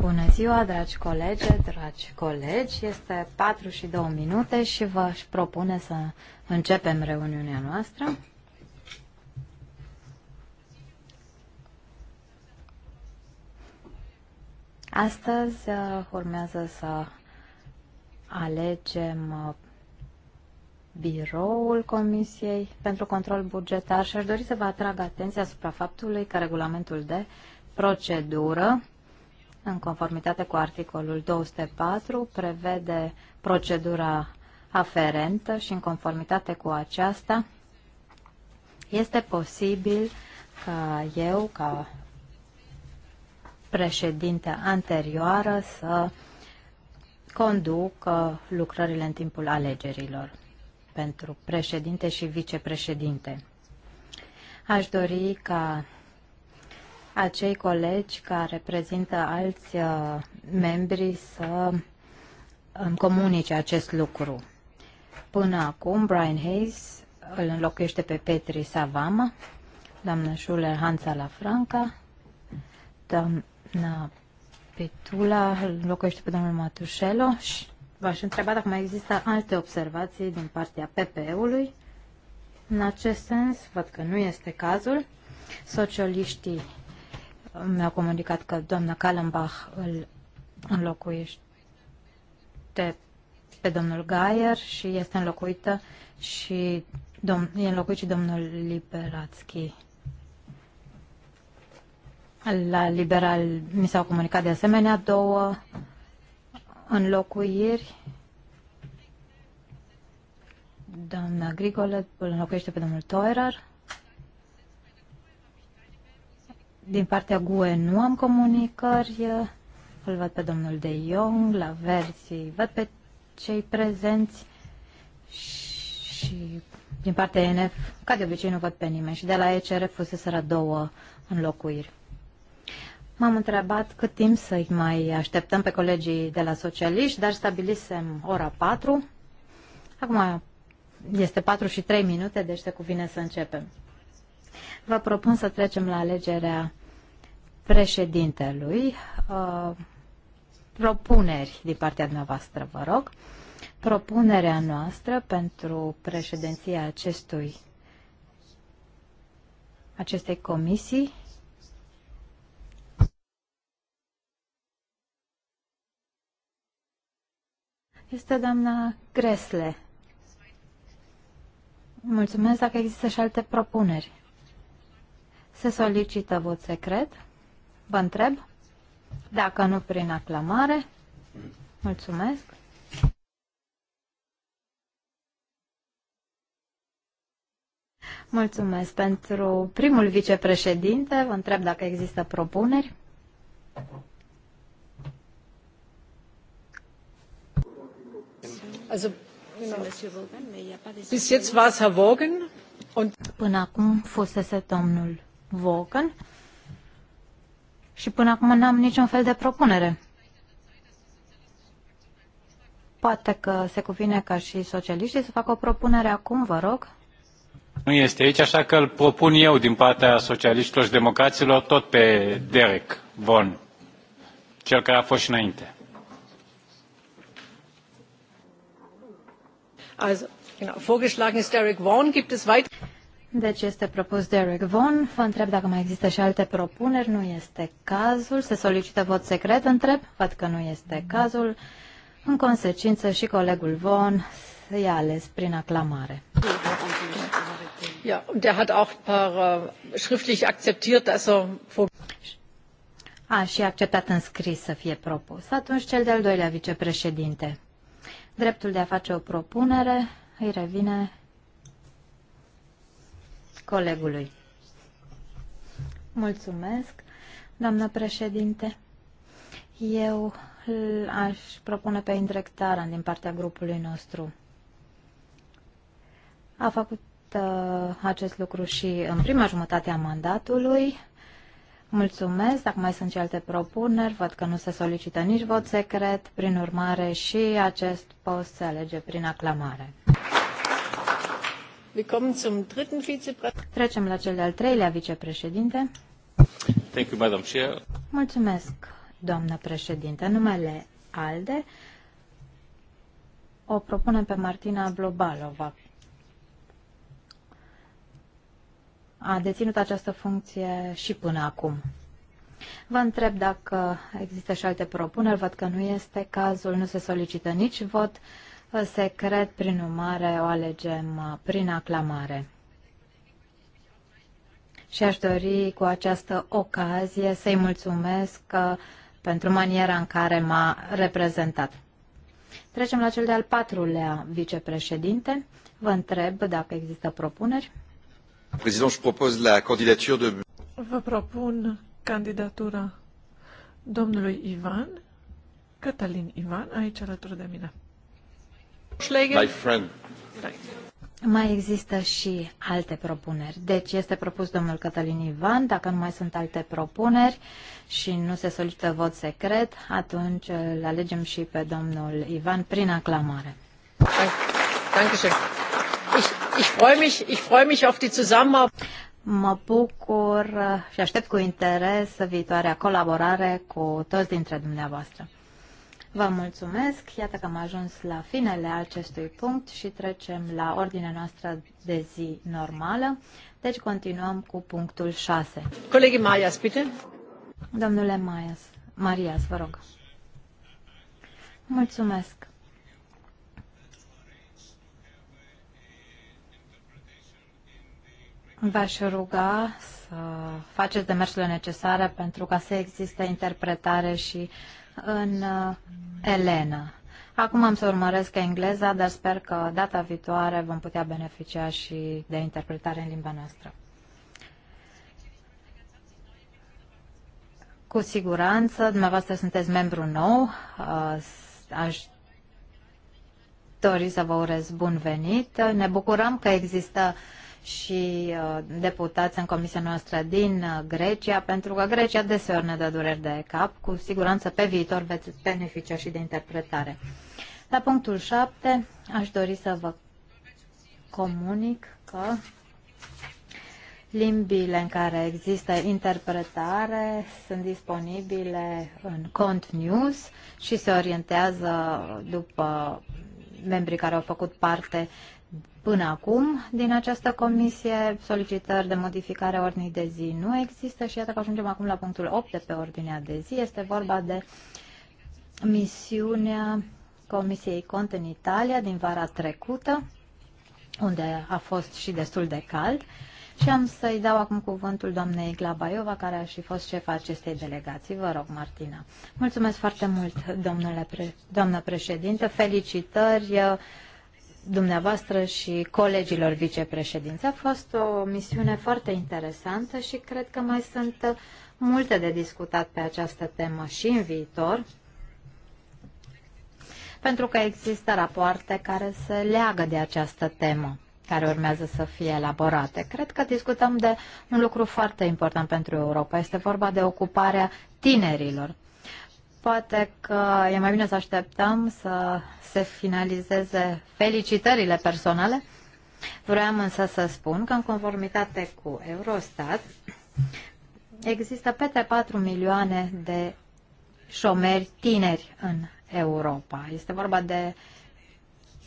Bună ziua, dragi colegi, dragi colegi. Este 42 și minute și vă aș propune să începem reuniunea noastră. Astăzi uh, urmează să alegem uh, biroul Comisiei pentru Control Bugetar și aș dori să vă atrag atenția asupra faptului că regulamentul de procedură, în conformitate cu articolul 204, prevede procedura aferentă și în conformitate cu aceasta este posibil ca eu, ca președinte anterioară, să conduc uh, lucrările în timpul alegerilor pentru președinte și vicepreședinte. Aș dori ca acei colegi care prezintă alți uh, membri să îmi comunice acest lucru. Până acum, Brian Hayes îl înlocuiește pe Petri Savama, doamna Schuller Hansa la Franca, doamna Petula îl înlocuiește pe domnul Matușelo și v-aș întreba dacă mai există alte observații din partea PPE-ului. În acest sens, văd că nu este cazul. Socialiștii uh, mi-au comunicat că doamna Kallenbach îl înlocuiește pe domnul Gaier și este înlocuită și domn, e înlocuit și domnul Liberatski. La liberal mi s-au comunicat de asemenea două înlocuiri. Doamna Grigole îl înlocuiește pe domnul Toerer. Din partea GUE nu am comunicări. Îl văd pe domnul De Jong, la versi, văd pe cei prezenți și din partea NF, ca de obicei, nu văd pe nimeni. Și de la ECR fuseseră două înlocuiri. M-am întrebat cât timp să-i mai așteptăm pe colegii de la socialiști, dar stabilisem ora 4. Acum este 4 și 3 minute, deci se cuvine să începem. Vă propun să trecem la alegerea președintelui. Uh, propuneri din partea dumneavoastră, vă rog. Propunerea noastră pentru președinția acestui, acestei comisii este doamna Gresle. Mulțumesc dacă există și alte propuneri. Se solicită vot secret? Vă întreb? Dacă nu, prin aclamare. Mulțumesc. Mulțumesc pentru primul vicepreședinte. Vă întreb dacă există propuneri. Până acum fusese domnul Vogan și până acum n-am niciun fel de propunere. Poate că se cuvine ca și socialiștii să facă o propunere acum, vă rog. Nu este aici, așa că îl propun eu din partea socialiștilor și democraților, tot pe Derek Von, cel care a fost și înainte. Deci este propus Derek Vaughan. Vă întreb dacă mai există și alte propuneri. Nu este cazul. Se solicită vot secret. Întreb. Văd că nu este cazul. În consecință și colegul Vaughan se ales prin aclamare. Ja, und der hat auch äh, schriftlich akzeptiert, er a, acceptat în scris să fie propus. Atunci cel de-al doilea vicepreședinte. Dreptul de a face o propunere îi revine colegului. Mulțumesc, doamnă președinte. Eu aș propune pe Indrek Taran din partea grupului nostru. A făcut uh, acest lucru și în prima jumătate a mandatului. Mulțumesc. Dacă mai sunt și alte propuneri, văd că nu se solicită nici vot secret. Prin urmare, și acest post se alege prin aclamare. Trecem la cel de-al treilea vicepreședinte. Thank you, Madam Chair. Mulțumesc, doamnă președinte. Numele ALDE o propunem pe Martina Blobalova a deținut această funcție și până acum. Vă întreb dacă există și alte propuneri, văd că nu este cazul, nu se solicită nici vot secret, prin urmare o alegem prin aclamare. Și aș dori cu această ocazie să-i mulțumesc pentru maniera în care m-a reprezentat. Trecem la cel de-al patrulea vicepreședinte. Vă întreb dacă există propuneri. Président, je propose la candidature de... Vă propun candidatura domnului Ivan, Cătălin Ivan, aici alături de mine. My friend. Mai există și alte propuneri. Deci este propus domnul Cătălin Ivan, dacă nu mai sunt alte propuneri și nu se solicită vot secret, atunci îl alegem și pe domnul Ivan prin aclamare. Thank you. Thank you, ich freue mich, auf die Mă bucur uh, și aștept cu interes viitoarea colaborare cu toți dintre dumneavoastră. Vă mulțumesc, iată că am ajuns la finele acestui punct și trecem la ordinea noastră de zi normală. Deci continuăm cu punctul 6. Colegii Marias, bitte. Domnule Marias, Marias, vă rog. Mulțumesc. V-aș ruga să faceți demersurile necesare pentru ca să existe interpretare și în uh, Elena. Acum am să urmăresc engleza, dar sper că data viitoare vom putea beneficia și de interpretare în limba noastră. Cu siguranță, dumneavoastră sunteți membru nou. Uh, aș dori să vă urez bun venit. Ne bucurăm că există și uh, deputați în comisia noastră din uh, Grecia, pentru că Grecia deseori ne dă dureri de cap. Cu siguranță pe viitor veți beneficia și de interpretare. La punctul 7 aș dori să vă comunic că limbile în care există interpretare sunt disponibile în cont news și se orientează după membrii care au făcut parte Până acum, din această comisie, solicitări de modificare a ordinii de zi nu există și iată că ajungem acum la punctul 8 de pe ordinea de zi. Este vorba de misiunea Comisiei Cont în Italia din vara trecută, unde a fost și destul de cald. Și am să-i dau acum cuvântul doamnei Glabaiova, care a și fost șefa acestei delegații. Vă rog, Martina. Mulțumesc foarte mult, domnule pre- doamnă președinte. Felicitări dumneavoastră și colegilor vicepreședinți. A fost o misiune foarte interesantă și cred că mai sunt multe de discutat pe această temă și în viitor, pentru că există rapoarte care se leagă de această temă care urmează să fie elaborate. Cred că discutăm de un lucru foarte important pentru Europa. Este vorba de ocuparea tinerilor. Poate că e mai bine să așteptăm să se finalizeze felicitările personale. Vreau însă să spun că în conformitate cu Eurostat există peste 4 milioane de șomeri tineri în Europa. Este vorba de uh,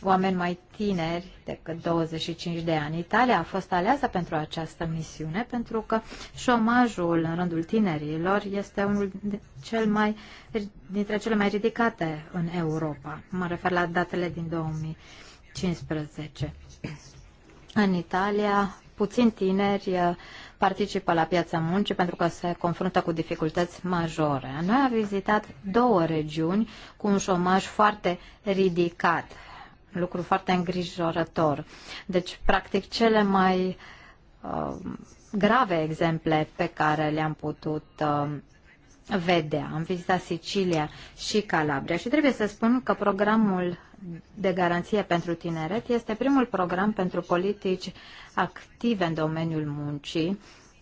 oameni mai tineri decât 25 de ani. Italia a fost aleasă pentru această misiune pentru că șomajul în rândul tinerilor este unul cel mai, dintre cele mai ridicate în Europa. Mă refer la datele din 2015. În Italia, puțin tineri uh, participă la piața muncii pentru că se confruntă cu dificultăți majore. Noi am vizitat două regiuni cu un șomaj foarte ridicat lucru foarte îngrijorător. Deci, practic, cele mai uh, grave exemple pe care le-am putut uh, vedea. Am vizitat Sicilia și Calabria și trebuie să spun că programul de garanție pentru tineret este primul program pentru politici active în domeniul muncii,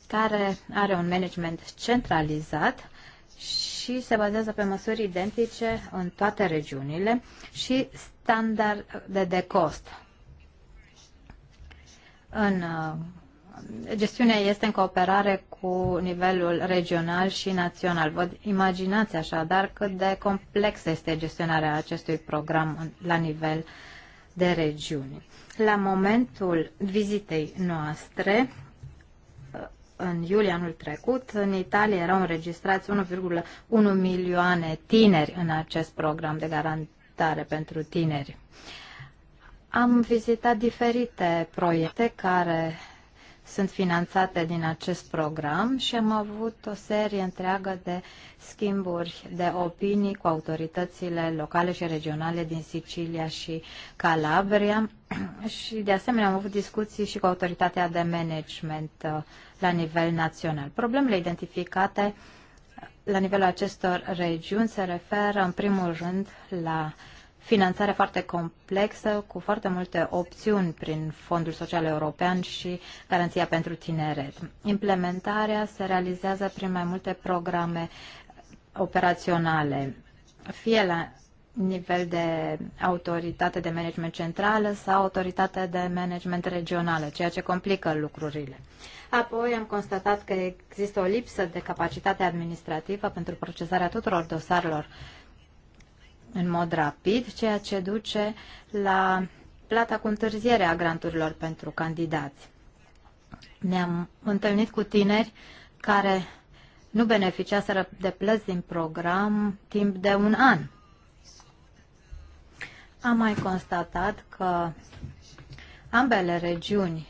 care are un management centralizat și și se bazează pe măsuri identice în toate regiunile și standarde de cost. În uh, Gestiunea este în cooperare cu nivelul regional și național. Vă imaginați așadar cât de complexă este gestionarea acestui program la nivel de regiuni. La momentul vizitei noastre în iulie anul trecut, în Italia erau înregistrați 1,1 milioane tineri în acest program de garantare pentru tineri. Am vizitat diferite proiecte care sunt finanțate din acest program și am avut o serie întreagă de schimburi de opinii cu autoritățile locale și regionale din Sicilia și Calabria și de asemenea am avut discuții și cu autoritatea de management uh, la nivel național. Problemele identificate la nivelul acestor regiuni se referă în primul rând la finanțare foarte complexă, cu foarte multe opțiuni prin Fondul Social European și Garanția pentru Tineret. Implementarea se realizează prin mai multe programe operaționale, fie la nivel de autoritate de management centrală sau autoritate de management regională, ceea ce complică lucrurile. Apoi am constatat că există o lipsă de capacitate administrativă pentru procesarea tuturor dosarelor în mod rapid, ceea ce duce la plata cu întârziere a granturilor pentru candidați. Ne-am întâlnit cu tineri care nu beneficiaseră de plăți din program timp de un an. Am mai constatat că ambele regiuni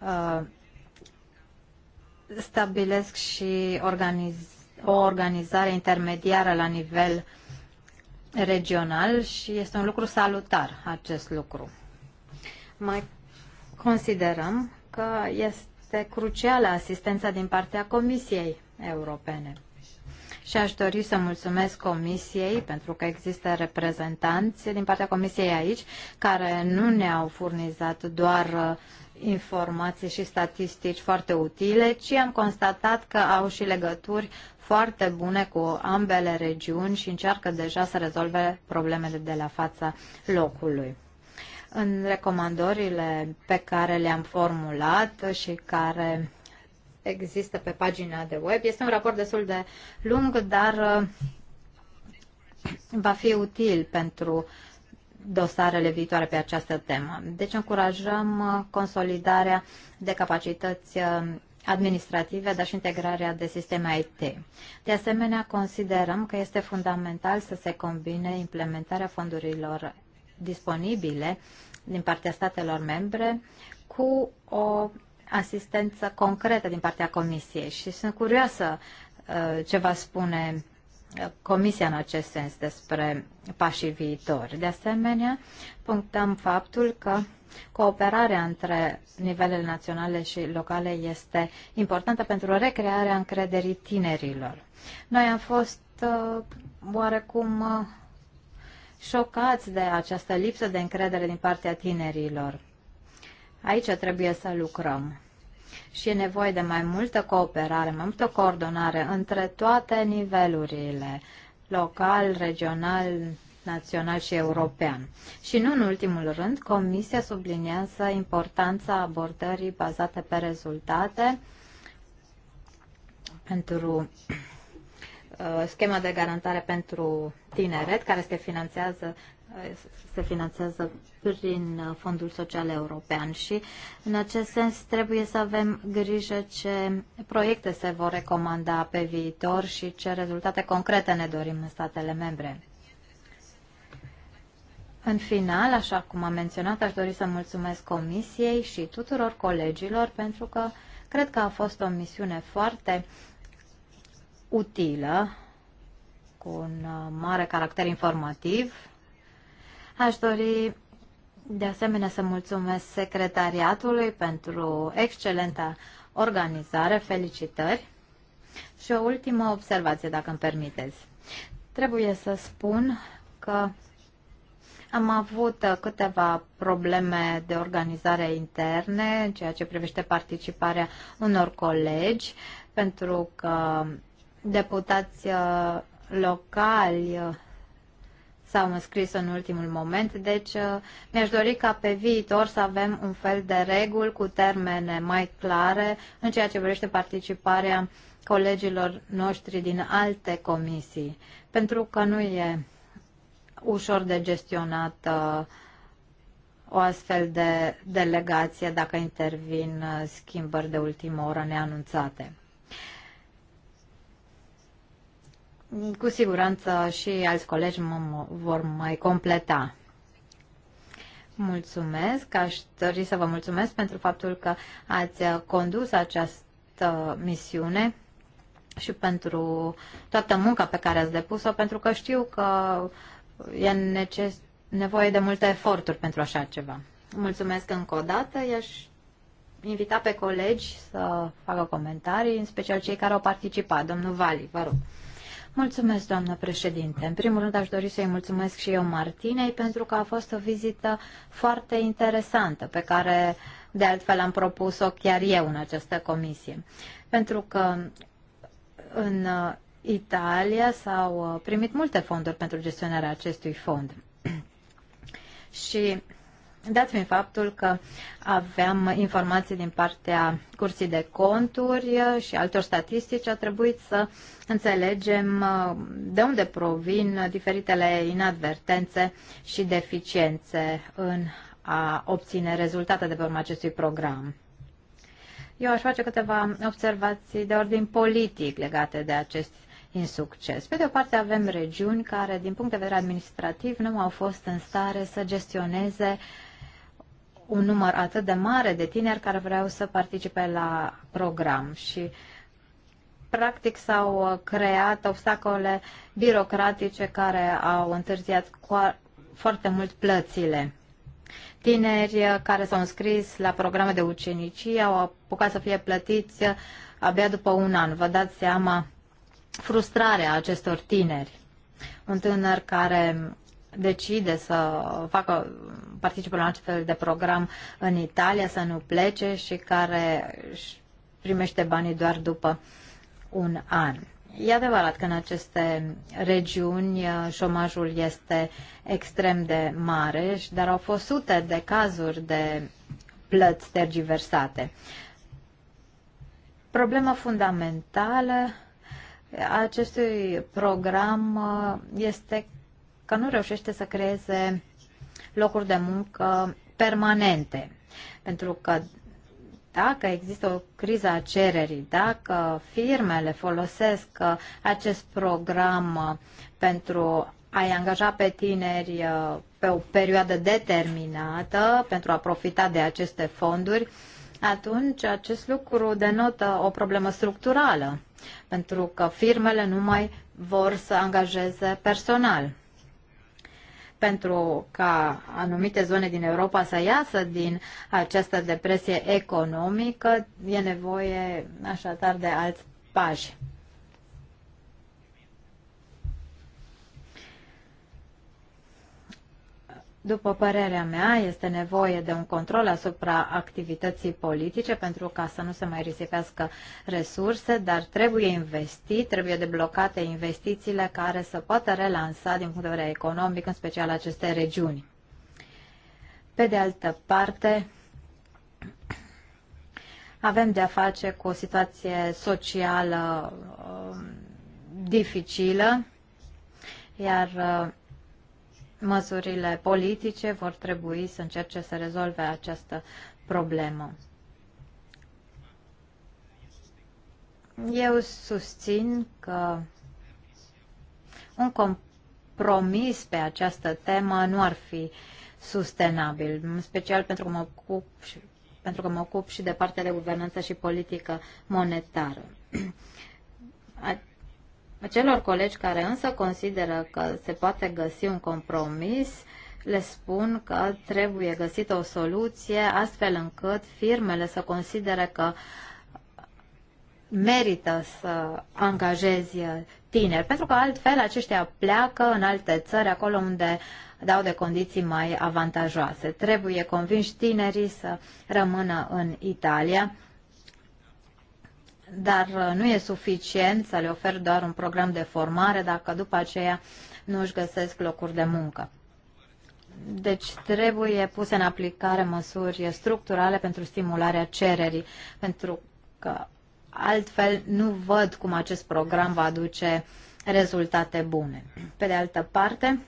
uh, stabilesc și organiz- o organizare intermediară la nivel regional și este un lucru salutar acest lucru. Mai considerăm că este crucială asistența din partea Comisiei Europene și aș dori să mulțumesc Comisiei, pentru că există reprezentanți din partea Comisiei aici, care nu ne-au furnizat doar uh, informații și statistici foarte utile, ci am constatat că au și legături foarte bune cu ambele regiuni și încearcă deja să rezolve problemele de la fața locului. În recomandările pe care le-am formulat și care există pe pagina de web. Este un raport destul de lung, dar uh, va fi util pentru dosarele viitoare pe această temă. Deci încurajăm uh, consolidarea de capacități uh, administrative, dar și integrarea de sisteme IT. De asemenea, considerăm că este fundamental să se combine implementarea fondurilor disponibile din partea statelor membre cu o asistență concretă din partea Comisiei și sunt curioasă uh, ce va spune uh, Comisia în acest sens despre pașii viitori. De asemenea, punctăm faptul că cooperarea între nivelele naționale și locale este importantă pentru recrearea încrederii tinerilor. Noi am fost uh, oarecum șocați de această lipsă de încredere din partea tinerilor Aici trebuie să lucrăm. Și e nevoie de mai multă cooperare, mai multă coordonare între toate nivelurile, local, regional, național și european. Și nu în ultimul rând, Comisia subliniază importanța abordării bazate pe rezultate pentru uh, schema de garantare pentru tineret, care se finanțează se finanțează prin Fondul Social European și în acest sens trebuie să avem grijă ce proiecte se vor recomanda pe viitor și ce rezultate concrete ne dorim în statele membre. În final, așa cum am menționat, aș dori să mulțumesc Comisiei și tuturor colegilor pentru că cred că a fost o misiune foarte utilă, cu un uh, mare caracter informativ Aș dori de asemenea să mulțumesc secretariatului pentru excelenta organizare, felicitări. Și o ultimă observație, dacă îmi permiteți. Trebuie să spun că am avut câteva probleme de organizare interne în ceea ce privește participarea unor colegi, pentru că deputați uh, locali uh, s-au înscris în ultimul moment, deci uh, mi-aș dori ca pe viitor să avem un fel de reguli cu termene mai clare în ceea ce privește participarea colegilor noștri din alte comisii, pentru că nu e ușor de gestionat uh, o astfel de delegație dacă intervin uh, schimbări de ultimă oră neanunțate. cu siguranță și alți colegi mă vor mai completa. Mulțumesc, aș dori să vă mulțumesc pentru faptul că ați condus această misiune și pentru toată munca pe care ați depus-o, pentru că știu că e neces- nevoie de multe eforturi pentru așa ceva. Mulțumesc încă o dată, i-aș invita pe colegi să facă comentarii, în special cei care au participat. Domnul Vali, vă rog. Mulțumesc, doamnă președinte. În primul rând aș dori să-i mulțumesc și eu Martinei pentru că a fost o vizită foarte interesantă pe care de altfel am propus-o chiar eu în această comisie. Pentru că în uh, Italia s-au uh, primit multe fonduri pentru gestionarea acestui fond. și Dat fiind faptul că aveam informații din partea curții de conturi uh, și altor statistici, a trebuit să înțelegem uh, de unde provin diferitele inadvertențe și deficiențe în a obține rezultate de pe urma acestui program. Eu aș face câteva observații de ordin politic legate de acest insucces. Pe de o parte avem regiuni care, din punct de vedere administrativ, nu au fost în stare să gestioneze uh, un număr atât de mare de tineri care vreau să participe la program și practic s-au uh, creat obstacole birocratice care au întârziat foarte mult plățile. Tineri uh, care s-au înscris la programe de ucenicie au apucat să fie plătiți uh, abia după un an. Vă dați seama frustrarea acestor tineri. Un tânăr care decide să facă, participe la un fel de program în Italia, să nu plece și care primește banii doar după un an. E adevărat că în aceste regiuni uh, șomajul este extrem de mare, dar au fost sute de cazuri de plăți tergiversate. Problema fundamentală acestui program uh, este că nu reușește să creeze locuri de muncă permanente. Pentru că dacă există o criză a cererii, dacă firmele folosesc acest program pentru a angaja pe tineri uh, pe o perioadă determinată pentru a profita de aceste fonduri, atunci acest lucru denotă o problemă structurală, pentru că firmele nu mai vor să angajeze personal pentru ca anumite zone din Europa să iasă din această depresie economică, e nevoie așadar de alți pași. După părerea mea, este nevoie de un control asupra activității politice pentru ca să nu se mai risipească resurse, dar trebuie investit, trebuie deblocate investițiile care să poată relansa din punct de vedere economic, în special aceste regiuni. Pe de altă parte, avem de a face cu o situație socială um, dificilă, iar uh, măsurile politice vor trebui să încerce să rezolve această problemă. Eu susțin că un compromis pe această temă nu ar fi sustenabil, în special pentru că mă ocup și, pentru că mă ocup și de partea de guvernanță și politică monetară. Acelor colegi care însă consideră că se poate găsi un compromis, le spun că trebuie găsită o soluție astfel încât firmele să considere că merită să angajezi tineri, pentru că altfel aceștia pleacă în alte țări, acolo unde dau de condiții mai avantajoase. Trebuie convinși tinerii să rămână în Italia dar uh, nu e suficient să le ofer doar un program de formare dacă după aceea nu își găsesc locuri de muncă. Deci trebuie puse în aplicare măsuri structurale pentru stimularea cererii, pentru că altfel nu văd cum acest program va aduce rezultate bune. Pe de altă parte,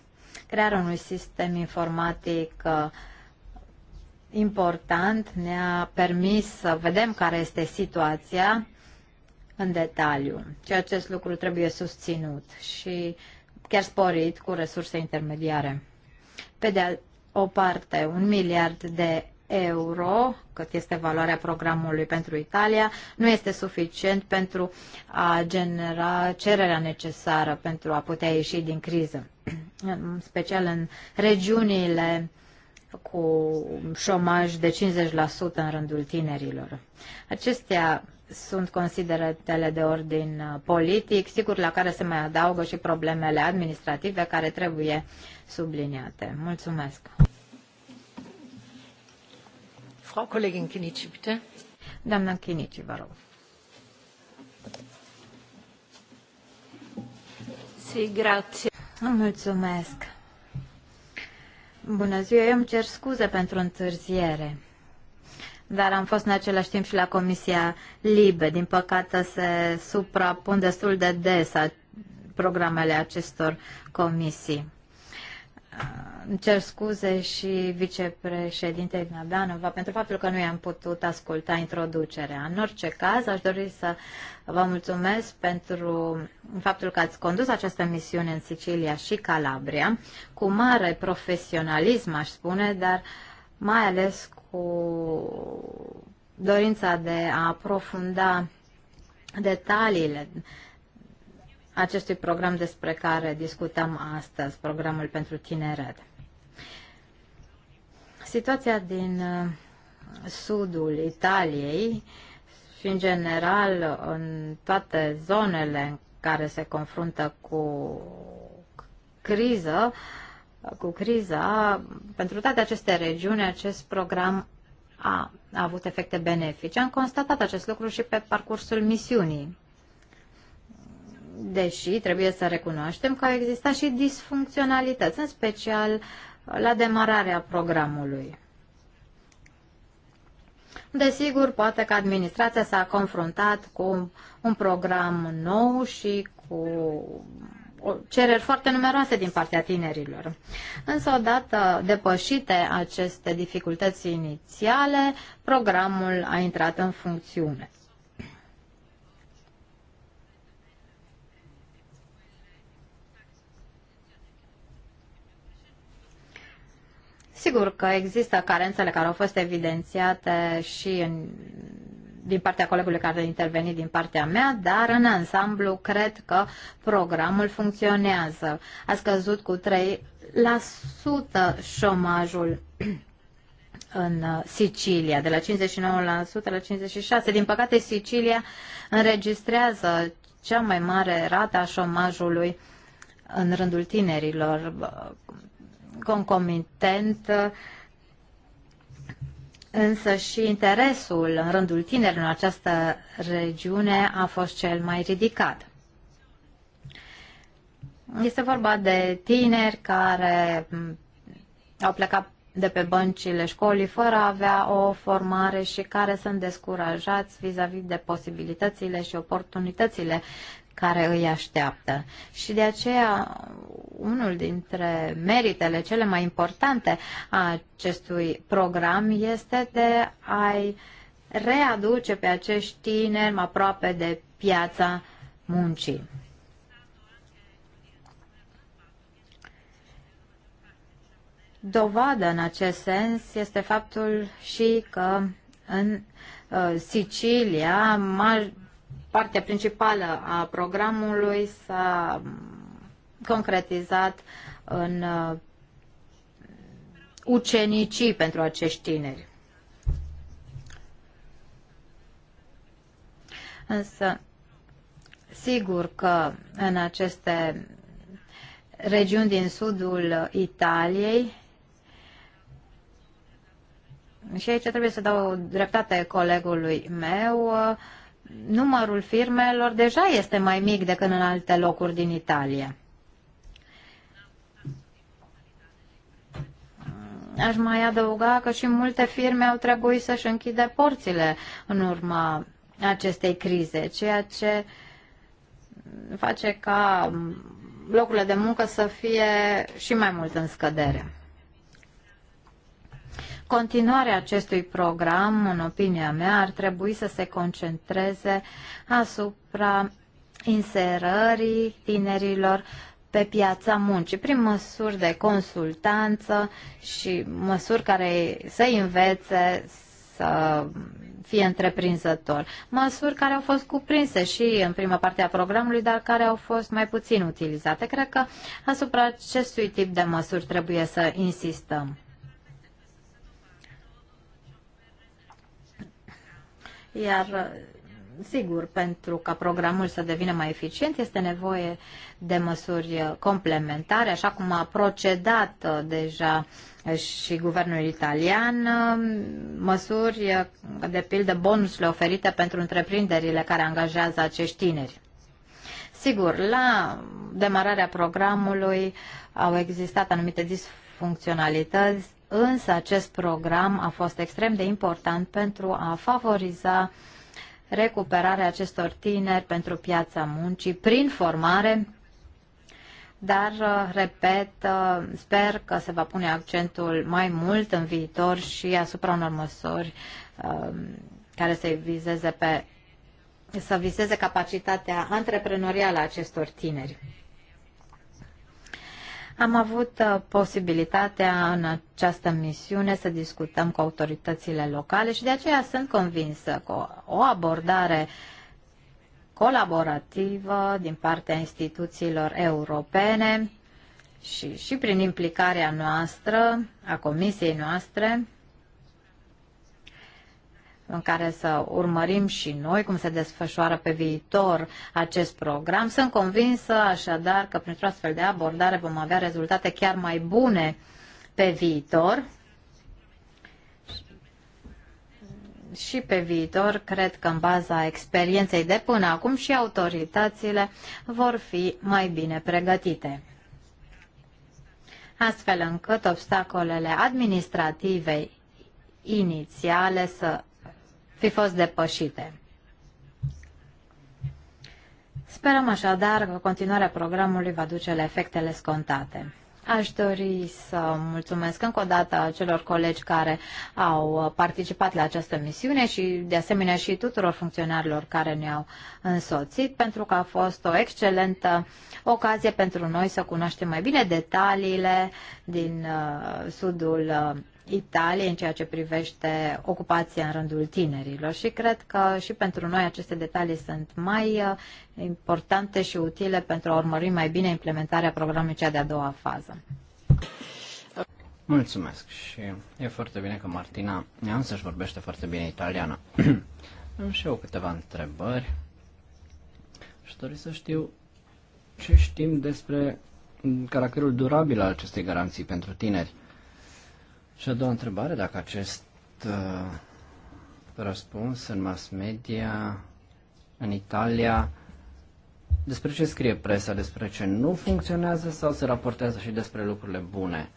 crearea unui sistem informatic uh, important ne-a permis să vedem care este situația în detaliu și acest lucru trebuie susținut și chiar sporit cu resurse intermediare. Pe de o parte, un miliard de euro, cât este valoarea programului pentru Italia, nu este suficient pentru a genera cererea necesară pentru a putea ieși din criză, în special în regiunile cu șomaj de 50% în rândul tinerilor. Acestea sunt consideratele de ordin uh, politic, sigur la care se mai adaugă și problemele administrative care trebuie subliniate. Mulțumesc. Frau Kollegin Chinici, bitte. Doamna Chinici, vă rog. Si, Mulțumesc. Bună ziua, eu îmi cer scuze pentru întârziere dar am fost în același timp și la Comisia Libe. Din păcate se suprapun destul de des programele acestor comisii. Îmi cer scuze și vicepreședinte Ignabeanova pentru faptul că nu i-am putut asculta introducerea. În orice caz, aș dori să vă mulțumesc pentru faptul că ați condus această misiune în Sicilia și Calabria, cu mare profesionalism, aș spune, dar mai ales cu dorința de a aprofunda detaliile acestui program despre care discutăm astăzi, programul pentru tineret. Situația din uh, sudul Italiei și, în general, în toate zonele în care se confruntă cu criză, uh, cu criza, pentru toate aceste regiuni, acest program a, a avut efecte benefice. Am constatat acest lucru și pe parcursul misiunii. Deși trebuie să recunoaștem că au existat și disfuncționalități, în special la demararea programului. Desigur, poate că administrația s-a confruntat cu un program nou și cu cereri foarte numeroase din partea tinerilor. Însă, odată depășite aceste dificultăți inițiale, programul a intrat în funcțiune. Sigur că există carențele care au fost evidențiate și în din partea colegului care a intervenit din partea mea, dar în ansamblu cred că programul funcționează. A scăzut cu 3% șomajul în uh, Sicilia, de la 59% la 56%. Din păcate, Sicilia înregistrează cea mai mare rată a șomajului în rândul tinerilor. Concomitent, uh, însă și interesul în rândul tinerilor în această regiune a fost cel mai ridicat. Este vorba de tineri care au plecat de pe băncile școlii fără a avea o formare și care sunt descurajați vis-a-vis -vis de posibilitățile și oportunitățile care îi așteaptă. Și de aceea, unul dintre meritele cele mai importante a acestui program este de a-i readuce pe acești tineri aproape de piața muncii. Dovadă în acest sens este faptul și că în uh, Sicilia, partea principală a programului s-a concretizat în uh, ucenicii pentru acești tineri. Însă, sigur că în aceste regiuni din sudul Italiei, și aici trebuie să dau dreptate colegului meu, uh, numărul firmelor deja este mai mic decât în alte locuri din Italia. Aș mai adăuga că și multe firme au trebuit să-și închide porțile în urma acestei crize, ceea ce face ca locurile de muncă să fie și mai mult în scădere. Continuarea acestui program, în opinia mea, ar trebui să se concentreze asupra inserării tinerilor pe piața muncii, prin măsuri de consultanță și măsuri care să învețe să fie întreprinzător. Măsuri care au fost cuprinse și în prima parte a programului, dar care au fost mai puțin utilizate. Cred că asupra acestui tip de măsuri trebuie să insistăm. Iar, uh, sigur, pentru ca programul să devină mai eficient, este nevoie de măsuri complementare, așa cum a procedat uh, deja și guvernul italian, um, măsuri, uh, de pildă, bonusurile oferite pentru întreprinderile care angajează acești tineri. Sigur, la demararea programului au existat anumite disfuncționalități însă acest program a fost extrem de important pentru a favoriza recuperarea acestor tineri pentru piața muncii prin formare, dar, uh, repet, uh, sper că se va pune accentul mai mult în viitor și asupra unor măsuri um, care să vizeze pe să vizeze capacitatea antreprenorială a acestor tineri. Am avut uh, posibilitatea în această misiune să discutăm cu autoritățile locale și de aceea sunt convinsă că o abordare colaborativă din partea instituțiilor europene și, și prin implicarea noastră, a comisiei noastre, în care să urmărim și noi cum se desfășoară pe viitor acest program. Sunt convinsă așadar că printr-o astfel de abordare vom avea rezultate chiar mai bune pe viitor. și pe viitor, cred că în baza experienței de până acum și autoritățile vor fi mai bine pregătite. Astfel încât obstacolele administrative inițiale să fi fost depășite. Sperăm așadar că continuarea programului va duce la efectele scontate. Aș dori să mulțumesc încă o dată celor colegi care au participat la această misiune și de asemenea și tuturor funcționarilor care ne-au însoțit pentru că a fost o excelentă ocazie pentru noi să cunoaștem mai bine detaliile din uh, sudul uh, Italiei în ceea ce privește ocupația în rândul tinerilor și cred că și pentru noi aceste detalii sunt mai uh, importante și utile pentru a urmări mai bine implementarea programului cea de-a doua fază. Mulțumesc și e foarte bine că Martina își vorbește foarte bine italiană. Am și eu câteva întrebări și dori să știu ce știm despre caracterul durabil al acestei garanții pentru tineri. Și a doua întrebare, dacă acest uh, răspuns în mass media, în Italia, despre ce scrie presa, despre ce nu funcționează sau se raportează și despre lucrurile bune.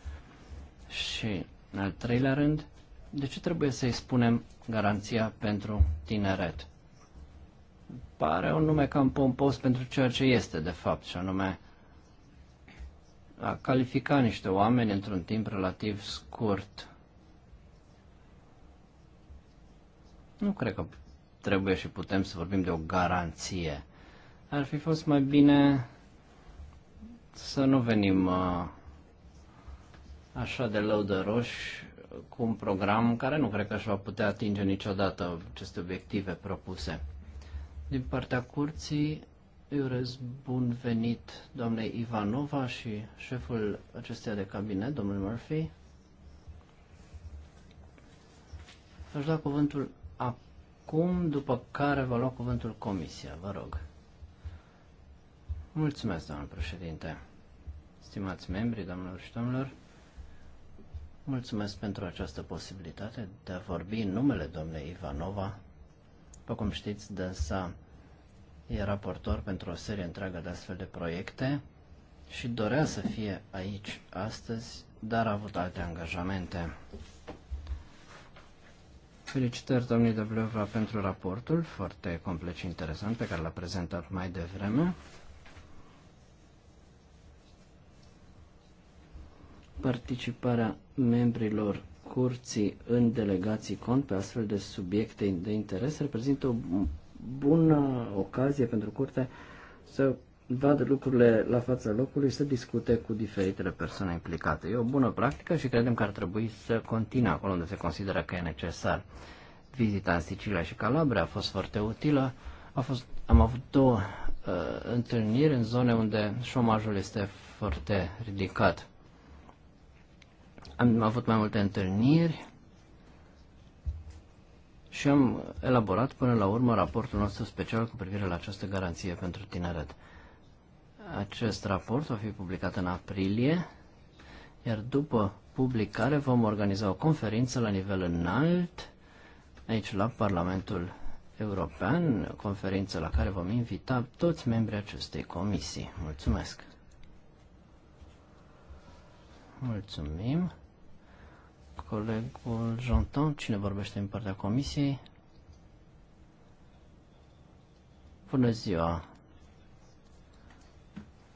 Și, în al treilea rând, de ce trebuie să-i spunem garanția pentru tineret? Pare un nume cam pompos pentru ceea ce este, de fapt, și anume a califica niște oameni într-un timp relativ scurt. Nu cred că trebuie și putem să vorbim de o garanție. Ar fi fost mai bine să nu venim uh, așa de lăudăroși cu un program care nu cred că și va putea atinge niciodată aceste obiective propuse. Din partea curții îi urez bun venit doamnei Ivanova și șeful acesteia de cabinet, domnul Murphy. Aș da cuvântul acum, după care va lua cuvântul comisia, vă rog. Mulțumesc, domnul președinte. Stimați membri, domnilor și domnilor, mulțumesc pentru această posibilitate de a vorbi în numele domnei Ivanova. După cum știți, dânsa e raportor pentru o serie întreagă de astfel de proiecte și dorea să fie aici astăzi, dar a avut alte angajamente. Felicitări domnului Dăbleva pentru raportul foarte complet și interesant pe care l-a prezentat mai devreme. Participarea membrilor curții în delegații cont pe astfel de subiecte de interes reprezintă o bună ocazie pentru curte să vadă lucrurile la fața locului, să discute cu diferitele persoane implicate. E o bună practică și credem că ar trebui să continue acolo unde se consideră că e necesar. Vizita în Sicilia și Calabria a fost foarte utilă. A fost, am avut două uh, întâlniri în zone unde șomajul este foarte ridicat. Am avut mai multe întâlniri și am elaborat până la urmă raportul nostru special cu privire la această garanție pentru tineret. Acest raport va fi publicat în aprilie, iar după publicare vom organiza o conferință la nivel înalt, aici la Parlamentul European, conferință la care vom invita toți membrii acestei comisii. Mulțumesc! Mulțumim! colegul Jonton. Cine vorbește în partea comisiei? Bună ziua!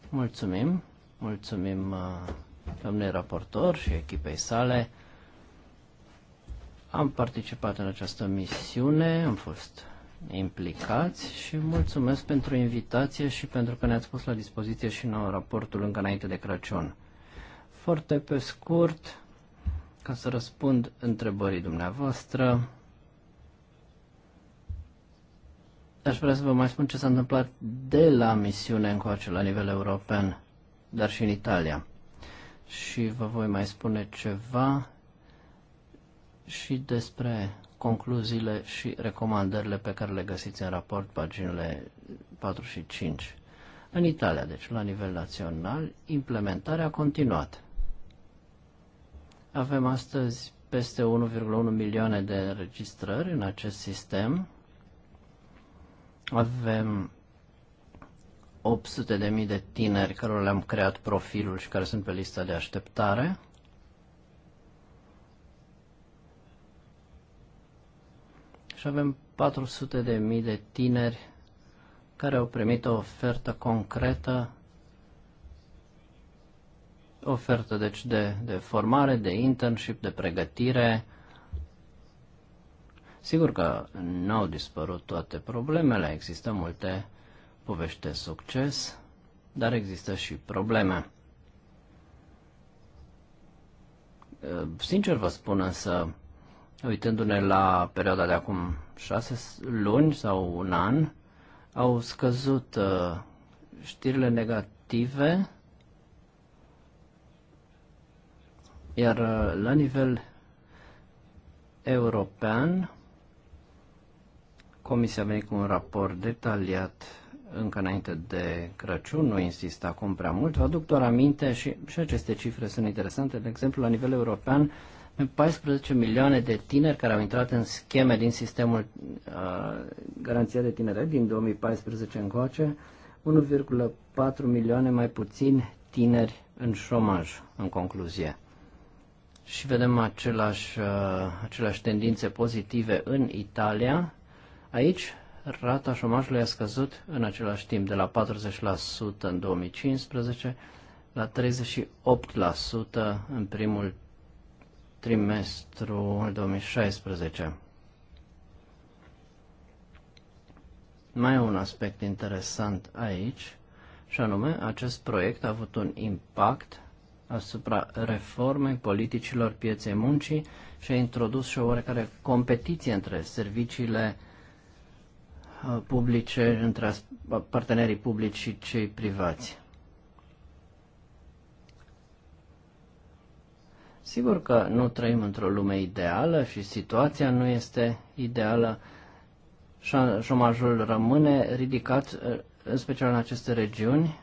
Mulțumim! Mulțumim uh, domnului raportor și echipei sale. Am participat în această misiune, am fost implicați și mulțumesc pentru invitație și pentru că ne-ați pus la dispoziție și nou raportul încă înainte de Crăciun. Foarte pe scurt, ca să răspund întrebării dumneavoastră. Aș vrea să vă mai spun ce s-a întâmplat de la misiune încoace la nivel european, dar și în Italia. Și vă voi mai spune ceva și despre concluziile și recomandările pe care le găsiți în raport, paginile 4 și 5. În Italia, deci la nivel național, implementarea a continuat. Avem astăzi peste 1,1 milioane de înregistrări în acest sistem. Avem 800 de mii de tineri care le-am creat profilul și care sunt pe lista de așteptare. Și avem 400 de mii de tineri care au primit o ofertă concretă ofertă deci de, de formare, de internship, de pregătire. Sigur că nu au dispărut toate problemele, există multe povești de succes, dar există și probleme. Ă, sincer vă spun însă, uitându-ne la perioada de acum șase luni sau un an, au scăzut ă, știrile negative Iar uh, la nivel european, Comisia a venit cu un raport detaliat încă înainte de Crăciun, nu insist acum prea mult, vă aduc doar aminte și, și aceste cifre sunt interesante. De exemplu, la nivel european, 14 milioane de tineri care au intrat în scheme din sistemul uh, Garanția de Tineret din 2014 încoace, 1,4 milioane mai puțin tineri în șomaj, în concluzie și vedem același, uh, aceleași tendințe pozitive în Italia. Aici rata șomajului a scăzut în același timp de la 40% în 2015 la 38% în primul trimestru al 2016. Mai e un aspect interesant aici, și anume acest proiect a avut un impact asupra reformei politicilor pieței muncii și a introdus și o oarecare competiție între serviciile uh, publice, între partenerii publici și cei privați. Sigur că nu trăim într-o lume ideală și situația nu este ideală. Șomajul rămâne ridicat, uh, în special în aceste regiuni,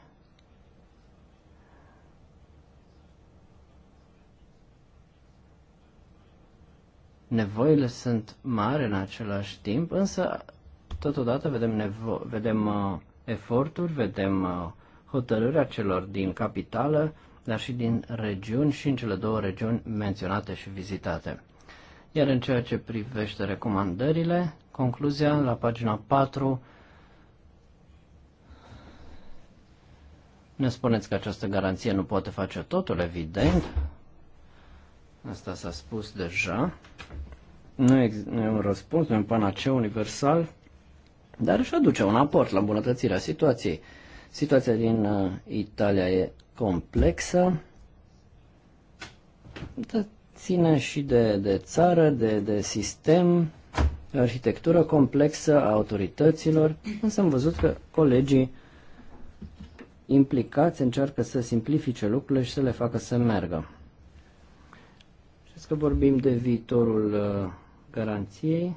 Nevoile sunt mari în același timp, însă totodată vedem, nevo- vedem uh, eforturi, vedem uh, hotărârea celor din capitală, dar și din regiuni și în cele două regiuni menționate și vizitate. Iar în ceea ce privește recomandările, concluzia la pagina 4 ne spuneți că această garanție nu poate face totul, evident, Asta s-a spus deja. Nu e, nu e un răspuns, nu e un panaceu universal, dar își aduce un aport la îmbunătățirea situației. Situația din uh, Italia e complexă, dar ține și de, de țară, de, de sistem, de arhitectură complexă a autorităților, însă am văzut că colegii implicați încearcă să simplifice lucrurile și să le facă să meargă. Să vorbim de viitorul uh, garanției.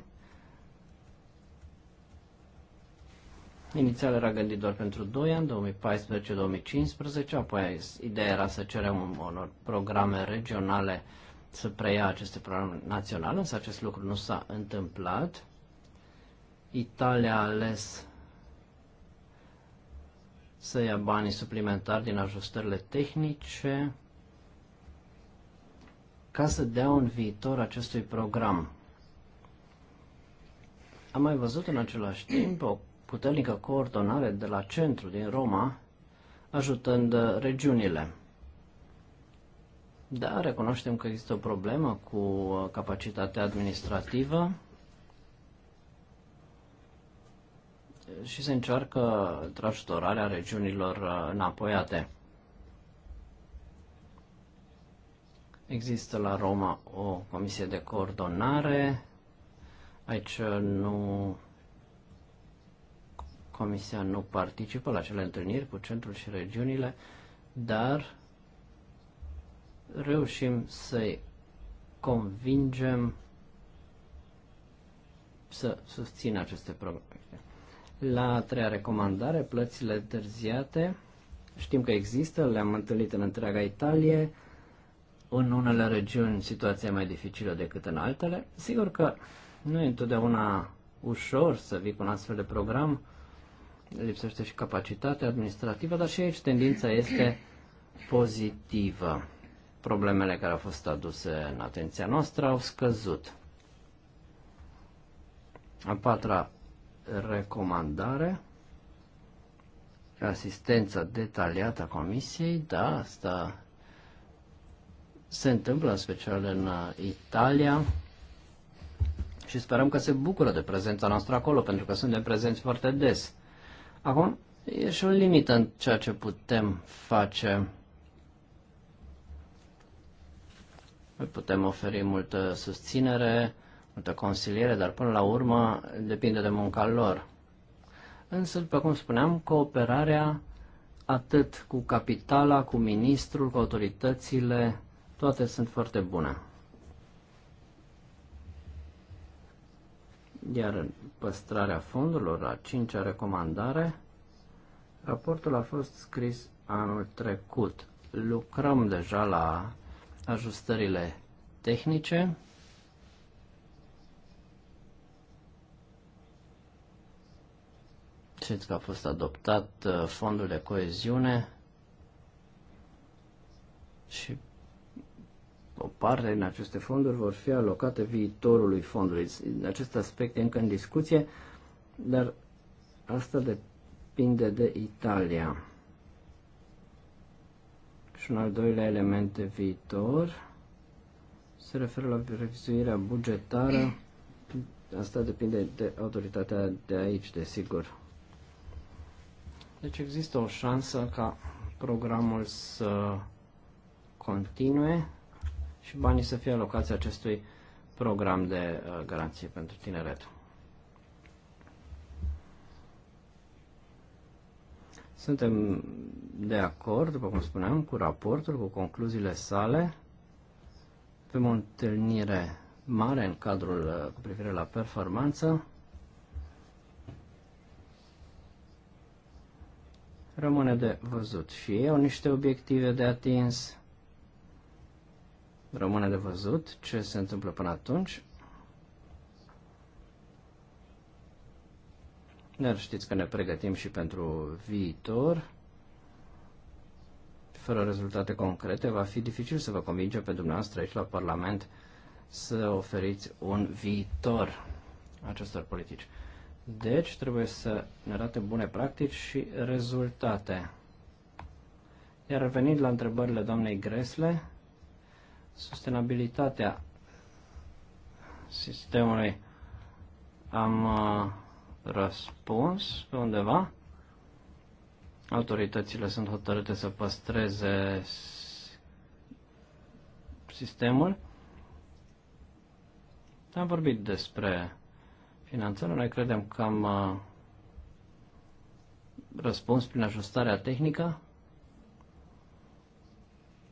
Inițial era gândit doar pentru 2 ani, 2014-2015, apoi ideea era să cerem unor programe regionale să preia aceste programe naționale, însă acest lucru nu s-a întâmplat. Italia a ales să ia banii suplimentari din ajustările tehnice, ca să dea un viitor acestui program. Am mai văzut în același timp o puternică coordonare de la centru din Roma, ajutând uh, regiunile. Da, recunoaștem că există o problemă cu uh, capacitatea administrativă și se încearcă trajutorarea regiunilor uh, înapoiate. Există la Roma o comisie de coordonare. Aici nu Comisia nu participă la cele întâlniri cu centrul și regiunile, dar reușim să-i convingem să susțină aceste probleme. La a treia recomandare, plățile întârziate. Știm că există, le-am întâlnit în întreaga Italie în unele regiuni situația e mai dificilă decât în altele. Sigur că nu e întotdeauna ușor să vii cu un astfel de program, lipsește și capacitatea administrativă, dar și aici tendința este pozitivă. Problemele care au fost aduse în atenția noastră au scăzut. A patra recomandare, asistența detaliată a comisiei, da, asta se întâmplă în special în uh, Italia și sperăm că se bucură de prezența noastră acolo, pentru că suntem prezenți foarte des. Acum, e și o limită în ceea ce putem face. Noi putem oferi multă susținere, multă consiliere, dar până la urmă depinde de munca lor. Însă, după cum spuneam, cooperarea atât cu capitala, cu ministrul, cu autoritățile toate sunt foarte bune. Iar în păstrarea fondurilor, a cincea recomandare, raportul a fost scris anul trecut. Lucrăm deja la ajustările tehnice. Știți că a fost adoptat uh, fondul de coeziune și o parte din aceste fonduri vor fi alocate viitorului fondului. Acest aspect e încă în discuție, dar asta depinde de Italia. Și un al doilea element de viitor se referă la revizuirea bugetară. Asta depinde de autoritatea de aici, desigur. Deci există o șansă ca programul să continue și banii să fie alocați acestui program de uh, garanție pentru tineret. Suntem de acord, după cum spuneam, cu raportul, cu concluziile sale. Avem o întâlnire mare în cadrul uh, cu privire la performanță. Rămâne de văzut și eu niște obiective de atins. Rămâne de văzut ce se întâmplă până atunci. Dar știți că ne pregătim și pentru viitor. Fără rezultate concrete, va fi dificil să vă convingem pe dumneavoastră aici la Parlament să oferiți un viitor acestor politici. Deci trebuie să ne arate bune practici și rezultate. Iar revenind la întrebările doamnei Gresle, sustenabilitatea sistemului. Am uh, răspuns pe undeva. Autoritățile sunt hotărâte să păstreze sistemul. Am vorbit despre finanțare. Noi credem că am uh, răspuns prin ajustarea tehnică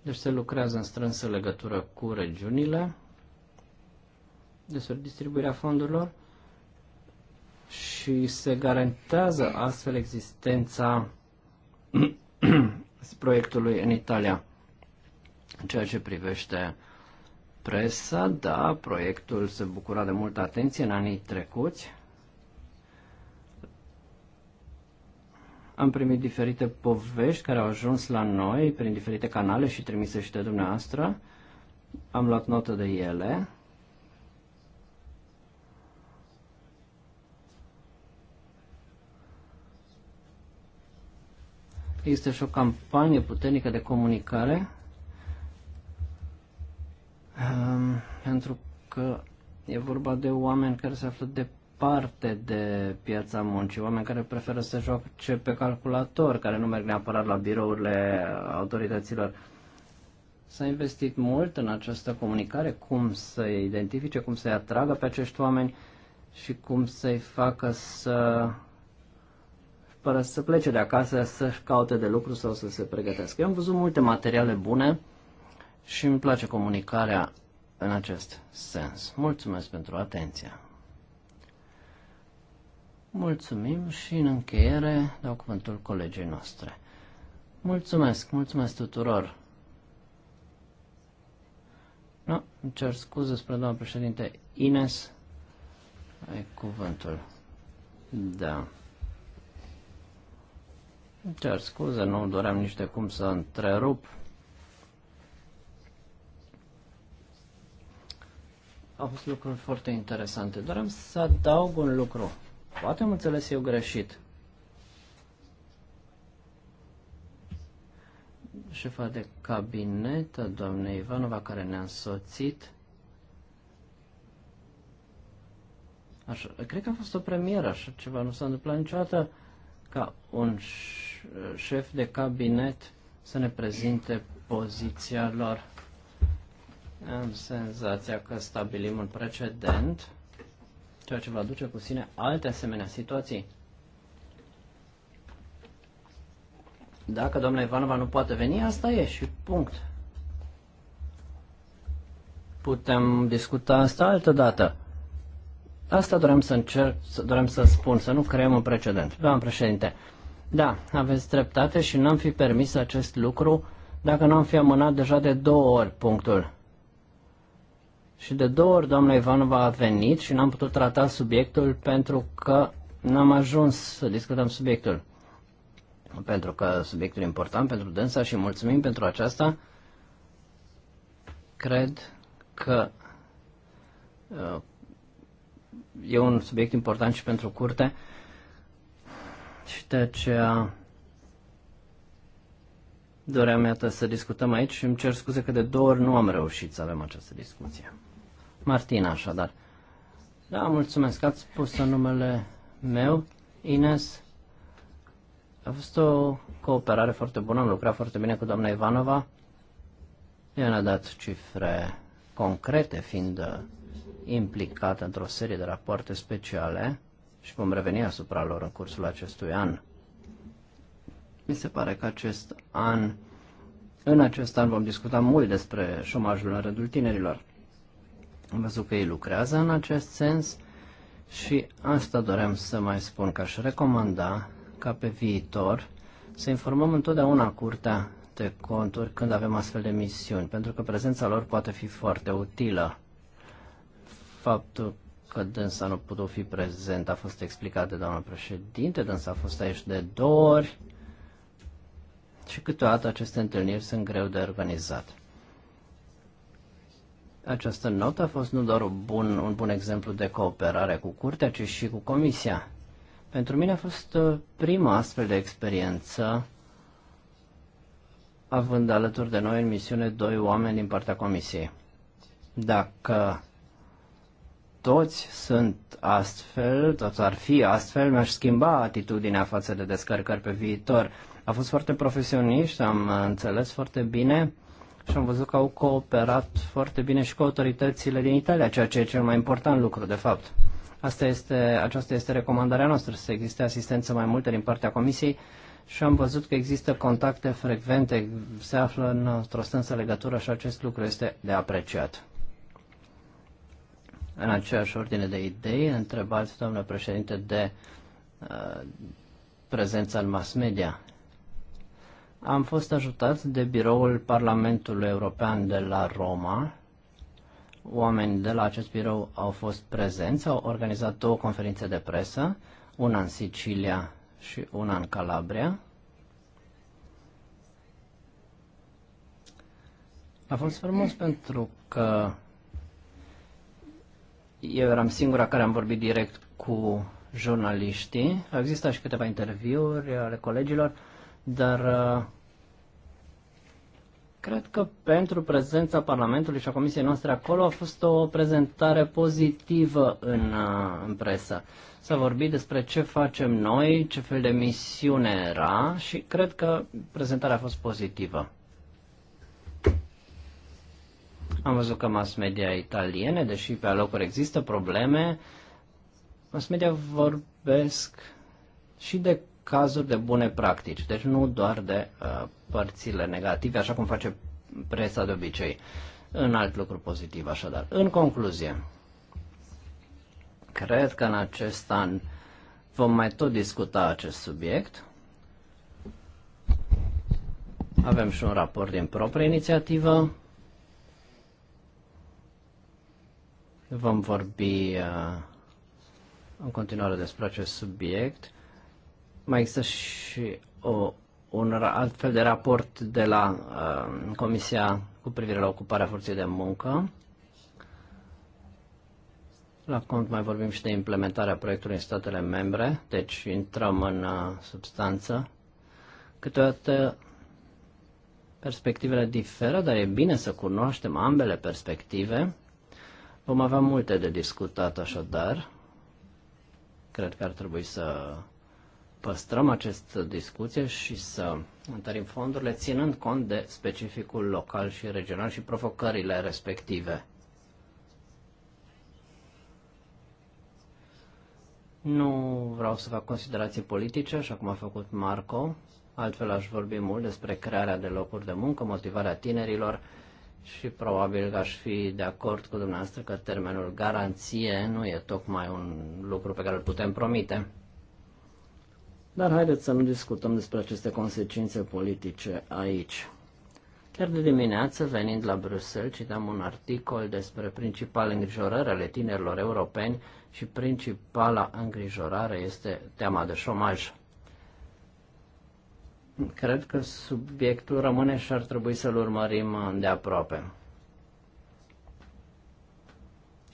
deci se lucrează în strânsă legătură cu regiunile despre distribuirea fondurilor și se garantează astfel existența proiectului în Italia. În ceea ce privește presa, da, proiectul se bucura de multă atenție în anii trecuți. Am primit diferite povești care au ajuns la noi prin diferite canale și trimise și de dumneavoastră. Am luat notă de ele. Este și o campanie puternică de comunicare um, pentru că e vorba de oameni care se află de parte de piața muncii, oameni care preferă să joace pe calculator, care nu merg neapărat la birourile autorităților. S-a investit mult în această comunicare, cum să-i identifice, cum să-i atragă pe acești oameni și cum să-i facă să fără să plece de acasă, să-și caute de lucru sau să se pregătească. Eu am văzut multe materiale bune și îmi place comunicarea în acest sens. Mulțumesc pentru atenție! Mulțumim și în încheiere dau cuvântul colegii noastre. Mulțumesc, mulțumesc tuturor. No, îmi cer scuze spre doamna președinte Ines. Ai cuvântul. Da. Îmi cer scuze, nu doream nici de cum să întrerup. Au fost lucruri foarte interesante. Doream să adaug un lucru. Poate am înțeles eu greșit. Șefa de cabinet a doamnei Ivanova, care ne-a însoțit, Așa, cred că a fost o premieră, așa ceva nu s-a întâmplat niciodată ca un șef de cabinet să ne prezinte poziția lor. Am senzația că stabilim un precedent ceea ce va duce cu sine alte asemenea situații. Dacă doamna Ivanova nu poate veni, asta e și punct. Putem discuta asta altă dată. Asta doream să încerc, să, doream să spun, să nu creăm un precedent. Doamna președinte, da, aveți dreptate și n-am fi permis acest lucru dacă nu am fi amânat deja de două ori punctul. Și de două ori doamna Ivanova a venit și n-am putut trata subiectul pentru că n-am ajuns să discutăm subiectul. Pentru că subiectul e important pentru dânsa și mulțumim pentru aceasta. Cred că uh, e un subiect important și pentru curte și de aceea doream iată să discutăm aici și îmi cer scuze că de două ori nu am reușit să avem această discuție. Martin, așadar. Da, mulțumesc. Ați spus în numele meu, Ines. A fost o cooperare foarte bună, am lucrat foarte bine cu doamna Ivanova. Ea ne-a dat cifre concrete, fiind implicată într-o serie de rapoarte speciale și vom reveni asupra lor în cursul acestui an. Mi se pare că acest an, în acest an vom discuta mult despre șomajul în rândul tinerilor. Am văzut că ei lucrează în acest sens și asta doream să mai spun că aș recomanda ca pe viitor să informăm întotdeauna curtea de conturi când avem astfel de misiuni, pentru că prezența lor poate fi foarte utilă. Faptul că dânsa nu putut fi prezent a fost explicat de doamna președinte, dânsa a fost aici de două ori și câteodată aceste întâlniri sunt greu de organizat. Această notă a fost nu doar un bun, un bun exemplu de cooperare cu curtea, ci și cu comisia. Pentru mine a fost uh, prima astfel de experiență, având alături de noi în misiune doi oameni din partea comisiei. Dacă toți sunt astfel, toți ar fi astfel, mi-aș schimba atitudinea față de descărcări pe viitor. A fost foarte profesioniști, am înțeles foarte bine și am văzut că au cooperat foarte bine și cu autoritățile din Italia, ceea ce e cel mai important lucru, de fapt. Asta este, aceasta este recomandarea noastră, să existe asistență mai multă din partea Comisiei și am văzut că există contacte frecvente, se află în într-o stânsă legătură și acest lucru este de apreciat. În aceeași ordine de idei, întrebați, domnule președinte, de uh, prezența în mass media. Am fost ajutat de biroul Parlamentului European de la Roma. Oameni de la acest birou au fost prezenți, au organizat două conferințe de presă, una în Sicilia și una în Calabria. A fost frumos pentru că eu eram singura care am vorbit direct cu jurnaliștii. Au existat și câteva interviuri ale colegilor. Dar uh, cred că pentru prezența Parlamentului și a Comisiei noastre acolo a fost o prezentare pozitivă în, uh, în presă. S-a vorbit despre ce facem noi, ce fel de misiune era și cred că prezentarea a fost pozitivă. Am văzut că mass media italiene, deși pe alocuri există probleme, mass media vorbesc și de cazuri de bune practici, deci nu doar de uh, părțile negative, așa cum face presa de obicei. În alt lucru pozitiv, așadar. În concluzie, cred că în acest an vom mai tot discuta acest subiect. Avem și un raport din proprie inițiativă. Vom vorbi uh, în continuare despre acest subiect mai există și o, un alt fel de raport de la uh, Comisia cu privire la ocuparea forței de muncă. La cont mai vorbim și de implementarea proiectului în statele membre, deci intrăm în uh, substanță. Câteodată perspectivele diferă, dar e bine să cunoaștem ambele perspective. Vom avea multe de discutat așadar. Cred că ar trebui să păstrăm această discuție și să întărim fondurile, ținând cont de specificul local și regional și provocările respective. Nu vreau să fac considerații politice, așa cum a făcut Marco, altfel aș vorbi mult despre crearea de locuri de muncă, motivarea tinerilor și probabil că aș fi de acord cu dumneavoastră că termenul garanție nu e tocmai un lucru pe care îl putem promite. Dar haideți să nu discutăm despre aceste consecințe politice aici. Chiar de dimineață, venind la Bruxelles, citeam un articol despre principale îngrijorări ale tinerilor europeni și principala îngrijorare este teama de șomaj. Cred că subiectul rămâne și ar trebui să-l urmărim de aproape.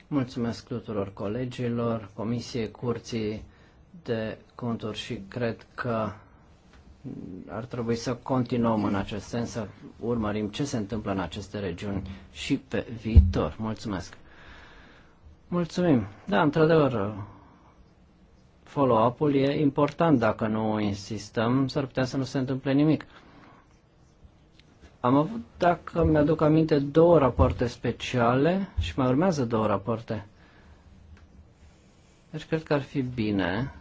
Mulțumesc tuturor colegilor, Comisiei Curții de conturi și cred că ar trebui să continuăm în acest sens, să urmărim ce se întâmplă în aceste regiuni și pe viitor. Mulțumesc! Mulțumim! Da, într-adevăr, follow-up-ul e important. Dacă nu insistăm, s-ar putea să nu se întâmple nimic. Am avut, dacă mi-aduc aminte, două rapoarte speciale și mai urmează două rapoarte. Deci cred că ar fi bine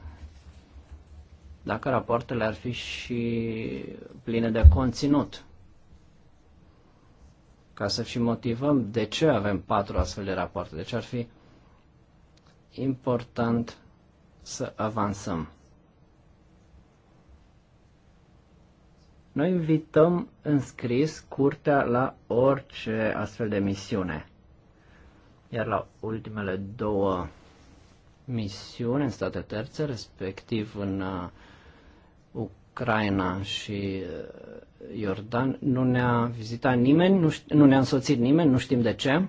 dacă rapoartele ar fi și pline de conținut. Ca să și motivăm de ce avem patru astfel de rapoarte. Deci ar fi important să avansăm. Noi invităm în scris curtea la orice astfel de misiune. Iar la ultimele două misiuni în state terțe, respectiv în uh, Ucraina și uh, Iordan. Nu ne-a vizitat nimeni, nu, nu ne-a însoțit nimeni, nu știm de ce,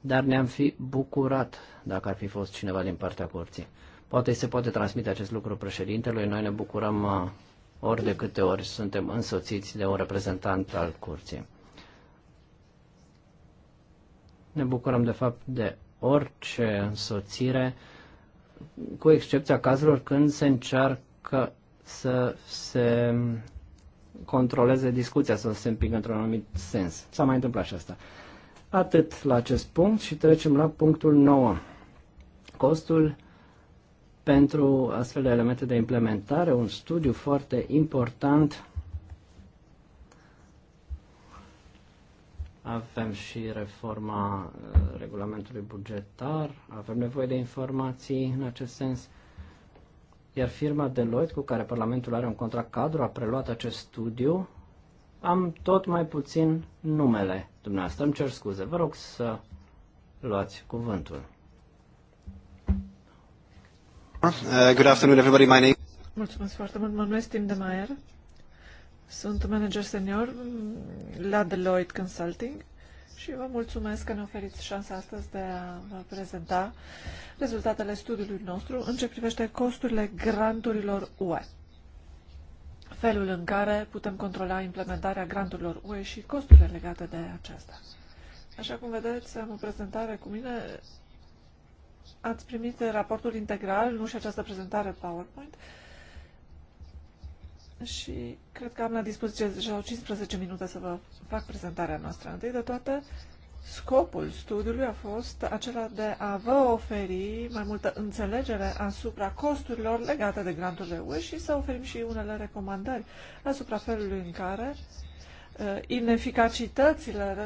dar ne-am fi bucurat dacă ar fi fost cineva din partea curții. Poate se poate transmite acest lucru președintelui, noi ne bucurăm uh, ori de câte ori suntem însoțiți de un reprezentant al curții. Ne bucurăm de fapt de orice însoțire, cu excepția cazurilor când se încearcă să se controleze discuția, să se împingă într-un anumit sens. S-a mai întâmplat și asta. Atât la acest punct și trecem la punctul 9. Costul pentru astfel de elemente de implementare, un studiu foarte important. Avem și reforma uh, regulamentului bugetar, avem nevoie de informații în acest sens iar firma Deloitte, cu care Parlamentul are un contract cadru, a preluat acest studiu. Am tot mai puțin numele dumneavoastră. Îmi cer scuze. Vă rog să luați cuvântul. good afternoon, everybody. My name... Mulțumesc foarte mult. Mă numesc Tim de Maier. Sunt manager senior la Deloitte Consulting și vă mulțumesc că ne oferiți șansa astăzi de a vă prezenta rezultatele studiului nostru în ce privește costurile granturilor UE. Felul în care putem controla implementarea granturilor UE și costurile legate de aceasta. Așa cum vedeți, am o prezentare cu mine. Ați primit raportul integral, nu și această prezentare PowerPoint. Uh, și cred că am la dispoziție deja 15 minute să vă fac prezentarea noastră. Întâi de toate, scopul studiului a fost acela de a vă oferi mai multă înțelegere asupra costurilor legate de granturile UE și să oferim și unele recomandări asupra felului în care uh, ineficacitățile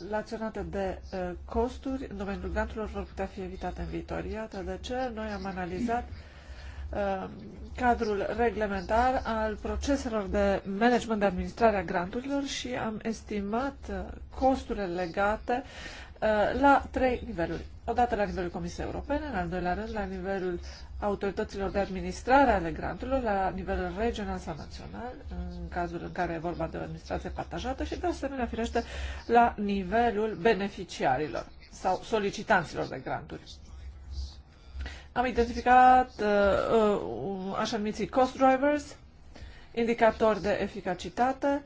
relaționate de uh, costuri în domeniul granturilor vor putea fi evitate în viitor. Iată de ce noi am analizat Uh, cadrul reglementar al proceselor de management de administrare a granturilor și am estimat uh, costurile legate uh, la trei niveluri. Odată la nivelul Comisiei Europene, în al doilea rând la nivelul autorităților de administrare ale granturilor, la nivel regional sau național, în cazul în care e vorba de o administrație partajată și, de asemenea, firește, la nivelul beneficiarilor sau solicitanților de granturi. Am identificat uh, uh, așa numiții cost drivers, indicatori de eficacitate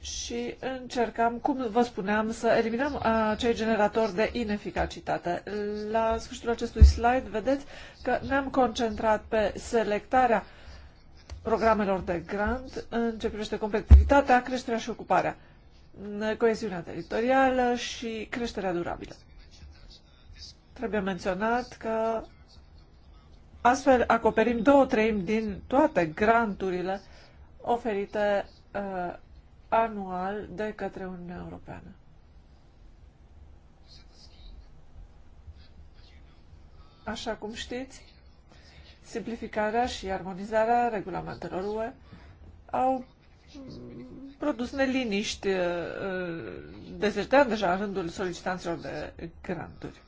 și încercam, cum vă spuneam, să eliminăm acei uh, generatori de ineficacitate. La sfârșitul acestui slide vedeți că ne-am concentrat pe selectarea programelor de grant în ce privește competitivitatea, creșterea și ocuparea, coeziunea teritorială și creșterea durabilă. Trebuie menționat că astfel acoperim două treimi din toate granturile oferite uh, anual de către Uniunea Europeană. Așa cum știți, simplificarea și armonizarea regulamentelor UE au produs neliniști uh, de zeci de ani deja în rândul solicitanților de granturi.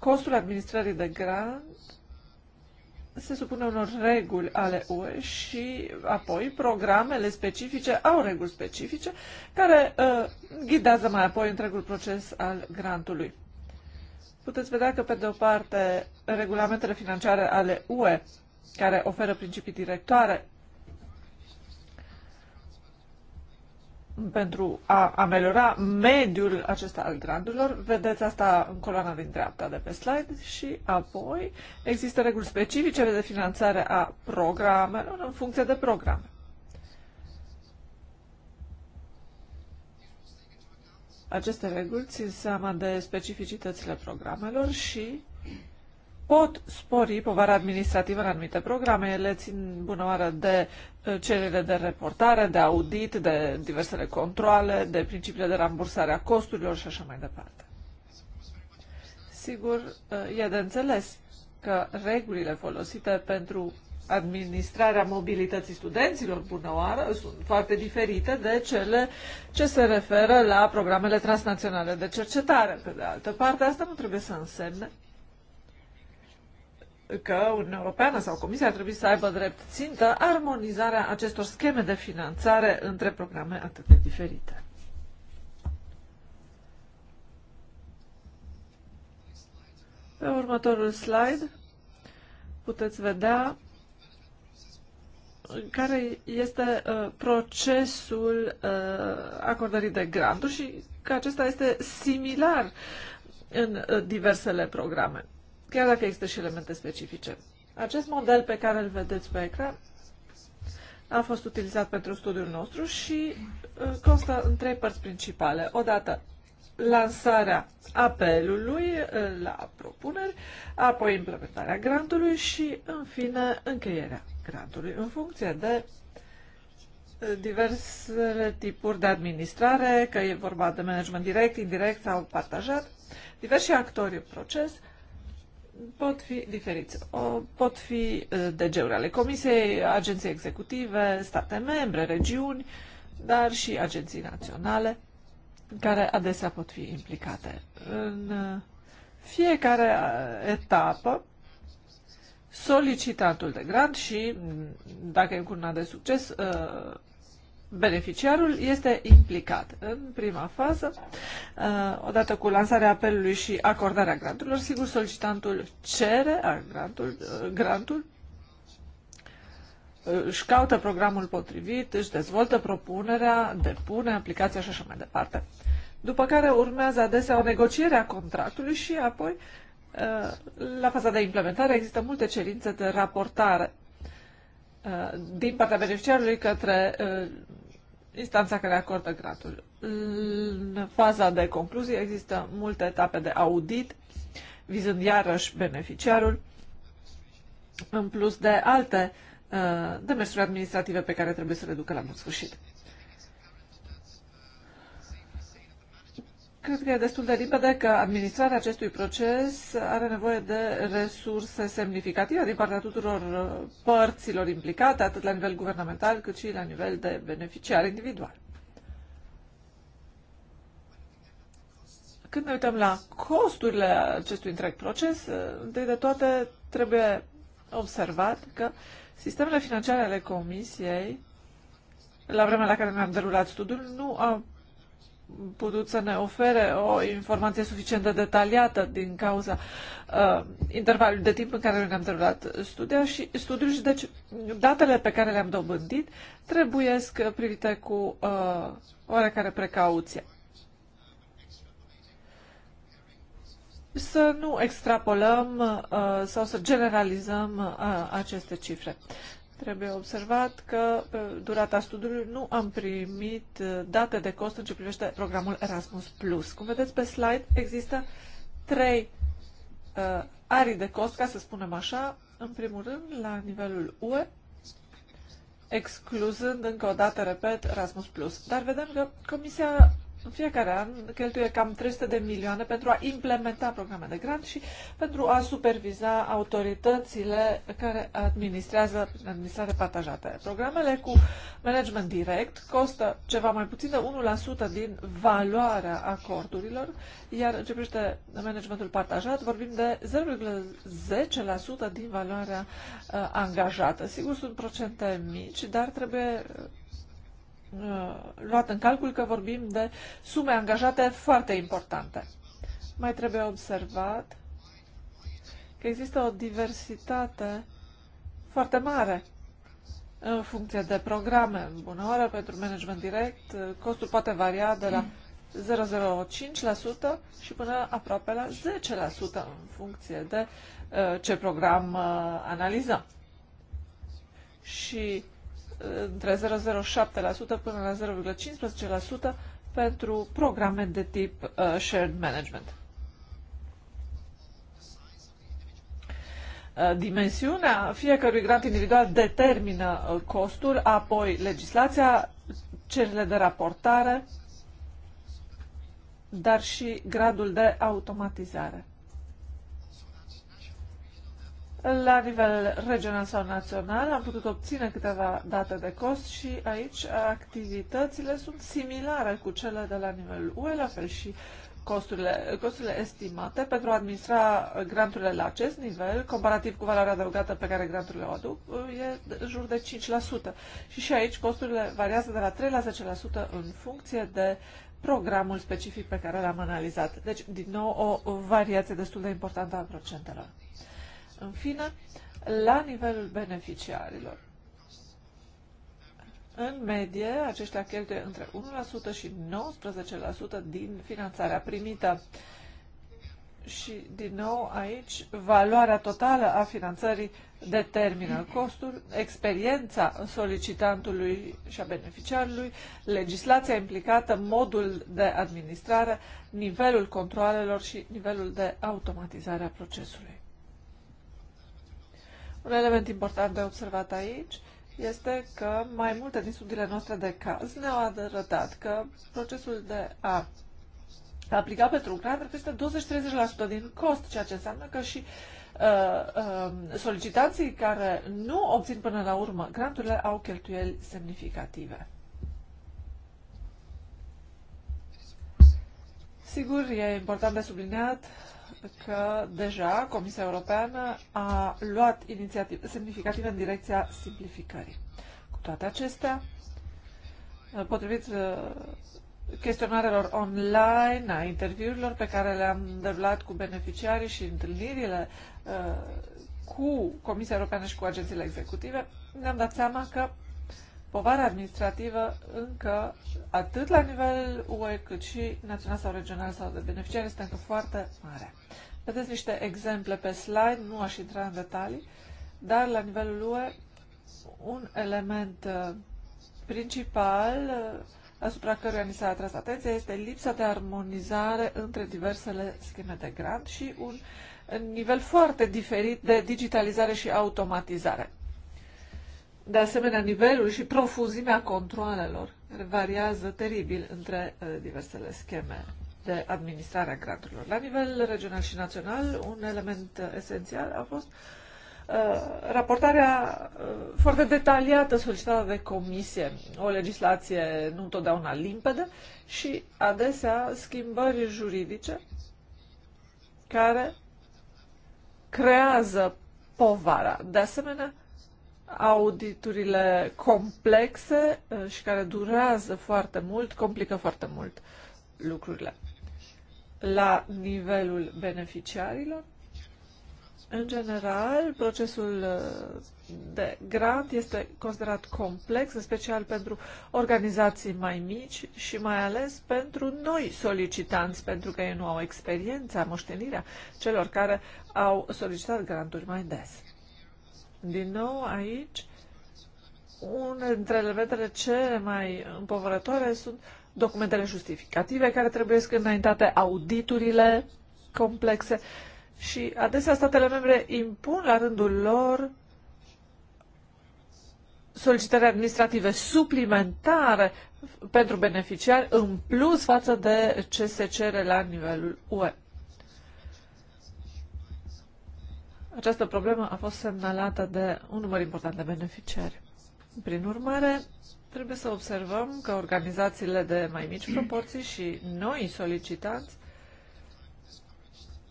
Costul administrării de grant se supune unor reguli ale UE și apoi programele specifice au reguli specifice care uh, ghidează mai apoi întregul proces al grantului. Puteți vedea că, pe de o parte, regulamentele financiare ale UE, care oferă principii directoare pentru a ameliora mediul acesta al grandurilor. Vedeți asta în coloana din dreapta de pe slide și apoi există reguli specifice de finanțare a programelor în funcție de programe. Aceste reguli țin seama de specificitățile programelor și pot spori povara administrativă în anumite programe. Ele țin bună oară de uh, cererile de reportare, de audit, de diversele controle, de principiile de rambursare a costurilor și așa mai departe. Sigur, uh, e de înțeles că regulile folosite pentru administrarea mobilității studenților bună oară sunt foarte diferite de cele ce se referă la programele transnaționale de cercetare. Pe de altă parte, asta nu trebuie să însemne că Uniunea Europeană sau Comisia ar trebui să aibă drept țintă armonizarea acestor scheme de finanțare între programe atât de diferite. Pe următorul slide puteți vedea care este uh, procesul uh, acordării de granturi și că acesta este similar în uh, diversele programe chiar dacă există și elemente specifice. Acest model pe care îl vedeți pe ecran a fost utilizat pentru studiul nostru și uh, constă în trei părți principale. Odată, lansarea apelului uh, la propuneri, apoi implementarea grantului și, în fine, încheierea grantului în funcție de uh, diversele tipuri de administrare, că e vorba de management direct, indirect sau partajat, diversi actori în proces pot fi diferiți. O, pot fi DG-uri ale Comisiei, agenții executive, state membre, regiuni, dar și agenții naționale, care adesea pot fi implicate. În fiecare etapă, solicitatul de grant și, dacă e încurna de succes, beneficiarul este implicat. În prima fază, uh, odată cu lansarea apelului și acordarea granturilor, sigur, solicitantul cere uh, grantul, uh, grantul își caută programul potrivit, își dezvoltă propunerea, depune aplicația și așa mai departe. După care urmează adesea o negociere a contractului și apoi, la faza de implementare, există multe cerințe de raportare din partea beneficiarului către instanța care acordă grantul. În faza de concluzie există multe etape de audit, vizând iarăși beneficiarul, în plus de alte uh, demersuri administrative pe care trebuie să le ducă la bun sfârșit. Cred că e destul de limpede că administrarea acestui proces are nevoie de resurse semnificative din partea tuturor uh, părților implicate, atât la nivel guvernamental cât și la nivel de beneficiar individual. Când ne uităm la costurile acestui întreg proces, uh, întâi de toate trebuie observat că sistemele financiare ale Comisiei, la vremea la care ne-am derulat studiul, nu au putut să ne ofere o informație suficient de detaliată din cauza uh, intervalului de timp în care ne-am derulat studia și, studiul și deci datele pe care le-am dobândit trebuie să privite cu uh, oarecare precauție. Să nu extrapolăm uh, sau să generalizăm uh, aceste cifre. Trebuie observat că pe durata studiului nu am primit uh, date de cost în ce privește programul Erasmus+. Cum vedeți pe slide, există trei uh, arii de cost, ca să spunem așa. În primul rând, la nivelul UE, excluzând încă o dată, repet, Erasmus+. Dar vedem că Comisia în fiecare an cheltuie cam 300 de milioane pentru a implementa programe de grant și pentru a superviza autoritățile care administrează administrare partajată. Programele cu management direct costă ceva mai puțin de 1% din valoarea acordurilor, iar în ce privește managementul partajat vorbim de 0,10% din valoarea uh, angajată. Sigur, sunt procente mici, dar trebuie Uh, luat în calcul că vorbim de sume angajate foarte importante. Mai trebuie observat că există o diversitate foarte mare în funcție de programe. Bună oră pentru management direct, uh, costul poate varia de la 0,05% și până aproape la 10% în funcție de uh, ce program analizăm. Și între 0,07% până la 0,15% pentru programe de tip uh, shared management. Uh, dimensiunea fiecărui grant individual determină uh, costul, apoi legislația, cerile de raportare, dar și gradul de automatizare. La nivel regional sau național am putut obține câteva date de cost și aici activitățile sunt similare cu cele de la nivel UE, la fel și costurile, costurile estimate pentru a administra granturile la acest nivel, comparativ cu valoarea adăugată pe care granturile o aduc, e jur de 5%. Și și aici costurile variază de la 3 la 10% în funcție de programul specific pe care l-am analizat. Deci, din nou, o variație destul de importantă a procentelor. În fine, la nivelul beneficiarilor. În medie, aceștia cheltuie între 1% și 19% din finanțarea primită. Și, din nou, aici, valoarea totală a finanțării determină costul, experiența solicitantului și a beneficiarului, legislația implicată, modul de administrare, nivelul controalelor și nivelul de automatizare a procesului. Un element important de observat aici este că mai multe din studiile noastre de caz ne-au arătat că procesul de a aplica pentru Ucraina reprezintă 20-30% din cost, ceea ce înseamnă că și uh, uh, solicitanții care nu obțin până la urmă granturile au cheltuieli semnificative. Sigur, e important de subliniat că deja Comisia Europeană a luat inițiative semnificative în direcția simplificării. Cu toate acestea, potrivit uh, chestionarelor online, a interviurilor pe care le-am derulat cu beneficiarii și întâlnirile uh, cu Comisia Europeană și cu agențiile executive, ne-am dat seama că povara administrativă încă, atât la nivel UE, cât și național sau regional sau de beneficiar, este încă foarte mare. Vedeți niște exemple pe slide, nu aș intra în detalii, dar la nivelul UE, un element uh, principal uh, asupra căruia ni s-a atras atenția este lipsa de armonizare între diversele scheme de grant și un nivel foarte diferit de digitalizare și automatizare. De asemenea, nivelul și profuzimea controalelor variază teribil între uh, diversele scheme de administrare a granturilor. La nivel regional și național, un element uh, esențial a fost uh, raportarea foarte detaliată solicitată de comisie, o legislație nu întotdeauna limpede și adesea schimbări juridice care creează povara. De asemenea, auditurile complexe uh, și care durează foarte mult, complică foarte mult lucrurile. La nivelul beneficiarilor, în general, procesul uh, de grant este considerat complex, în special pentru organizații mai mici și mai ales pentru noi solicitanți, pentru că ei nu au experiența, moștenirea celor care au solicitat granturi mai des. Din nou, aici, una dintre elementele cele mai împovărătoare sunt documentele justificative care trebuie să înaintate, auditurile complexe și adesea statele membre impun la rândul lor solicitări administrative suplimentare pentru beneficiari în plus față de ce se cere la nivelul UE. Această problemă a fost semnalată de un număr important de beneficiari. Prin urmare, trebuie să observăm că organizațiile de mai mici proporții și noi solicitanți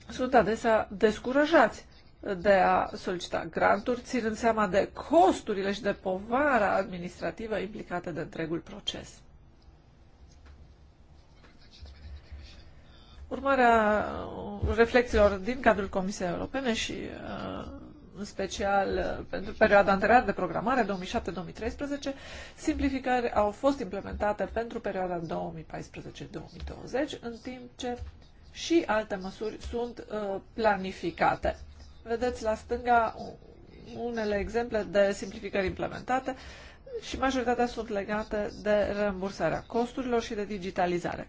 sunt adesea descurajați de a solicita granturi, ținând seama de costurile și de povara administrativă implicată de întregul proces. urmarea uh, reflexiilor din cadrul Comisiei Europene și uh, în special uh, pentru perioada anterioară de programare 2007-2013, simplificări au fost implementate pentru perioada 2014-2020, în timp ce și alte măsuri sunt planificate. Vedeți la stânga unele exemple de simplificări implementate și majoritatea sunt legate de rambursarea costurilor și de digitalizare.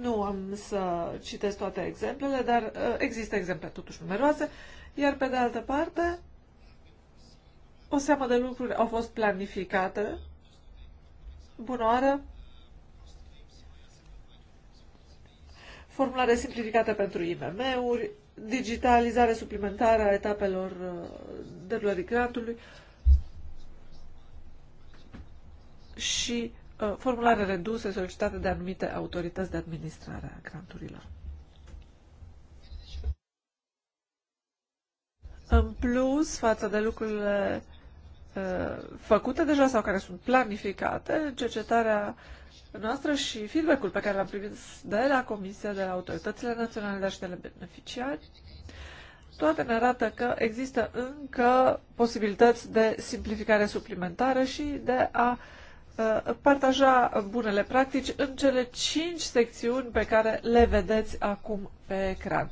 Nu am să citesc toate exemplele, dar uh, există exemple totuși numeroase. Iar pe de altă parte, o seamă de lucruri au fost planificate. Bună oară! Formulare simplificată pentru IMM-uri, digitalizare suplimentară a etapelor uh, derulării grantului și Uh, formulare reduse solicitate de anumite autorități de administrare a granturilor. În plus, față de lucrurile uh, făcute deja sau care sunt planificate, cercetarea noastră și feedback-ul pe care l-am primit de la Comisia, de la autoritățile naționale, dar și de la beneficiari, toate ne arată că există încă posibilități de simplificare suplimentară și de a uh, Uh, partaja bunele practici în cele cinci secțiuni pe care le vedeți acum pe ecran.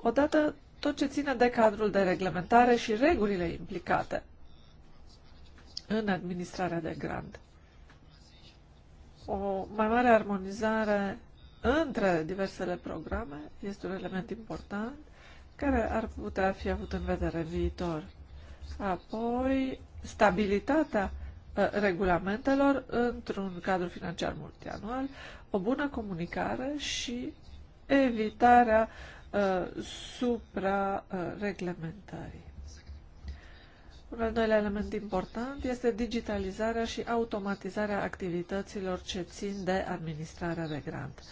Odată tot ce ține de cadrul de reglementare și regulile implicate în administrarea de grant. O mai mare armonizare între diversele programe este un element important care ar putea fi avut în vedere viitor. Apoi, stabilitatea Uh, regulamentelor într-un cadru financiar multianual, o bună comunicare și evitarea uh, supra-reglementării. Un al doilea element important este digitalizarea și automatizarea activităților ce țin de administrarea de grant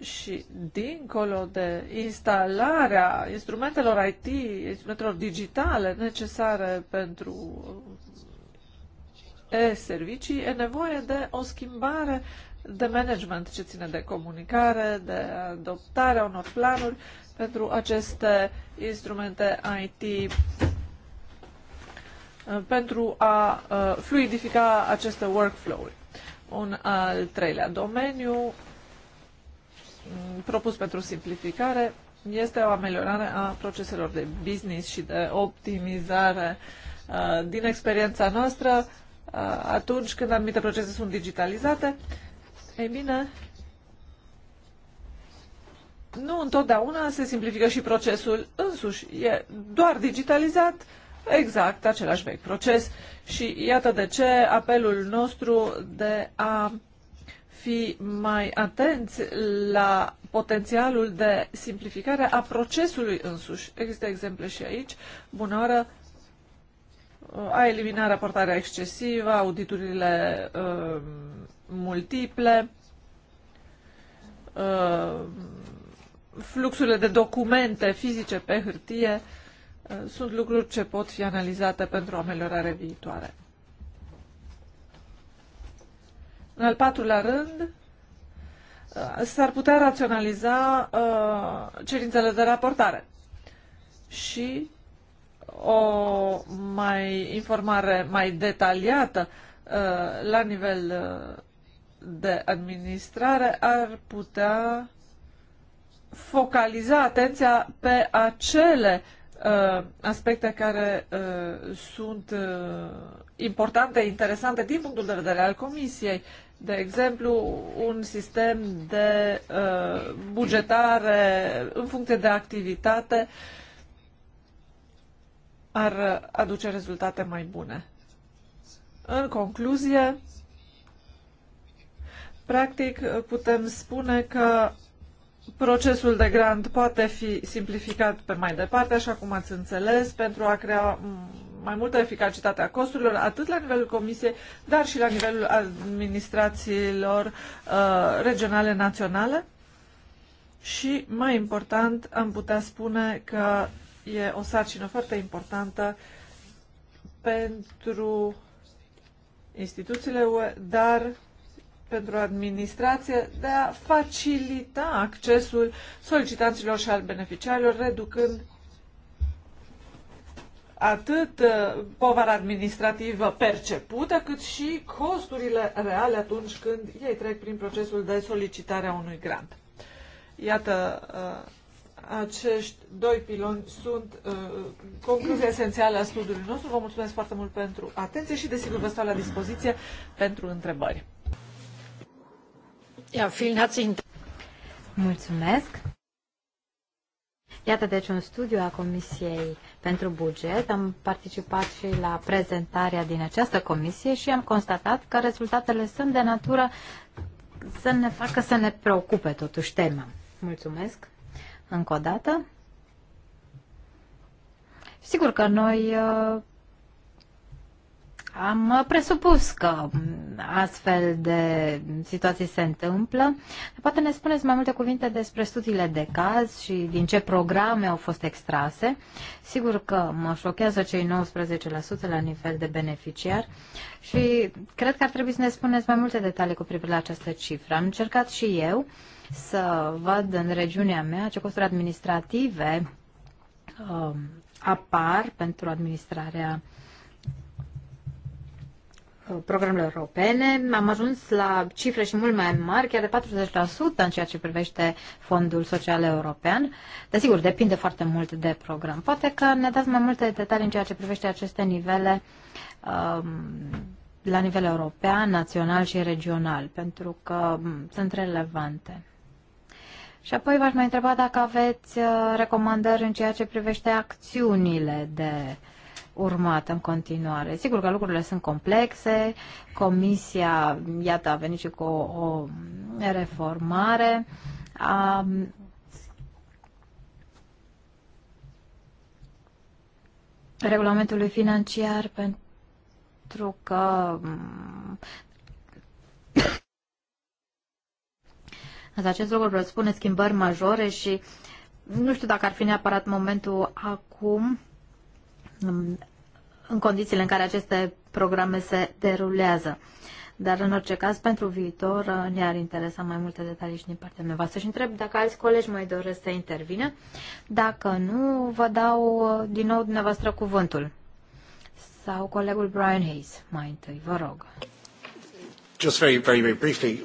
și dincolo de instalarea instrumentelor IT, instrumentelor digitale necesare pentru uh, e-servicii, e nevoie de o schimbare de management ce ține de comunicare, de adoptarea unor planuri pentru aceste instrumente IT uh, pentru a uh, fluidifica aceste workflow-uri. Un al treilea domeniu propus pentru simplificare este o ameliorare a proceselor de business și de optimizare uh, din experiența noastră uh, atunci când anumite procese sunt digitalizate. Ei bine, nu întotdeauna se simplifică și procesul însuși. E doar digitalizat exact același vechi proces și iată de ce apelul nostru de a fi mai atenți la potențialul de simplificare a procesului însuși. Există exemple și aici. Bună oară! A elimina raportarea excesivă, auditurile uh, multiple, uh, fluxurile de documente fizice pe hârtie uh, sunt lucruri ce pot fi analizate pentru o ameliorare viitoare. În al patrulea rând, s-ar putea raționaliza uh, cerințele de raportare și o mai informare mai detaliată uh, la nivel uh, de administrare ar putea focaliza atenția pe acele uh, aspecte care uh, sunt uh, importante, interesante din punctul de vedere al Comisiei. Uh, de exemplu, un sistem de uh, bugetare în funcție de activitate ar aduce rezultate mai bune. În concluzie, practic putem spune că procesul de grant poate fi simplificat pe mai departe, așa cum ați înțeles, pentru a crea mai multă eficacitate a costurilor, atât la nivelul Comisiei, dar și la nivelul administrațiilor uh, regionale, naționale. Și, mai important, am putea spune că e o sarcină foarte importantă pentru instituțiile UE, dar pentru administrație de a facilita accesul solicitanților și al beneficiarilor, reducând atât uh, povara administrativă percepută, cât și costurile reale atunci când ei trec prin procesul de solicitare a unui grant. Iată, uh, acești doi piloni sunt uh, concluzia esențială a studiului nostru. Vă mulțumesc foarte mult pentru atenție și, desigur, vă stau la dispoziție pentru întrebări. Ja, vielen herzlichen Mulțumesc! Iată deci un studiu a Comisiei pentru buget. Am participat și la prezentarea din această comisie și am constatat că rezultatele sunt de natură să ne facă să ne preocupe totuși tema. Mulțumesc încă o dată. Sigur că noi uh, am uh, presupus că mm, astfel de situații se întâmplă. Poate ne spuneți mai multe cuvinte despre studiile de caz și din ce programe au fost extrase. Sigur că mă șochează cei 19% la nivel de beneficiar și cred că ar trebui să ne spuneți mai multe detalii cu privire la această cifră. Am încercat și eu să văd în regiunea mea ce costuri administrative uh, apar pentru administrarea uh, Uh, programele europene. Am ajuns la cifre și mult mai mari, chiar de 40% în ceea ce privește Fondul Social European. Desigur, depinde foarte mult de program. Poate că ne dați mai multe detalii în ceea ce privește aceste nivele um, la nivel european, național și regional, pentru că um, sunt relevante. Și apoi v-aș mai întreba dacă aveți uh, recomandări în ceea ce privește acțiunile de uh, urmat în continuare. Sigur că lucrurile sunt complexe, Comisia, iată, a venit și cu o, o reformare a regulamentului financiar pentru că Însă mm, acest lucru presupune schimbări majore și nu știu dacă ar fi neapărat momentul acum în condițiile în care aceste programe se derulează. Dar, în orice caz, pentru viitor uh, ne-ar interesa mai multe detalii și din partea mea. să Și întreb dacă alți colegi mai doresc să intervină. Dacă nu, vă dau uh, din nou dumneavoastră cuvântul. Sau colegul Brian Hayes, mai întâi, vă rog. Just very, very, very briefly.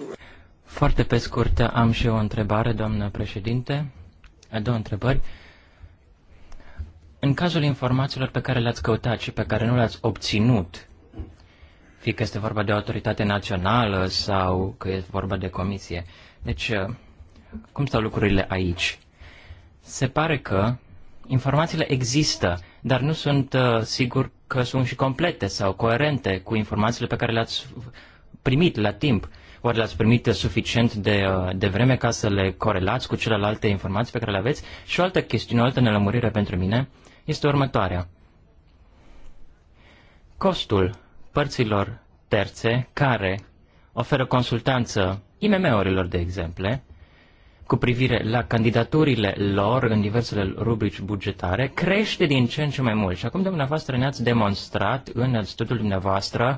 Foarte pe scurt, am și eu o întrebare, doamnă președinte. Două întrebări. Uh, în cazul informațiilor pe care le-ați căutat și pe care nu le-ați obținut, fie că este vorba de o autoritate națională sau că este vorba de comisie. Deci, uh, cum stau lucrurile aici? Se pare că informațiile există, dar nu sunt uh, sigur că sunt și complete sau coerente cu informațiile pe care le-ați primit la timp. Ori le-ați primit suficient de, uh, de vreme ca să le corelați cu celelalte informații pe care le aveți? Și o altă chestiune, o altă nelămurire pentru mine este următoarea. Costul părților terțe care oferă consultanță IMM-urilor, de exemplu, cu privire la candidaturile lor în diversele rubrici bugetare, crește din ce în ce mai mult. Și acum dumneavoastră ne-ați demonstrat în studiul dumneavoastră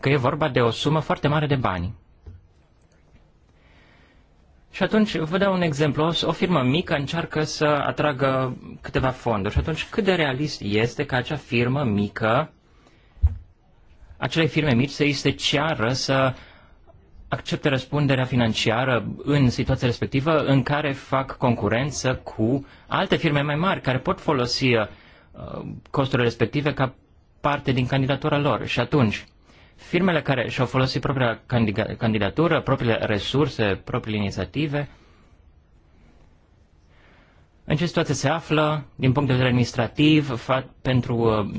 că e vorba de o sumă foarte mare de bani. Și atunci, vă dau un exemplu, o firmă mică încearcă să atragă câteva fonduri și atunci cât de realist este ca acea firmă mică, acele firme mici să este ceară să accepte răspunderea financiară în situația respectivă în care fac concurență cu alte firme mai mari care pot folosi uh, costurile respective ca parte din candidatura lor. Și atunci, Firmele care și-au folosit propria candidatură, propriile resurse, propriile inițiative, în ce situație se află din punct de vedere administrativ pentru uh,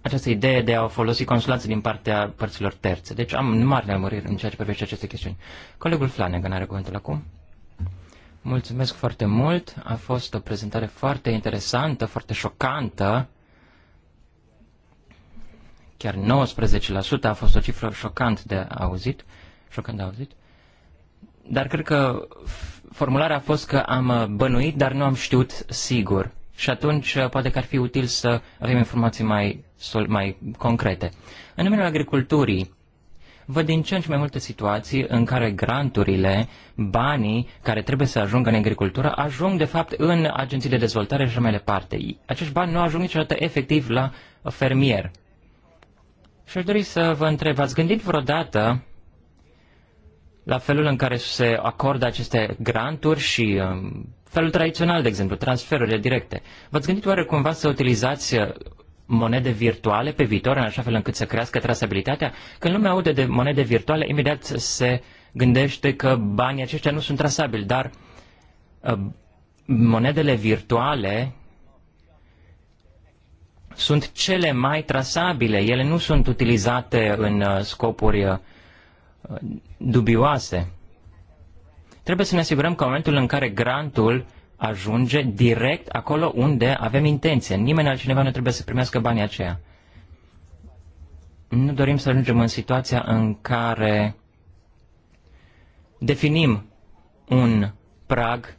această idee de a folosi consulanță din partea părților terțe. Deci am mari nemuriri în ceea ce privește aceste chestiuni. Colegul Flanagan are cuvântul acum. Mulțumesc foarte mult. A fost o prezentare foarte interesantă, foarte șocantă chiar 19% a fost o cifră șocant de auzit, șocant de auzit. Dar cred că formularea a fost că am uh, bănuit, dar nu am știut sigur. Și atunci uh, poate că ar fi util să avem informații mai, mai concrete. În numele agriculturii, văd din ce în ce mai multe situații în care granturile, banii care trebuie să ajungă în agricultură, ajung de fapt în agenții de dezvoltare și mai departe. Acești bani nu ajung niciodată efectiv la fermier. Și aș dori să vă întreb, ați gândit vreodată la felul în care se acordă aceste granturi și um, felul tradițional, de exemplu, transferurile directe. V-ați gândit oare cumva să utilizați uh, monede virtuale pe viitor, în așa fel încât să crească trasabilitatea? Când lumea aude de monede virtuale, imediat se gândește că banii aceștia nu sunt trasabili, dar uh, monedele virtuale sunt cele mai trasabile. Ele nu sunt utilizate în uh, scopuri uh, dubioase. Trebuie să ne asigurăm că în momentul în care grantul ajunge direct acolo unde avem intenție. Nimeni altcineva nu trebuie să primească banii aceia. Nu dorim să ajungem în situația în care definim un prag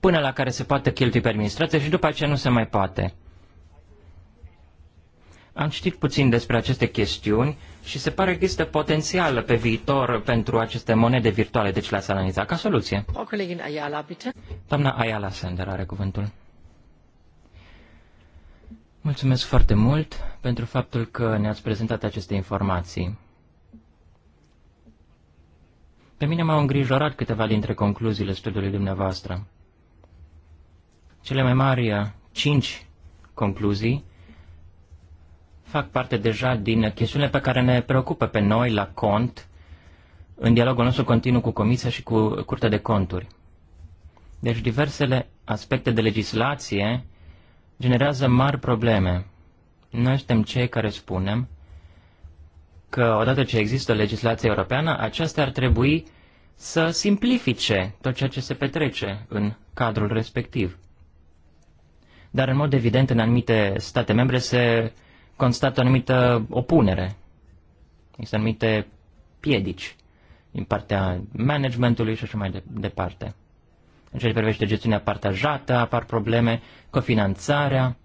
până la care se poate cheltui pe administrație și după aceea nu se mai poate. Am citit puțin despre aceste chestiuni și se pare că există potențial pe viitor pentru aceste monede virtuale, deci la Salaniza, ca soluție. O colegin Ayala, bitte. Doamna Ayala Sender are cuvântul. Mulțumesc foarte mult pentru faptul că ne-ați prezentat aceste informații. Pe mine m-au îngrijorat câteva dintre concluziile studiului dumneavoastră. Cele mai mari uh, cinci concluzii fac parte deja din chestiunile pe care ne preocupă pe noi la cont în dialogul nostru continuu cu Comisia și cu Curtea de Conturi. Deci diversele aspecte de legislație generează mari probleme. Noi suntem cei care spunem că odată ce există legislație europeană, aceasta ar trebui să simplifice tot ceea ce se petrece în cadrul respectiv. Dar, în mod evident, în anumite state membre se constată o anumită opunere. Există anumite piedici din partea managementului și așa mai de, departe. În ce privește gestiunea partajată, apar probleme, cofinanțarea.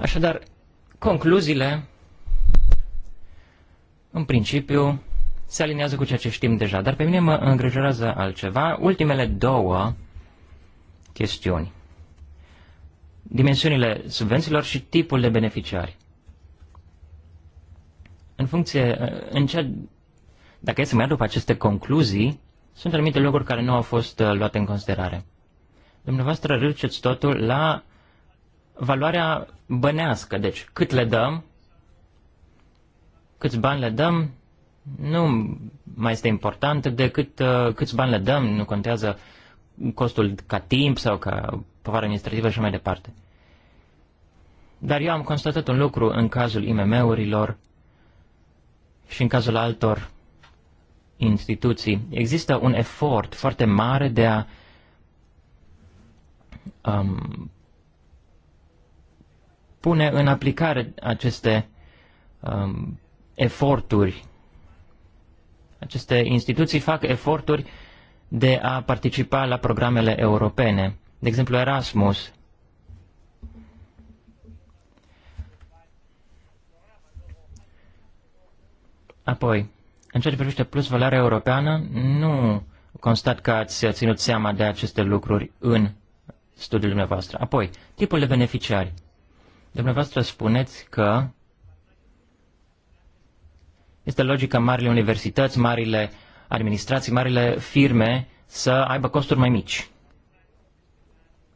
Așadar, concluziile, în principiu, se aliniază cu ceea ce știm deja, dar pe mine mă îngrijorează altceva, ultimele două chestiuni dimensiunile subvențiilor și tipul de beneficiari. În funcție, în cea, dacă e să mai după aceste concluzii, sunt anumite lucruri care nu au fost uh, luate în considerare. Dumneavoastră râceți totul la valoarea bănească, deci cât le dăm, câți bani le dăm, nu mai este important decât uh, câți bani le dăm, nu contează costul ca timp sau ca povară administrativă și mai departe. Dar eu am constatat un lucru în cazul IMM-urilor și în cazul altor instituții. Există un efort foarte mare de a um, pune în aplicare aceste um, eforturi. Aceste instituții fac eforturi de a participa la programele europene de exemplu Erasmus. Apoi, în ceea ce privește plus valoarea europeană, nu constat că ați ținut seama de aceste lucruri în studiul dumneavoastră. Apoi, tipul de beneficiari. Dumneavoastră spuneți că este logică marile universități, marile administrații, marile firme să aibă costuri mai mici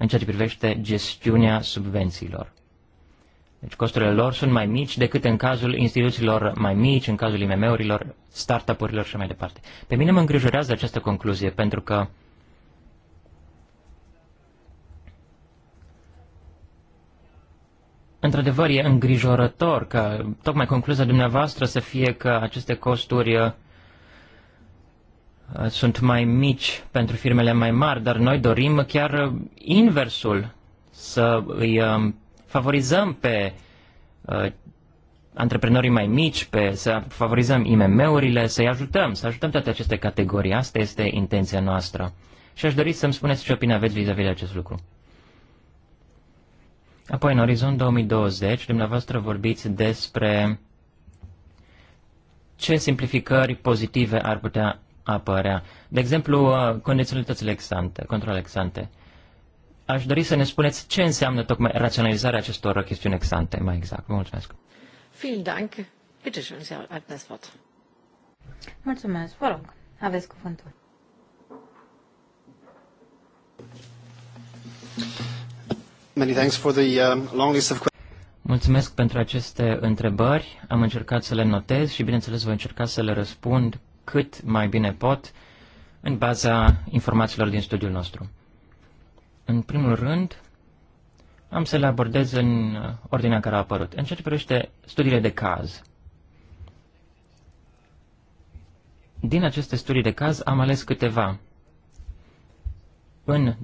în ceea ce privește gestiunea subvențiilor. Deci costurile lor sunt mai mici decât în cazul instituțiilor mai mici, în cazul IMM-urilor, startup-urilor și mai departe. Pe mine mă îngrijorează această concluzie pentru că Într-adevăr, e îngrijorător că tocmai concluzia dumneavoastră să fie că aceste costuri Uh, sunt mai mici pentru firmele mai mari, dar noi dorim chiar uh, inversul, să îi um, favorizăm pe uh, antreprenorii mai mici, pe, să favorizăm IMM-urile, să-i ajutăm, să ajutăm toate aceste categorii. Asta este intenția noastră. Și aș dori să-mi spuneți ce opinie aveți vis-a-vis de acest lucru. Apoi, în orizont 2020, dumneavoastră vorbiți despre ce simplificări pozitive ar putea apărea. De exemplu, uh, condiționalitățile exante, control exante. Aș dori să ne spuneți ce înseamnă tocmai raționalizarea acestor chestiuni exante, mai exact. Vă mulțumesc. Vielen Dank. Bitte schön, Sie haben das Wort. Mulțumesc. Vă rog, aveți cuvântul. Many thanks for the um, long list of Mulțumesc pentru aceste întrebări. Am încercat să le notez și, bineînțeles, voi încerca să le răspund cât mai bine pot în baza informațiilor din studiul nostru. În primul rând, am să le abordez în ordinea care a apărut. În ceea ce privește studiile de caz, din aceste studii de caz am ales câteva. În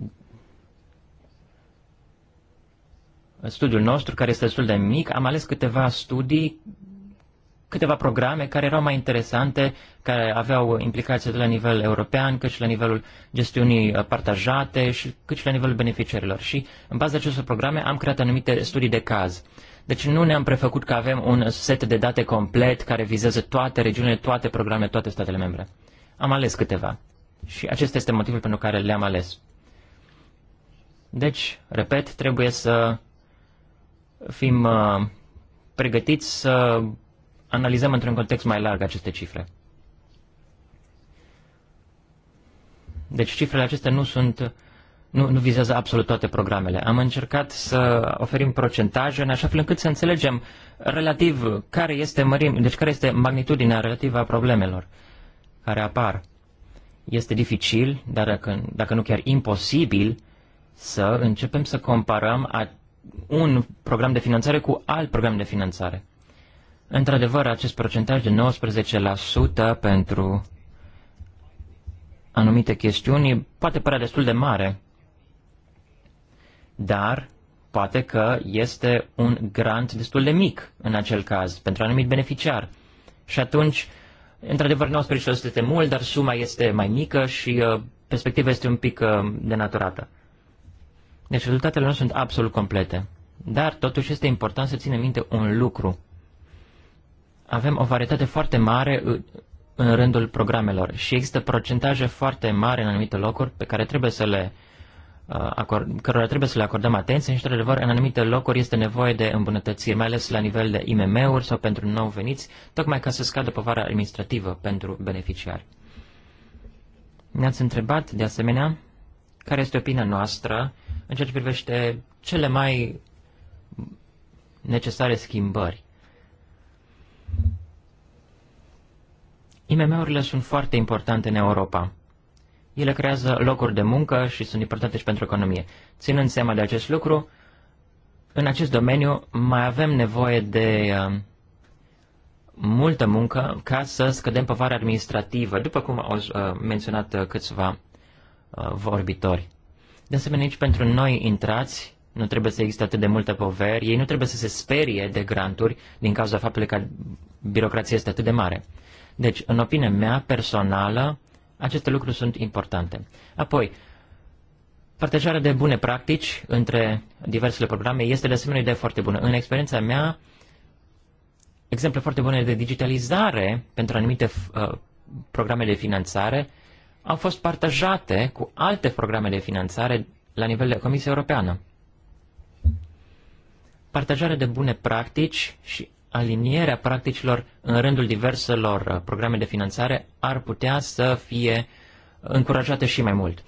studiul nostru, care este destul de mic, am ales câteva studii câteva programe care erau mai interesante, care aveau implicații atât la nivel european, cât și la nivelul gestiunii uh, partajate, și, cât și la nivelul beneficiarilor. Și în baza acestor programe am creat anumite studii de caz. Deci nu ne-am prefăcut că avem un set de date complet care vizează toate regiunile, toate programele, toate statele membre. Am ales câteva. Și acesta este motivul pentru care le-am ales. Deci, repet, trebuie să fim uh, pregătiți să analizăm într-un context mai larg aceste cifre. Deci cifrele acestea nu sunt nu, nu vizează absolut toate programele. Am încercat să oferim procentaje în așa fel încât să înțelegem relativ care este mărim, deci care este magnitudinea relativă a problemelor care apar. Este dificil, dar dacă, dacă nu chiar imposibil, să începem să comparăm a, un program de finanțare cu alt program de finanțare. Într-adevăr, acest procentaj de 19% pentru anumite chestiuni poate părea destul de mare, dar poate că este un grant destul de mic în acel caz pentru anumit beneficiar. Și atunci, într-adevăr, 19% este mult, dar suma este mai mică și uh, perspectiva este un pic uh, denaturată. Deci rezultatele nu sunt absolut complete. Dar totuși este important să ținem minte un lucru avem o varietate foarte mare uh, în rândul programelor și există procentaje foarte mari în anumite locuri pe care trebuie să le uh, cărora trebuie să le acordăm atenție și, într-adevăr, în anumite locuri este nevoie de îmbunătățiri, mai ales la nivel de IMM-uri sau pentru nou veniți, tocmai ca să scadă povara administrativă pentru beneficiari. Ne-ați întrebat, de asemenea, care este opinia noastră în ceea ce privește cele mai necesare schimbări IMM-urile sunt foarte importante în Europa. Ele creează locuri de muncă și sunt importante și pentru economie. Ținând seama de acest lucru, în acest domeniu mai avem nevoie de um, multă muncă ca să scădem povara administrativă, după cum au uh, menționat uh, câțiva uh, vorbitori. De asemenea, nici pentru noi intrați nu trebuie să existe atât de multă poveri, ei nu trebuie să se sperie de granturi din cauza faptului că birocrația este atât de mare. Deci, în opinia mea personală, aceste lucruri sunt importante. Apoi, partajarea de bune practici între diversele programe este de asemenea idee foarte bună. În experiența mea, exemple foarte bune de digitalizare pentru anumite uh, programe de finanțare au fost partajate cu alte programe de finanțare la nivel de Comisia Europeană. Partajarea de bune practici și alinierea practicilor în rândul diverselor uh, programe de finanțare ar putea să fie încurajată și mai mult.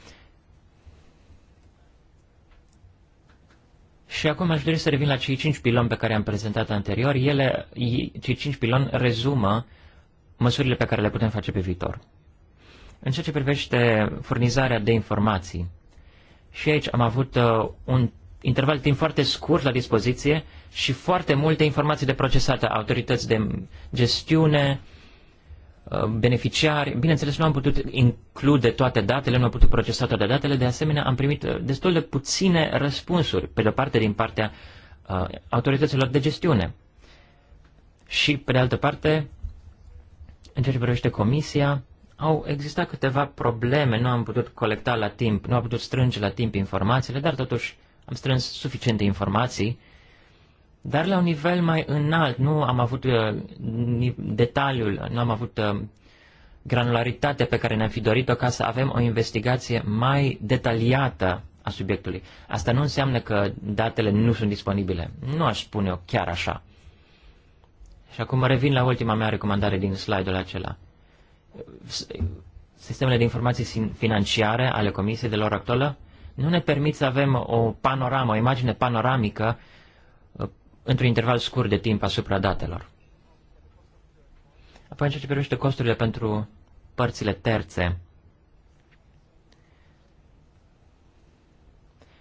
Și acum aș dori să revin la cei cinci piloni pe care am prezentat anterior. Ele, cei cinci piloni rezumă măsurile pe care le putem face pe viitor. În ceea ce privește furnizarea de informații, și aici am avut uh, un interval de timp foarte scurt la dispoziție și foarte multe informații de procesată autorități de gestiune, uh, beneficiari. Bineînțeles, nu am putut include toate datele, nu am putut procesa toate datele, de asemenea am primit uh, destul de puține răspunsuri, pe de-o parte din partea uh, autorităților de gestiune. Și, pe de altă parte, în ceea ce privește comisia, au existat câteva probleme, nu am putut colecta la timp, nu am putut strânge la timp informațiile, dar totuși am strâns suficiente informații dar la un nivel mai înalt. Nu am avut uh, detaliul, nu am avut uh, granularitatea pe care ne-am fi dorit-o ca să avem o investigație mai detaliată a subiectului. Asta nu înseamnă că datele nu sunt disponibile. Nu aș spune eu chiar așa. Și acum revin la ultima mea recomandare din slide-ul acela. Sistemele de informații financiare ale Comisiei de lor actuală nu ne permit să avem o panoramă, o imagine panoramică într-un interval scurt de timp asupra datelor. Apoi, în ceea ce privește costurile pentru părțile terțe,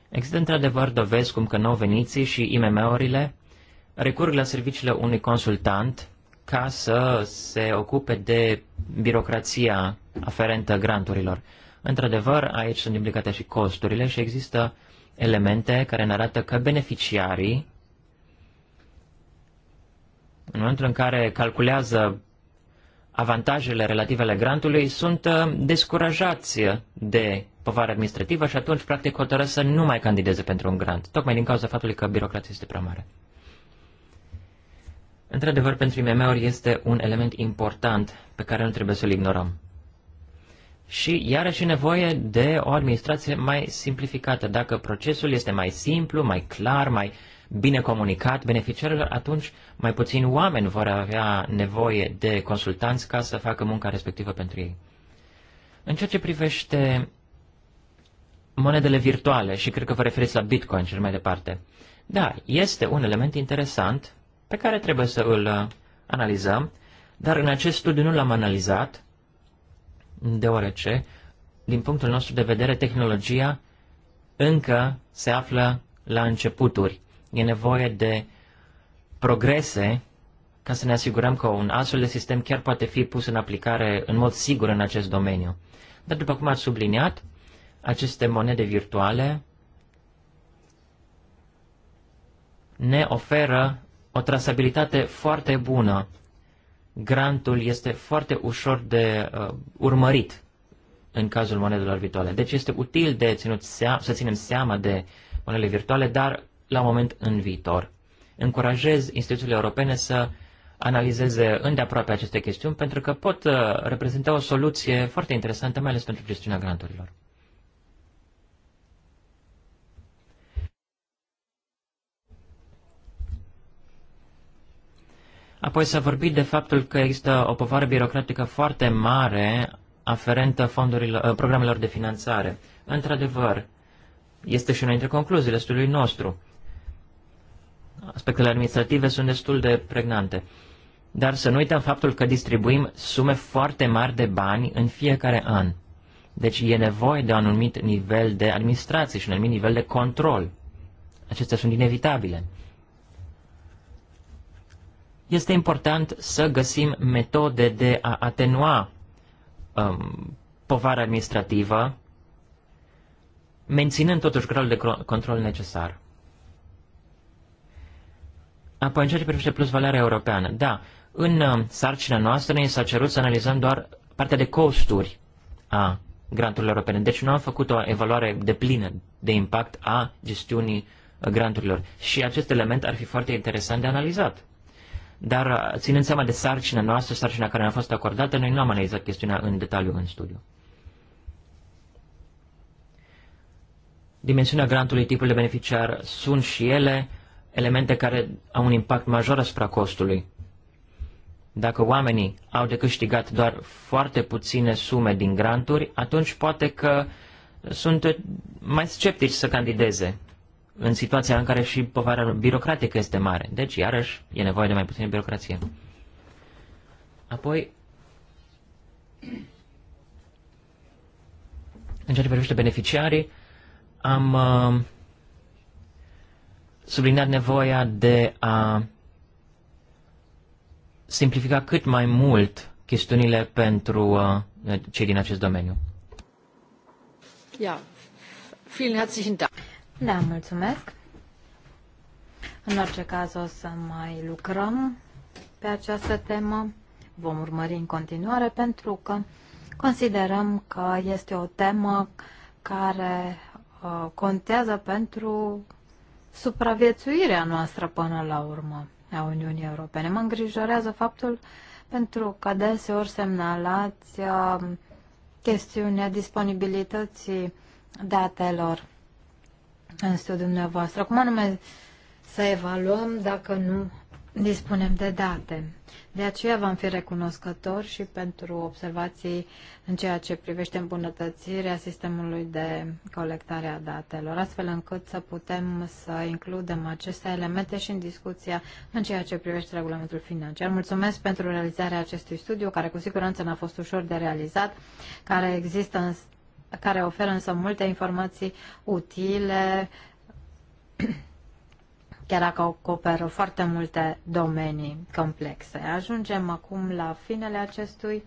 Există într-adevăr dovezi cum că nou veniții și IMM-urile recurg la serviciile unui consultant ca să se ocupe de birocrația aferentă granturilor. Într-adevăr, aici sunt implicate și costurile și există elemente care ne arată că beneficiarii în momentul în care calculează avantajele relative ale grantului, sunt uh, descurajați de povară administrativă și atunci, practic, hotărăsc să nu mai candideze pentru un grant, tocmai din cauza faptului că birocrația este prea mare. Într-adevăr, pentru IMM-uri este un element important pe care nu trebuie să-l ignorăm. Și iarăși nevoie de o administrație mai simplificată. Dacă procesul este mai simplu, mai clar, mai uh, bine comunicat beneficiarilor, atunci mai puțin oameni vor avea nevoie de consultanți ca să facă munca respectivă pentru ei. În ceea ce privește monedele virtuale, și cred că vă referiți la Bitcoin și mai departe, da, este un element interesant pe care trebuie să îl uh, analizăm, dar în acest studiu nu l-am analizat, deoarece, din punctul nostru de vedere, tehnologia încă se află la începuturi. E nevoie de progrese ca să ne asigurăm că un astfel de sistem chiar poate fi pus în aplicare în mod sigur în acest domeniu. Dar după cum ați subliniat, aceste monede virtuale ne oferă o trasabilitate foarte bună. Grantul este foarte ușor de uh, urmărit în cazul monedelor virtuale. Deci este util de ținut seama, să ținem seama de monedele virtuale, dar la moment în viitor. Încurajez instituțiile europene să analizeze îndeaproape aceste chestiuni pentru că pot uh, reprezenta o soluție foarte interesantă, mai ales pentru gestiunea granturilor. Apoi s-a vorbit de faptul că există o povară birocratică foarte mare aferentă fondurilor, uh, programelor de finanțare. Într-adevăr, este și una dintre concluziile studiului nostru aspectele administrative sunt destul de pregnante. Dar să nu uităm faptul că distribuim sume foarte mari de bani în fiecare an. Deci e nevoie de un anumit nivel de administrație și un anumit nivel de control. Acestea sunt inevitabile. Este important să găsim metode de a atenua um, povara administrativă, menținând totuși gradul de control necesar. Apoi, în ceea ce privește plus valoarea europeană, da, în uh, sarcina noastră ne s-a cerut să analizăm doar partea de costuri a granturilor europene. Deci nu am făcut o evaluare de plină de impact a gestiunii uh, granturilor. Și acest element ar fi foarte interesant de analizat. Dar uh, ținând seama de sarcina noastră, sarcina care ne-a fost acordată, noi nu am analizat chestiunea în detaliu în studiu. Dimensiunea grantului, tipul de beneficiar sunt și ele elemente care au un impact major asupra costului. Dacă oamenii au de câștigat doar foarte puține sume din granturi, atunci poate că sunt mai sceptici să candideze în situația în care și povara birocratică este mare. Deci, iarăși, e nevoie de mai puțină birocrație. Apoi, în ceea ce privește beneficiarii, am uh, subliniat nevoia de a simplifica cât mai mult chestiunile pentru uh, cei din acest domeniu. Ja, vielen herzlichen Dank. Da, mulțumesc. În orice caz o să mai lucrăm pe această temă. Vom urmări în continuare pentru că considerăm că este o temă care uh, contează pentru supraviețuirea noastră până la urmă a Uniunii Europene. Mă îngrijorează faptul pentru că deseori semnalați uh, chestiunea disponibilității datelor în studiul dumneavoastră. Cum anume să evaluăm dacă nu dispunem de date. De aceea vom fi recunoscători și pentru observații în ceea ce privește îmbunătățirea sistemului de colectare a datelor, astfel încât să putem să includem aceste elemente și în discuția în ceea ce privește regulamentul financiar. Mulțumesc pentru realizarea acestui studiu, care cu siguranță n-a fost ușor de realizat, care există în, care oferă însă multe informații utile chiar dacă acoperă foarte multe domenii complexe. Ajungem acum la finele acestui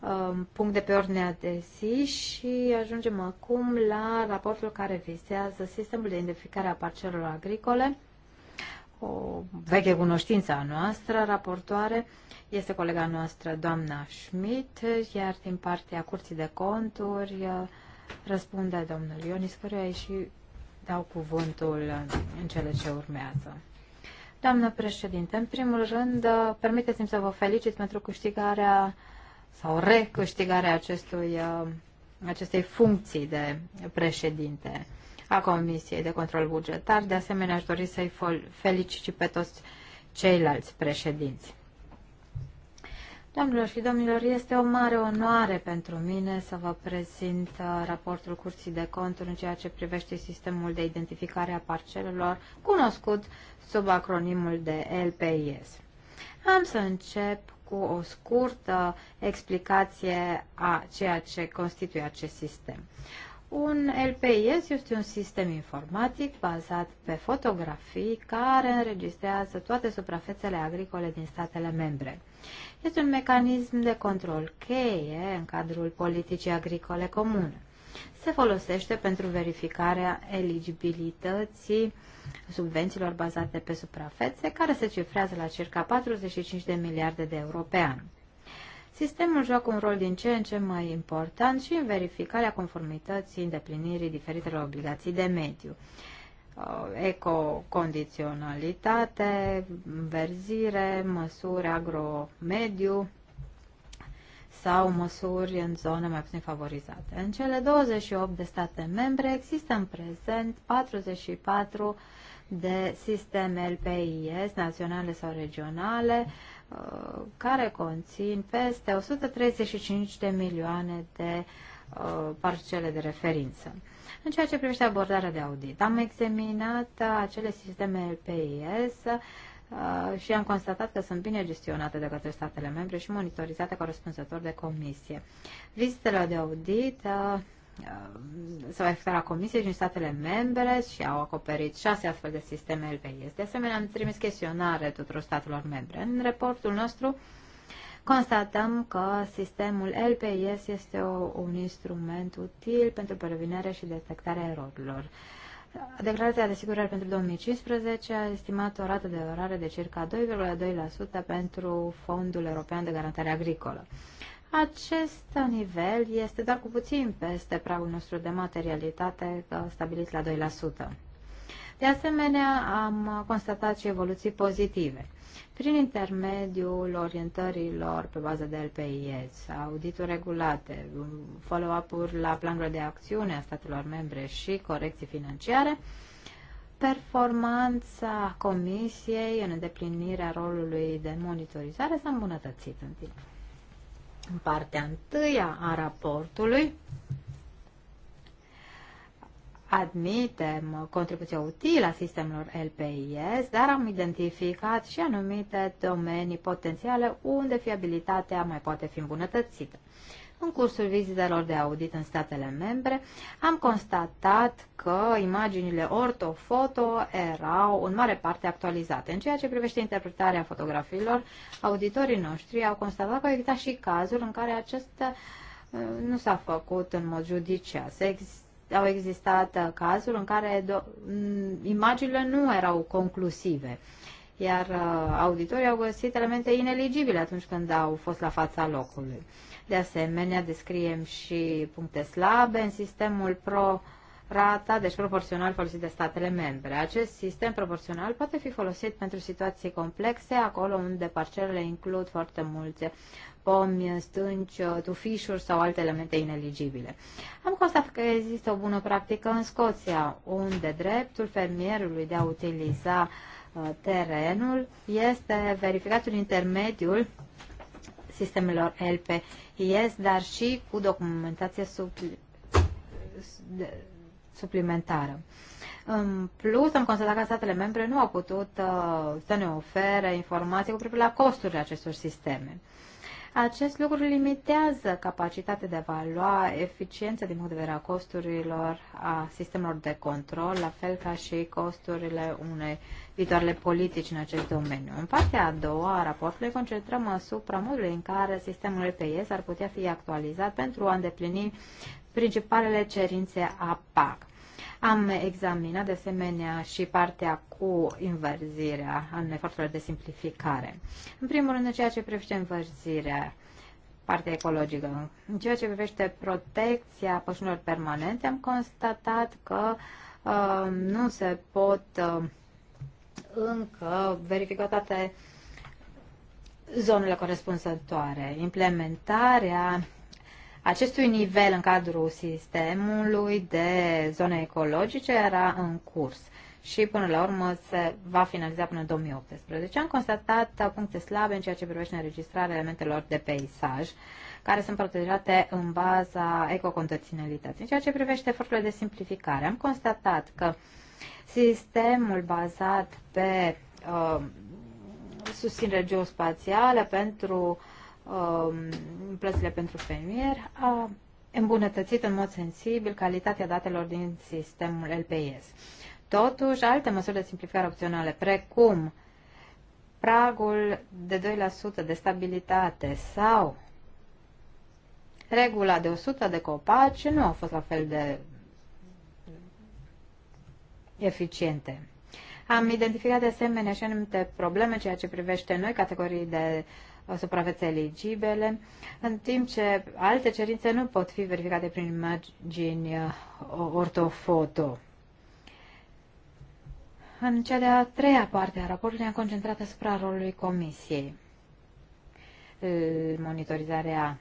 um, punct de pe ordinea de zi și ajungem acum la raportul care visează sistemul de identificare a parcelor agricole, o veche cunoștință a noastră, raportoare, este colega noastră, doamna Schmidt, iar din partea Curții de Conturi uh, răspunde domnul Ionis Făruia și dau cuvântul în cele ce urmează. Doamnă președinte, în primul rând, permiteți-mi să vă felicit pentru câștigarea sau recâștigarea acestui, acestei funcții de președinte a Comisiei de Control Bugetar. De asemenea, aș dori să-i felicit și pe toți ceilalți președinți. Doamnelor și domnilor, este o mare onoare pentru mine să vă prezint uh, raportul Curții de Conturi în ceea ce privește sistemul de identificare a parcelelor, cunoscut sub acronimul de LPIS. Am să încep cu o scurtă explicație a ceea ce constituie acest sistem. Un LPIS este un sistem informatic bazat pe fotografii care înregistrează toate suprafețele agricole din statele membre. Este un mecanism de control cheie în cadrul politicii agricole comune. Se folosește pentru verificarea eligibilității subvențiilor bazate pe suprafețe, care se cifrează la circa 45 de miliarde de euro pe an. Sistemul joacă un rol din ce în ce mai important și în verificarea conformității îndeplinirii diferitelor obligații de mediu. Uh, ecocondiționalitate, verzire, măsuri agro-mediu sau măsuri în zone mai puțin favorizate. În cele 28 de state membre există în prezent 44 de sisteme LPIS, naționale sau regionale, mm Uh, care conțin peste 135 de milioane de uh, parcele de referință. În ceea ce privește abordarea de audit, am examinat acele sisteme LPIS uh, și am constatat că sunt bine gestionate de către statele membre și monitorizate corespunzător de comisie. Vizitele de audit s-au efectuat la Comisie și în statele membre și au acoperit șase astfel de sisteme LVIS. De asemenea, am trimis chestionare tuturor statelor membre. În raportul nostru constatăm că sistemul LPIS este o, un instrument util pentru prevenirea și detectarea erorilor. Declarația de asigurări pentru 2015 a estimat o rată de erorare de circa 2,2% pentru Fondul European de Garantare Agricolă. Acest nivel este dar cu puțin peste pragul nostru de materialitate stabilit la 2%. De asemenea, am constatat și evoluții pozitive. Prin intermediul orientărilor pe bază de LPIS, audituri regulate, follow-up-uri la planurile de acțiune a statelor membre și corecții financiare, performanța Comisiei în îndeplinirea rolului de monitorizare s-a îmbunătățit în timp. În partea întâia a raportului admitem contribuția utilă a sistemelor LPIS, dar am identificat și anumite domenii potențiale unde fiabilitatea mai poate fi îmbunătățită. În cursul vizitelor de audit în statele membre, am constatat că imaginile ortofoto erau în mare parte actualizate. În ceea ce privește interpretarea fotografiilor, auditorii noștri au constatat că exista și cazuri în care acestea uh, nu s-a făcut în mod judicios. au existat uh, cazuri în care mm, imaginile nu erau conclusive, iar uh, auditorii au găsit elemente ineligibile atunci când au fost la fața locului. De asemenea, descriem și puncte slabe în sistemul pro rata, deci proporțional folosit de statele membre. Acest sistem proporțional poate fi folosit pentru situații complexe, acolo unde parcelele includ foarte multe pomi, stânci, tufișuri sau alte elemente ineligibile. Am constatat că există o bună practică în Scoția, unde dreptul fermierului de a utiliza uh, terenul este verificat în intermediul sistemelor LP Yes, dar și cu documentație supli, suplimentară. În plus, am constatat că statele membre nu au putut uh, să ne ofere informații cu privire la costurile acestor sisteme. Acest lucru limitează capacitatea de a evalua eficiența din punct de vedere a costurilor a sistemelor de control, la fel ca și costurile unei uh, viitoarele politici în acest domeniu. În partea a doua a raportului concentrăm asupra modului în care sistemul EPS ar putea fi actualizat pentru a îndeplini principalele cerințe a PAC. Am examinat de asemenea și partea cu inverzirea în eforturile de simplificare. În primul rând, în ceea ce privește înverzirea, partea ecologică. În ceea ce privește protecția pășunilor permanente, am constatat că uh, nu se pot uh, încă verificat toate zonele corespunzătoare. Implementarea acestui nivel în cadrul sistemului de zone ecologice era în curs și până la urmă se va finaliza până în 2018. Am constatat puncte slabe în ceea ce privește înregistrarea elementelor de peisaj care sunt protejate în baza ecocondiționalității. În ceea ce privește eforturile de simplificare, am constatat că uh, Sistemul bazat pe uh, susținere geospațială pentru uh, plățile pentru fermier a îmbunătățit în mod sensibil calitatea datelor din sistemul LPS. Totuși, alte măsuri de simplificare opționale, precum pragul de 2% de stabilitate sau regula de 100 de copaci, nu au fost la fel de eficiente. Am identificat de asemenea și anumite probleme ceea ce privește noi categorii de uh, suprafețe eligibile, în timp ce alte cerințe nu pot fi verificate prin imagini uh, ortofoto. În cea de-a treia parte a raportului ne-am concentrat asupra rolului Comisiei. Monitorizarea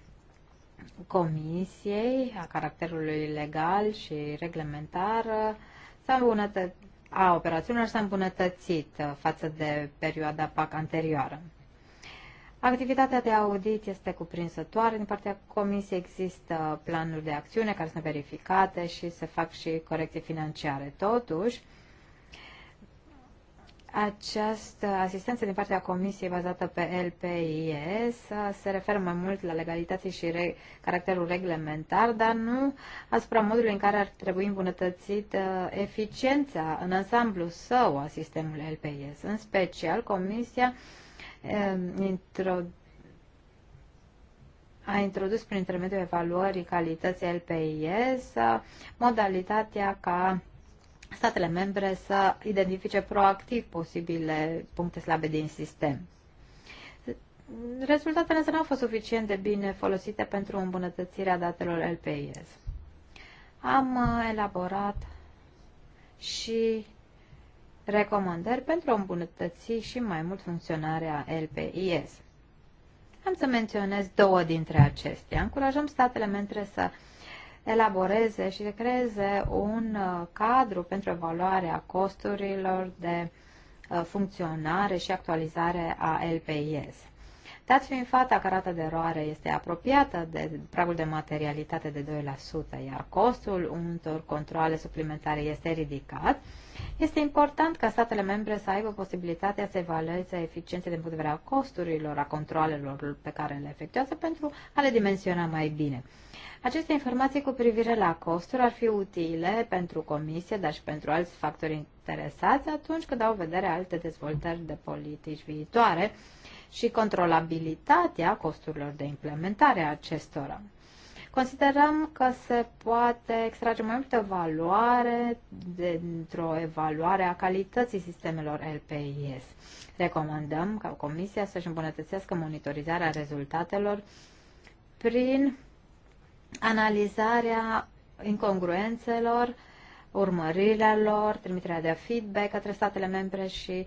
Comisiei, a caracterului legal și reglementar, s-a îmbunătățit, a operațiunilor s-a îmbunătățit uh, față de perioada PAC anterioară. Activitatea de audit este cuprinsătoare. Din partea Comisiei există planuri de acțiune care sunt verificate și se fac și corecții financiare. Totuși, această asistență din partea Comisiei bazată pe LPIS se referă mai mult la legalitate și re- caracterul reglementar, dar nu asupra modului în care ar trebui îmbunătățit uh, eficiența în ansamblu său a sistemului LPIS. În special, Comisia um, a introdus prin intermediul evaluării calității LPIS uh, modalitatea ca statele membre să identifice proactiv posibile puncte slabe din sistem. Rezultatele însă nu au fost suficient de bine folosite pentru îmbunătățirea datelor LPIS. Am uh, elaborat și recomandări pentru a îmbunătăți și mai mult funcționarea LPIS. Am să menționez două dintre acestea. Încurajăm statele membre să elaboreze și creeze un uh, cadru pentru evaluarea costurilor de uh, funcționare și actualizare a LPIS. Dat fiind fata că rata de eroare este apropiată de pragul de materialitate de 2%, iar costul unor controle suplimentare este ridicat, este important ca statele membre să aibă posibilitatea să evalueze eficiența din punct de vedere a costurilor, a controalelor pe care le efectuează pentru a le dimensiona mai bine. Aceste informații cu privire la costuri ar fi utile pentru comisie, dar și pentru alți factori interesați atunci când au vedere alte dezvoltări de politici viitoare și controlabilitatea costurilor de implementare a acestora. Considerăm că se poate extrage mai multă valoare dintr-o evaluare a calității sistemelor LPIS. Recomandăm ca Comisia să-și îmbunătățească monitorizarea rezultatelor prin analizarea incongruențelor, urmărirea lor, trimiterea de feedback către statele membre și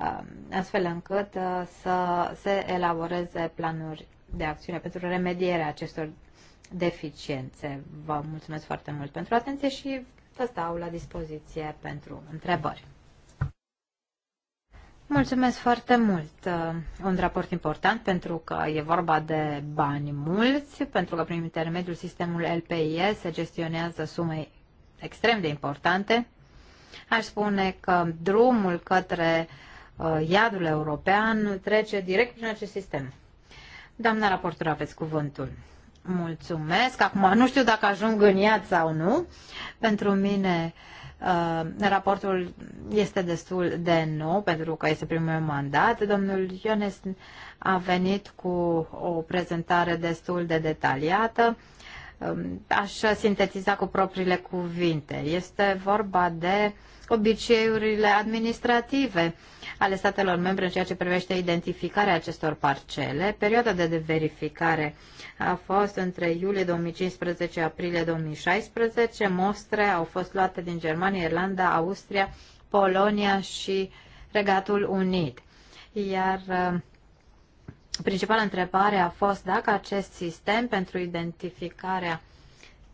um, astfel încât uh, să se elaboreze planuri de acțiune pentru remedierea acestor deficiențe. Vă mulțumesc foarte mult pentru atenție și vă stau la dispoziție pentru întrebări. Mulțumesc foarte mult. Uh, un raport important pentru că e vorba de bani mulți, pentru că prin intermediul sistemului LPIS se gestionează sume extrem de importante. Aș spune că drumul către uh, iadul european trece direct prin acest sistem. Doamna raportor, aveți cuvântul. Mulțumesc. Acum nu știu dacă ajung în iad sau nu. Pentru mine uh, raportul este destul de nou pentru că este primul meu mandat. Domnul Iones a venit cu o prezentare destul de detaliată. Um, aș sintetiza cu propriile cuvinte. Este vorba de obiceiurile administrative ale statelor membre în ceea ce privește identificarea acestor parcele. Perioada de verificare a fost între iulie 2015 aprilie 2016. Mostre au fost luate din Germania, Irlanda, Austria, Polonia și Regatul Unit. Iar uh, principala întrebare a fost dacă acest sistem pentru identificarea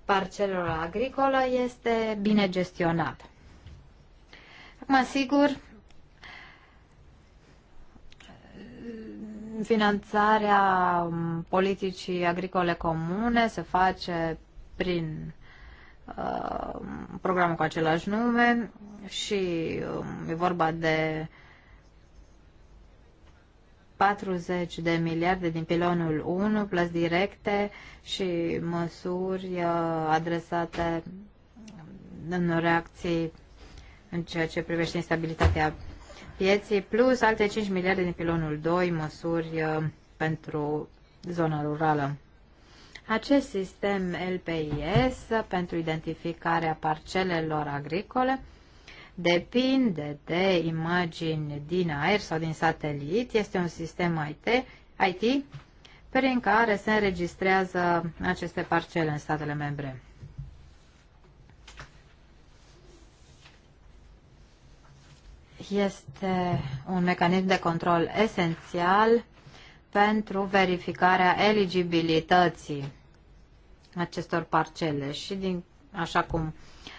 parcelor agricole este bine gestionat. Acum, sigur, Finanțarea um, politicii agricole comune se face prin uh, programul cu același nume și um, e vorba de 40 de miliarde din pilonul 1, plus directe și măsuri uh, adresate în reacții în ceea ce privește instabilitatea pieții, plus alte 5 miliarde din pilonul 2, măsuri uh, pentru zona rurală. Acest sistem LPIS pentru identificarea parcelelor agricole depinde de imagini din aer sau din satelit. Este un sistem IT, IT prin care se înregistrează aceste parcele în statele membre. este un mecanism de control esențial pentru verificarea eligibilității acestor parcele și din, așa cum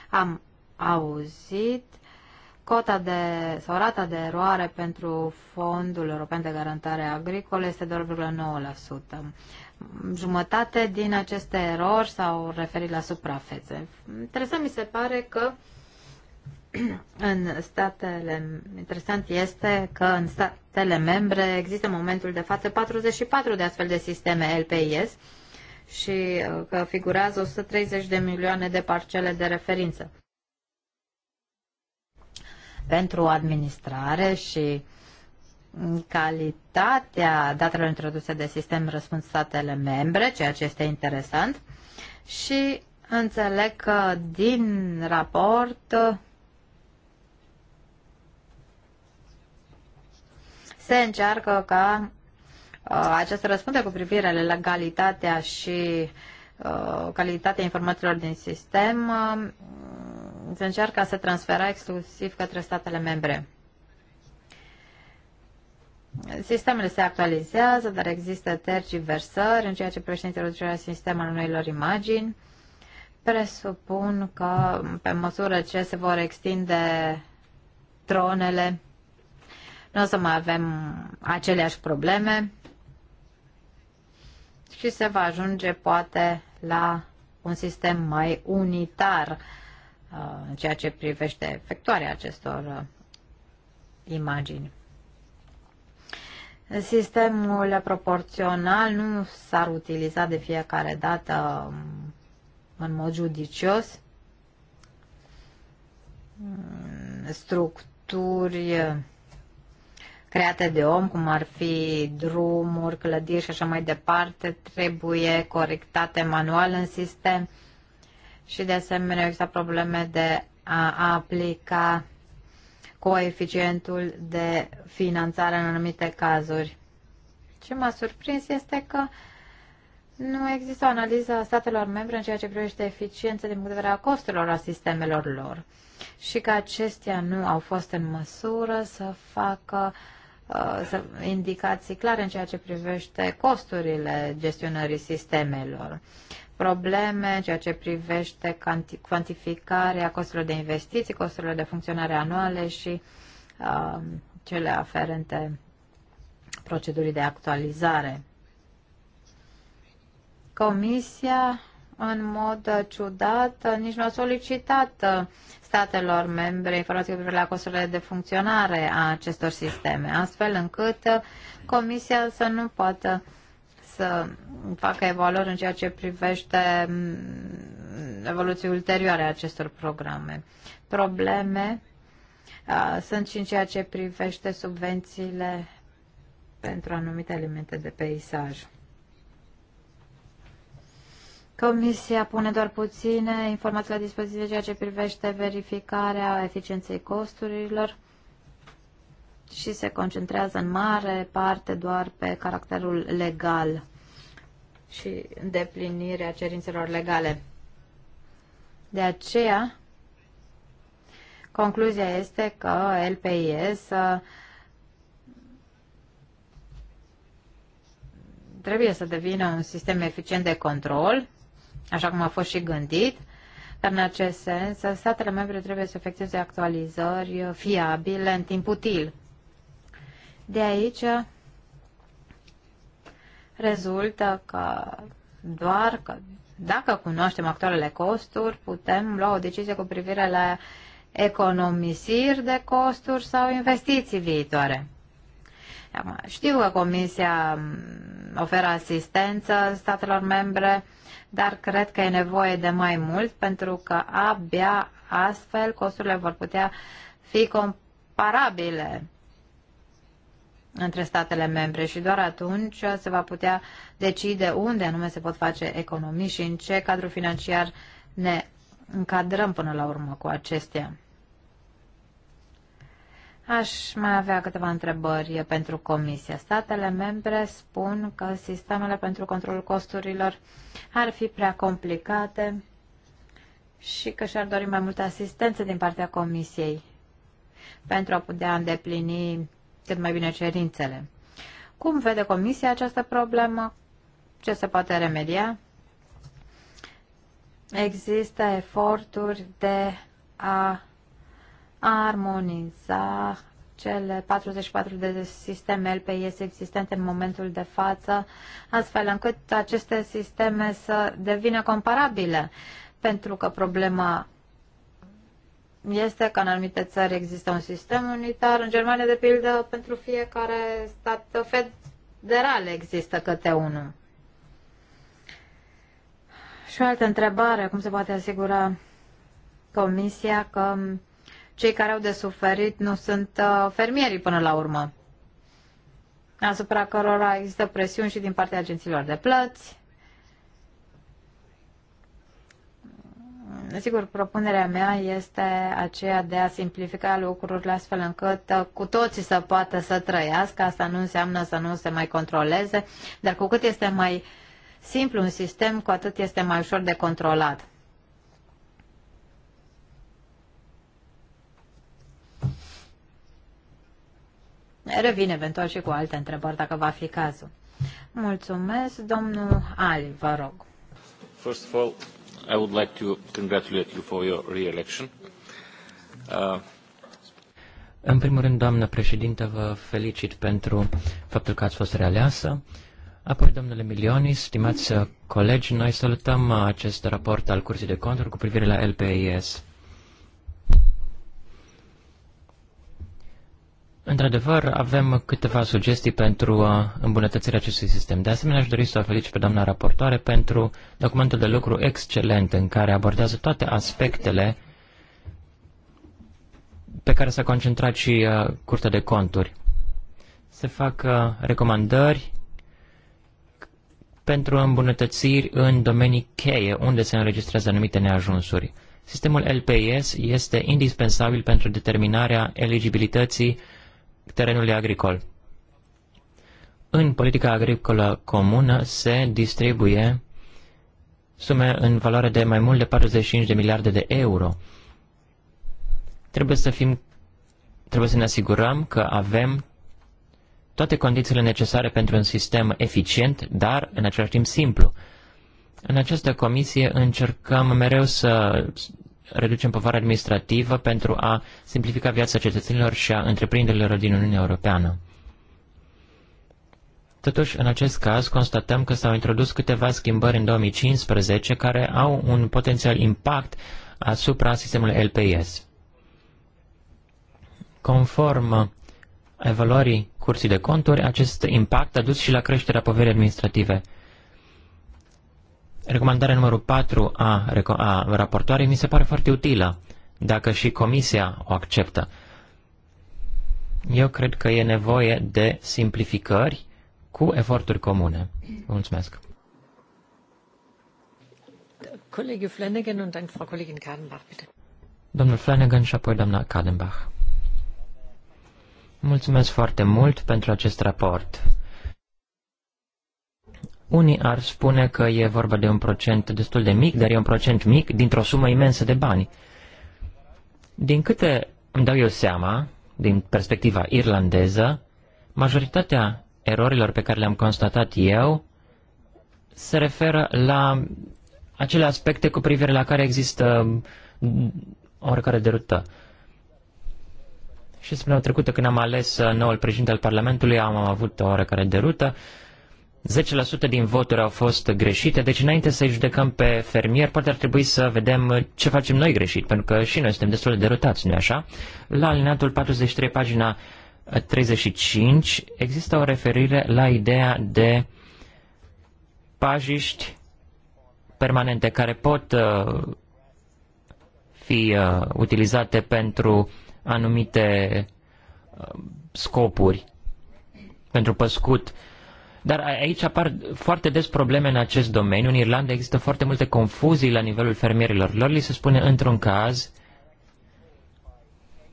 am auzit, cota de, sau rata de eroare pentru Fondul European de Garantare Agricolă este 2,9%. Jumătate din aceste erori s-au referit la suprafețe. să mi se pare că uh, în statele, interesant este că în statele membre există în momentul de față 44 de astfel de sisteme LPIS și uh, că figurează 130 de milioane de parcele de referință. Pentru administrare și calitatea datelor introduse de sistem răspund statele membre, ceea ce este interesant, și înțeleg că din raport uh, se încearcă ca uh, această răspunde cu privire la legalitatea și uh, calitatea informațiilor din sistem uh, se încearcă să transfera exclusiv către statele membre. Sistemele se actualizează, dar există tergiversări în ceea ce privește introducerea sistemului noilor imagini. Presupun că pe măsură ce se vor extinde tronele, nu o să mai avem aceleași probleme și se va ajunge poate la un sistem mai unitar uh, în ceea ce privește efectuarea acestor uh, imagini. Sistemul proporțional nu s-ar utiliza de fiecare dată um, în mod judicios. Mm, structuri create de om, cum ar fi drumuri, clădiri și așa mai departe, trebuie corectate manual în sistem și de asemenea există probleme de a aplica coeficientul de finanțare în anumite cazuri. Ce m-a surprins este că nu există o analiză a statelor membre în ceea ce privește eficiența din punct de vedere a costurilor a sistemelor lor și că acestea nu au fost în măsură să facă uh, indicații clare în ceea ce privește costurile gestionării sistemelor probleme în ceea ce privește cuantificarea costurilor de investiții, costurilor de funcționare anuale și uh, cele aferente procedurii de actualizare. Comisia în mod ciudat, nici nu a solicitat statelor membre informații privind la costurile de funcționare a acestor sisteme, astfel încât Comisia să nu poată să facă evaluări în ceea ce privește mm, evoluții ulterioare a acestor programe. Probleme sunt și în ceea ce privește subvențiile pentru anumite elemente de peisaj. Comisia pune doar puține informații la dispoziție ceea ce privește verificarea eficienței costurilor și se concentrează în mare parte doar pe caracterul legal și îndeplinirea cerințelor legale. De aceea, concluzia este că LPIS uh, trebuie să devină un sistem eficient de control așa cum a fost și gândit. Dar în acest sens, statele membre trebuie să efectueze actualizări fiabile în timp util. De aici rezultă că doar că dacă cunoaștem actualele costuri, putem lua o decizie cu privire la economisiri de costuri sau investiții viitoare. Știu că Comisia mm, oferă asistență statelor membre, dar cred că e nevoie de mai mult pentru că abia astfel costurile vor putea fi comparabile între statele membre și doar atunci se va putea decide unde anume se pot face economii și în ce cadru financiar ne încadrăm până la urmă cu acestea. Aș mai avea câteva întrebări pentru Comisia. Statele membre spun că sistemele pentru controlul costurilor ar fi prea complicate și că și-ar dori mai multă asistență din partea Comisiei pentru a putea îndeplini cât mai bine cerințele. Cum vede Comisia această problemă? Ce se poate remedia? Există eforturi de a a armoniza cele 44 de sisteme LPS existente în momentul de față, astfel încât aceste sisteme să devină comparabile, pentru că problema este că în anumite țări există un sistem unitar, în Germania, de pildă, pentru fiecare stat federal există câte unul. Și o altă întrebare, cum se poate asigura Comisia că cei care au de suferit nu sunt uh, fermierii până la urmă, asupra cărora există presiuni și din partea agențiilor de plăți. Sigur, propunerea mea este aceea de a simplifica lucrurile astfel încât uh, cu toții să poată să trăiască. Asta nu înseamnă să nu se mai controleze, dar cu cât este mai simplu un sistem, cu atât este mai ușor de controlat. Revin eventual și cu alte întrebări dacă va fi cazul. Mulțumesc, domnul Ali, vă rog. First of all, I would like to congratulate you for your re-election. Uh... În primul rând, doamnă președintă, vă felicit pentru faptul că ați fost realeasă. Apoi, domnule Milioni, stimați uh, colegi, noi salutăm uh, acest raport al Curții de Conturi cu privire la LPIS. Într-adevăr, avem câteva sugestii pentru uh, îmbunătățirea acestui sistem. De asemenea, aș dori să o felicit pe doamna raportoare pentru documentul de lucru excelent în care abordează toate aspectele pe care s-a concentrat și uh, Curtea de Conturi. Se fac uh, recomandări pentru îmbunătățiri în domenii cheie unde se înregistrează anumite neajunsuri. Sistemul LPS este indispensabil pentru determinarea eligibilității terenului agricol. În politica agricolă comună se distribuie sume în valoare de mai mult de 45 de miliarde de euro. Trebuie să fim trebuie să ne asigurăm că avem toate condițiile necesare pentru un sistem eficient, dar în același timp simplu. În această comisie încercăm mereu să reducem povara administrativă pentru a simplifica viața cetățenilor și a întreprinderilor din Uniunea Europeană. Totuși, în acest caz, constatăm că s-au introdus câteva schimbări în 2015 care au un potențial impact asupra sistemului LPS. Conform evaluării curții de conturi, acest impact a dus și la creșterea poverii administrative. Recomandarea numărul 4 a, a raportoarei mi se pare foarte utilă, dacă și comisia o acceptă. Eu cred că e nevoie de simplificări cu eforturi comune. Mulțumesc. Colegul Flanagan Domnul Flanagan și apoi doamna Kadenbach. Mulțumesc foarte mult pentru acest raport. Unii ar spune că e vorba de un procent destul de mic, dar e un procent mic dintr-o sumă imensă de bani. Din câte îmi dau eu seama, din perspectiva irlandeză, majoritatea erorilor pe care le-am constatat eu se referă la acele aspecte cu privire la care există oricare derută. Și spuneau trecută, când am ales uh, noul președinte al Parlamentului, am avut o oricare derută. 10% din voturi au fost greșite, deci înainte să-i judecăm pe fermier, poate ar trebui să vedem ce facem noi greșit, pentru că și noi suntem destul de derutați, nu așa? La alineatul 43, pagina 35, există o referire la ideea de pajiști permanente care pot uh, fi uh, utilizate pentru anumite uh, scopuri, pentru păscut, dar aici apar foarte des probleme în acest domeniu. În Irlanda există foarte multe confuzii la nivelul fermierilor. Lor li se spune într-un caz,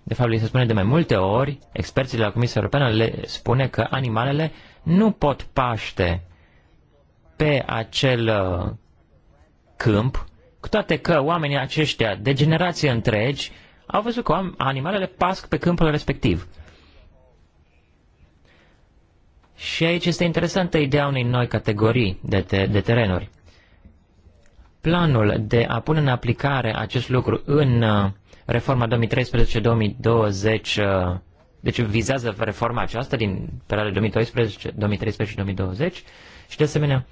de fapt li se spune de mai multe ori, experții de la Comisia Europeană le spune că animalele nu pot paște pe acel uh, câmp, cu toate că oamenii aceștia de generații întregi au văzut că animalele pasc pe câmpul respectiv. Și aici este interesantă ideea unei noi categorii de, te- de terenuri. Planul de a pune în aplicare acest lucru în uh, reforma 2013-2020 uh, deci vizează reforma aceasta din perioada 2013, 2013 și 2020 și de asemenea,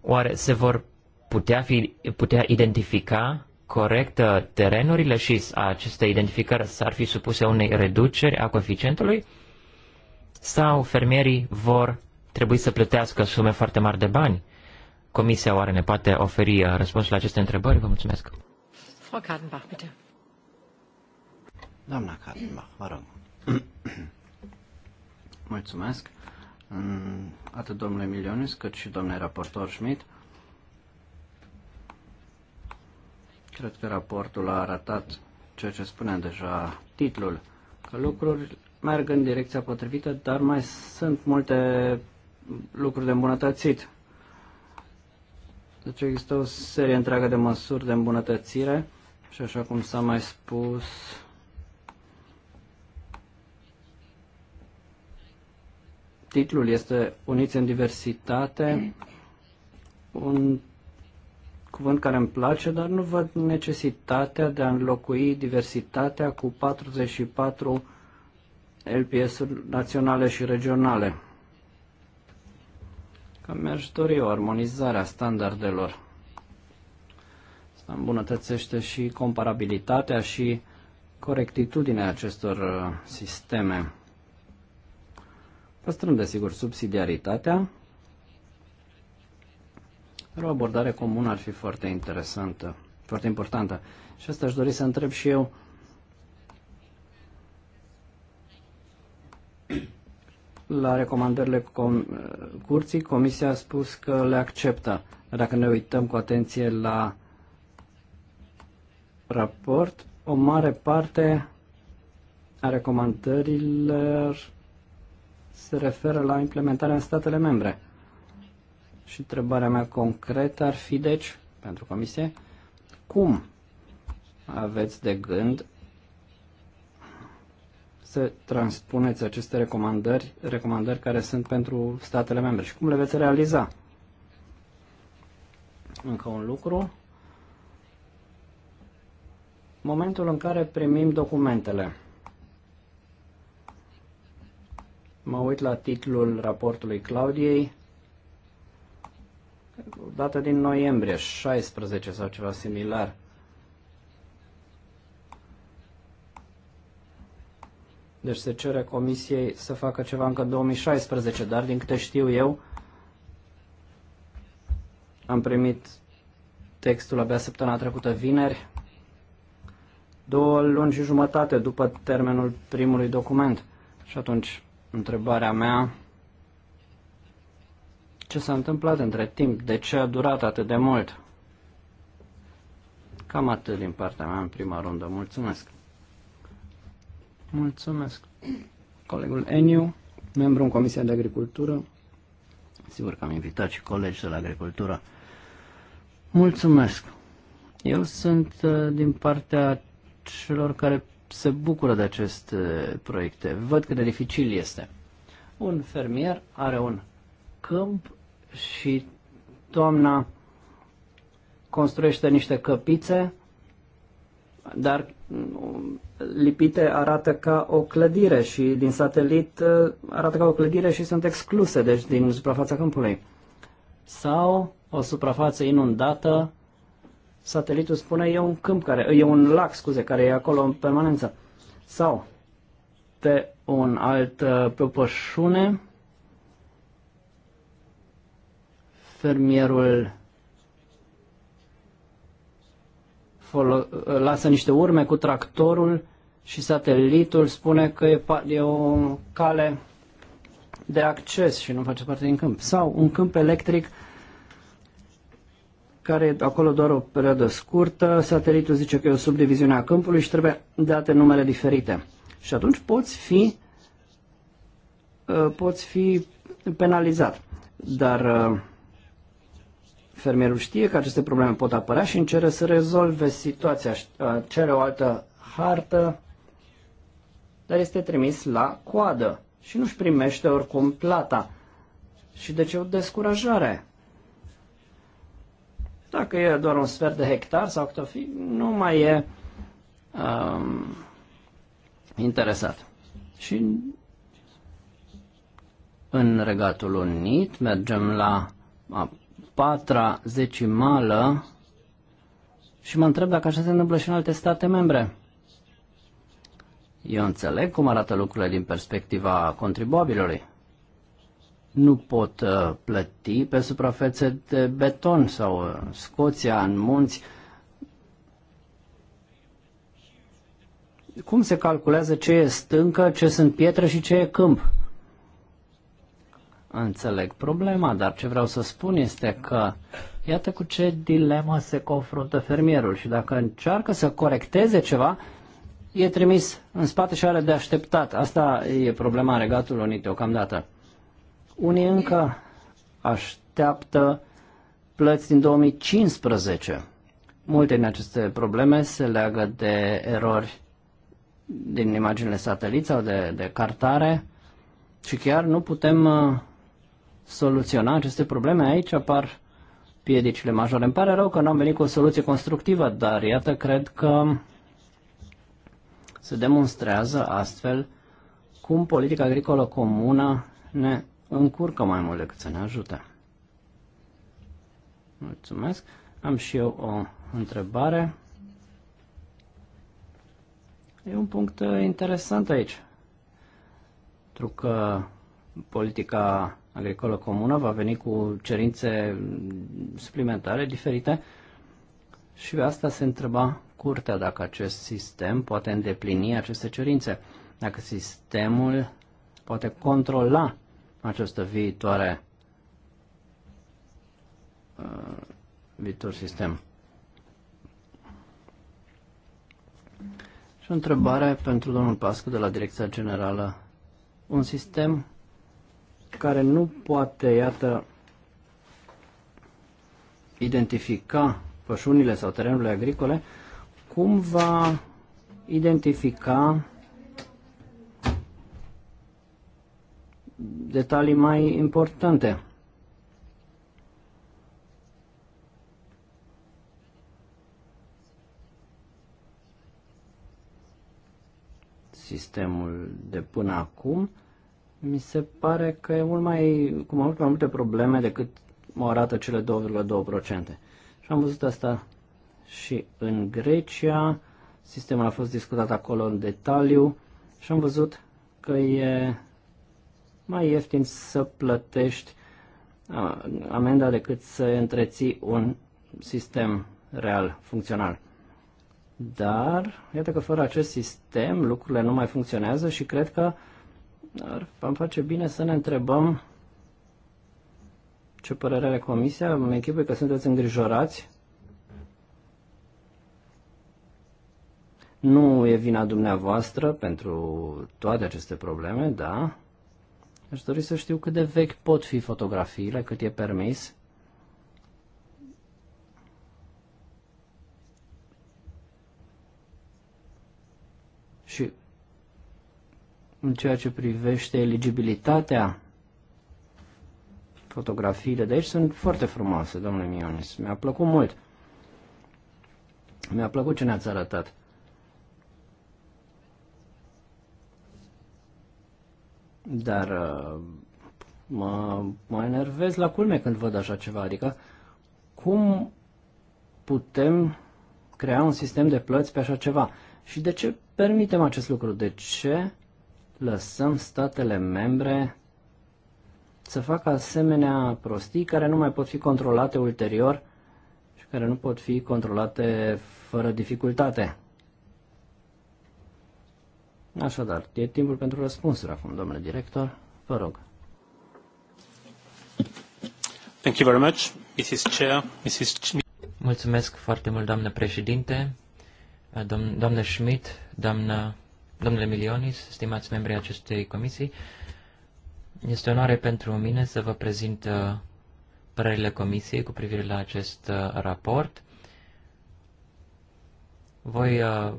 oare se vor putea, fi, putea identifica corect uh, terenurile și aceste identificări s-ar fi supuse unei reduceri a coeficientului? sau fermierii vor trebui să plătească sume foarte mari de bani? Comisia oare ne poate oferi uh, răspunsul la aceste întrebări? Vă mulțumesc. Frau Kadenbach, bitte. Doamna Kadenbach, vă rog. mulțumesc. Mm, atât domnule Milionis, cât și domnule raportor Schmidt. Cred că raportul a arătat ceea ce spune deja titlul, că lucrurile merg în direcția potrivită, dar mai sunt multe lucruri de îmbunătățit. Deci există o serie întreagă de măsuri de îmbunătățire și așa cum s-a mai spus, titlul este Uniți în diversitate, un cuvânt care îmi place, dar nu văd necesitatea de a înlocui diversitatea cu 44 LPS-uri naționale și regionale. Cam mi-aș dori o armonizare a standardelor. Asta îmbunătățește și comparabilitatea și corectitudinea acestor uh, sisteme. Păstrând, desigur, subsidiaritatea, dar o abordare comună ar fi foarte interesantă, foarte importantă. Și asta aș dori să întreb și eu, la recomandările com- curții, Comisia a spus că le acceptă. Dacă ne uităm cu atenție la raport, o mare parte a recomandărilor se referă la implementarea în statele membre. Și întrebarea mea concretă ar fi, deci, pentru Comisie, cum aveți de gând să transpuneți aceste recomandări, recomandări care sunt pentru statele membre și cum le veți realiza? Încă un lucru. Momentul în care primim documentele. Mă uit la titlul raportului Claudiei, dată din noiembrie 16 sau ceva similar. Deci se cere comisiei să facă ceva încă în 2016, dar din câte știu eu, am primit textul abia săptămâna trecută vineri, două luni și jumătate după termenul primului document. Și atunci, întrebarea mea, ce s-a întâmplat între timp? De ce a durat atât de mult? Cam atât din partea mea în prima rundă. Mulțumesc! Mulțumesc. Colegul Eniu, membru în Comisia de Agricultură. Sigur că am invitat și colegi de la Agricultură. Mulțumesc. Eu sunt uh, din partea celor care se bucură de aceste proiecte. Văd cât de dificil este. Un fermier are un câmp și toamna construiește niște căpițe dar mm, lipite arată ca o clădire și din satelit uh, arată ca o clădire și sunt excluse, deci din suprafața câmpului. Sau o suprafață inundată, satelitul spune e un câmp care, e un lac, scuze, care e acolo în permanență. Sau pe un alt uh, plăpășune, fermierul lasă niște urme cu tractorul și satelitul spune că e, e o cale de acces și nu face parte din câmp. Sau un câmp electric care e acolo doar o perioadă scurtă, satelitul zice că e o subdiviziune a câmpului și trebuie date numele diferite. Și atunci poți fi, uh, poți fi penalizat. Dar uh, Fermierul știe că aceste probleme pot apărea și încerce să rezolve situația, uh, cere o altă hartă, dar este trimis la coadă și nu-și primește oricum plata. Și de ce o descurajare. Dacă e doar un sfert de hectar sau cât o fi, nu mai e um, interesat. Și în Regatul Unit mergem la patra decimală și mă întreb dacă așa se întâmplă și în alte state membre. Eu înțeleg cum arată lucrurile din perspectiva contribuabilului. Nu pot uh, plăti pe suprafețe de beton sau uh, Scoția în munți. Cum se calculează ce e stâncă, ce sunt pietre și ce e câmp? Înțeleg problema, dar ce vreau să spun este că iată cu ce dilemă se confruntă fermierul și dacă încearcă să corecteze ceva, e trimis în spate și are de așteptat. Asta e problema Regatului Unit deocamdată. Unii încă așteaptă plăți din 2015. Multe din aceste probleme se leagă de erori din imaginele sateliți sau de, de cartare și chiar nu putem uh, soluționa aceste probleme, aici apar piedicile majore. Îmi pare rău că nu am venit cu o soluție constructivă, dar iată, cred că se demonstrează astfel cum politica agricolă comună ne încurcă mai mult decât să ne ajute. Mulțumesc. Am și eu o întrebare. E un punct uh, interesant aici. Pentru că politica agricolă comună va veni cu cerințe suplimentare diferite și asta se întreba curtea dacă acest sistem poate îndeplini aceste cerințe, dacă sistemul poate controla această viitoare uh, viitor sistem. Și o întrebare pentru domnul Pascu de la Direcția Generală. Un sistem care nu poate, iată, identifica pășunile sau terenurile agricole, cum va identifica detalii mai importante. Sistemul de până acum mi se pare că e mult mai, cu mult mai multe probleme decât mă arată cele 2,2%. Și am văzut asta și în Grecia. Sistemul a fost discutat acolo în detaliu și am văzut că e mai ieftin să plătești amenda decât să întreții un sistem real, funcțional. Dar, iată că fără acest sistem lucrurile nu mai funcționează și cred că dar am face bine să ne întrebăm ce părere are Comisia, în echipă că sunteți îngrijorați. Nu e vina dumneavoastră pentru toate aceste probleme, da. Aș dori să știu cât de vechi pot fi fotografiile, cât e permis. Și în ceea ce privește eligibilitatea, fotografiile de aici sunt foarte frumoase, domnule Mionis. Mi-a plăcut mult. Mi-a plăcut ce ne-ați arătat. Dar uh, mă, mă enervez la culme când văd așa ceva. Adică, cum putem crea un sistem de plăți pe așa ceva? Și de ce permitem acest lucru? De ce lăsăm statele membre să facă asemenea prostii care nu mai pot fi controlate ulterior și care nu pot fi controlate fără dificultate. Așadar, e timpul pentru răspunsuri acum, domnule director. Vă rog. Thank you very much, Mrs. Chair, Mrs. Mulțumesc foarte mult, doamnă președinte, doamnă Schmidt, doamnă Domnule Milionis, stimați membrii acestei comisii, este onoare pentru mine să vă prezint uh, părerile comisiei cu privire la acest uh, raport. Voi uh,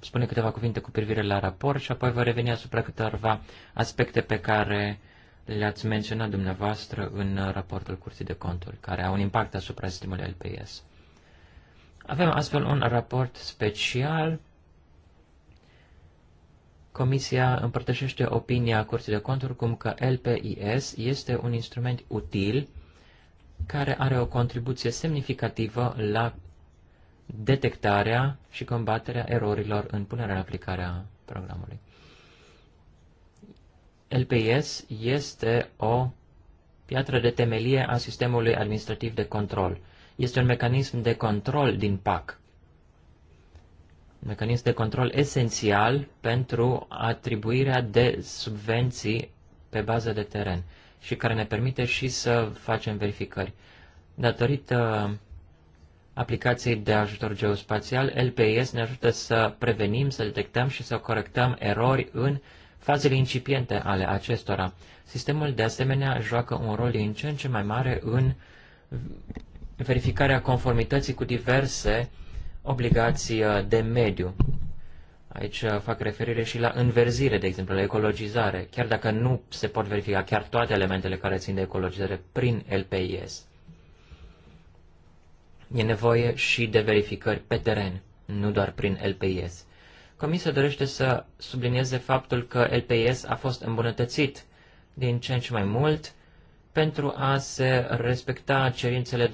spune câteva cuvinte cu privire la raport și apoi voi reveni asupra câteva aspecte pe care le-ați menționat dumneavoastră în raportul Curții de Conturi, care au un impact asupra sistemului LPS. Avem astfel un raport special Comisia împărtășește opinia Curții de Conturi cum că LPIS este un instrument util care are o contribuție semnificativă la detectarea și combaterea erorilor în punerea în aplicare a programului. LPS este o piatră de temelie a sistemului administrativ de control. Este un mecanism de control din PAC mecanism de control esențial pentru atribuirea de subvenții pe bază de teren și care ne permite și să facem verificări. Datorită aplicației de ajutor geospațial, LPIS ne ajută să prevenim, să detectăm și să corectăm erori în fazele incipiente ale acestora. Sistemul, de asemenea, joacă un rol din ce în ce mai mare în verificarea conformității cu diverse uh, obligații uh, de mediu. Aici uh, fac referire și la înverzire, de exemplu, la ecologizare, chiar dacă nu se pot verifica chiar toate elementele care țin de ecologizare prin LPIS. E nevoie și de verificări pe teren, nu doar prin LPIS. Comisia dorește să sublinieze faptul că LPIS a fost îmbunătățit din ce în ce mai mult pentru a se respecta cerințele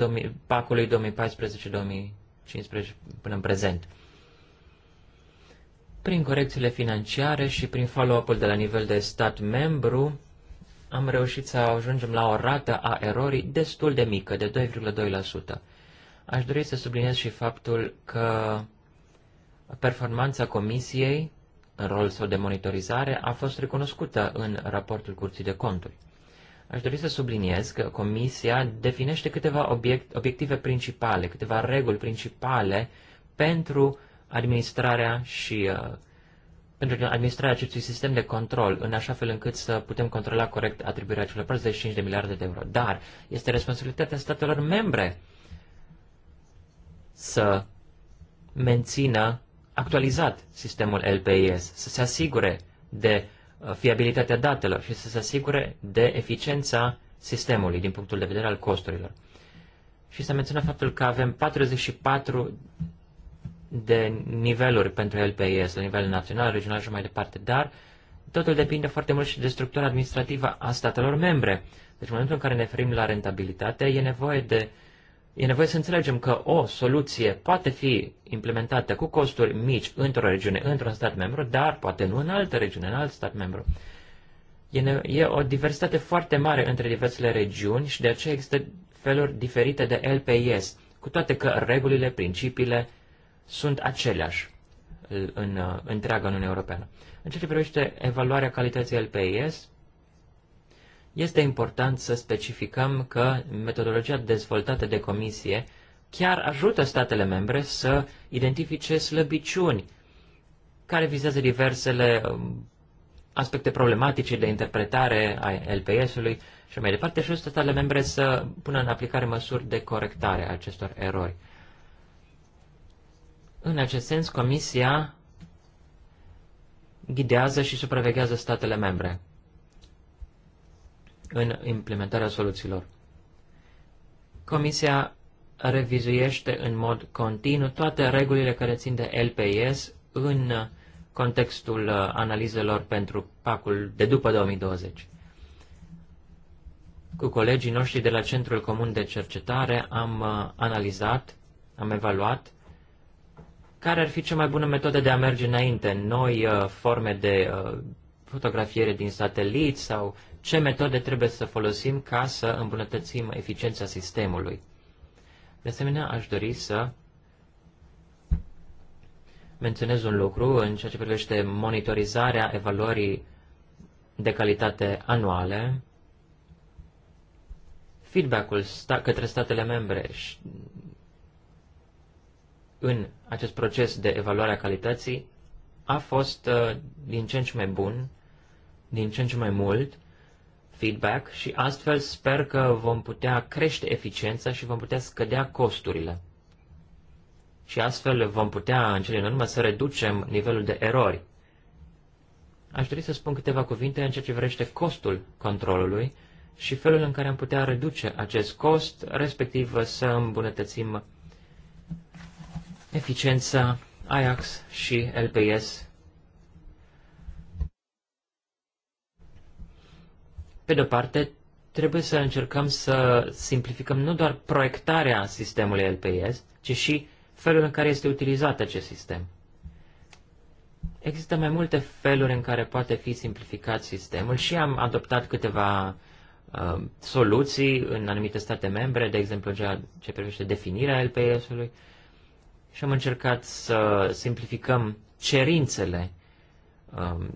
pacului 2014-2020. 2015 până în prezent. Prin corecțiile financiare și prin follow-up-ul de la nivel de stat membru, am reușit să ajungem la o rată a erorii destul de mică, de 2,2%. Aș dori să subliniez și faptul că performanța comisiei în rolul său de monitorizare a fost recunoscută în raportul Curții de Conturi. Aș dori să subliniez că Comisia definește câteva obiect, obiective principale, câteva reguli principale pentru administrarea și uh, pentru administrarea acestui sistem de control, în așa fel încât să putem controla corect atribuirea celor 45 de miliarde de euro. Dar este responsabilitatea statelor membre să mențină actualizat sistemul LPIS, să se asigure de fiabilitatea datelor și să se asigure de eficiența sistemului din punctul de vedere al costurilor. Și să menționăm faptul că avem 44 de niveluri pentru LPIS, la nivel național, regional și mai departe, dar totul depinde foarte mult și de structura administrativă a statelor membre. Deci în momentul în care ne referim la rentabilitate, e nevoie de uh, E nevoie să înțelegem că o soluție poate fi implementată cu costuri mici într-o regiune, într-un stat membru, dar poate nu în altă regiune, în alt stat membru. E, e o diversitate foarte mare între diversele regiuni și de aceea există feluri diferite de LPIS, cu toate că regulile, principiile sunt aceleași în întreaga Uniune Europeană. În ceea ce privește evaluarea calității LPIS, este important să specificăm că metodologia dezvoltată de comisie chiar ajută statele membre să identifice slăbiciuni care vizează diversele um, aspecte problematice de interpretare a LPS-ului și mai departe și statele membre să pună în aplicare măsuri de corectare a acestor erori. În acest sens, Comisia ghidează și supraveghează statele membre în implementarea soluțiilor. Comisia revizuiește în mod continuu toate regulile care țin de LPS în contextul uh, analizelor pentru pacul de după 2020. Cu colegii noștri de la Centrul Comun de Cercetare am uh, analizat, am evaluat care ar fi cea mai bună metodă de a merge înainte, noi uh, forme de fotografiere din satelit sau ce metode trebuie să folosim ca să îmbunătățim eficiența sistemului. De asemenea, aș dori să menționez un lucru în ceea ce privește monitorizarea evaluării de calitate anuale, feedback-ul sta- către statele membre și în acest proces de evaluare a calității a fost uh, din ce în ce mai bun, din ce în ce mai mult feedback și astfel sper că vom putea crește eficiența și vom putea scădea costurile. Și astfel vom putea, în cele din urmă, să reducem nivelul de erori. Aș dori să spun câteva cuvinte în ceea ce vrește costul controlului și felul în care am putea reduce acest cost, respectiv să îmbunătățim eficiența Ajax și LPS Pe de-o parte, trebuie să încercăm să simplificăm nu doar proiectarea sistemului LPS, ci și felul în care este utilizat acest sistem. Există mai multe feluri în care poate fi simplificat sistemul și am adoptat câteva uh, soluții în anumite state membre, de exemplu ceea ce privește definirea LPS-ului și am încercat să simplificăm cerințele um,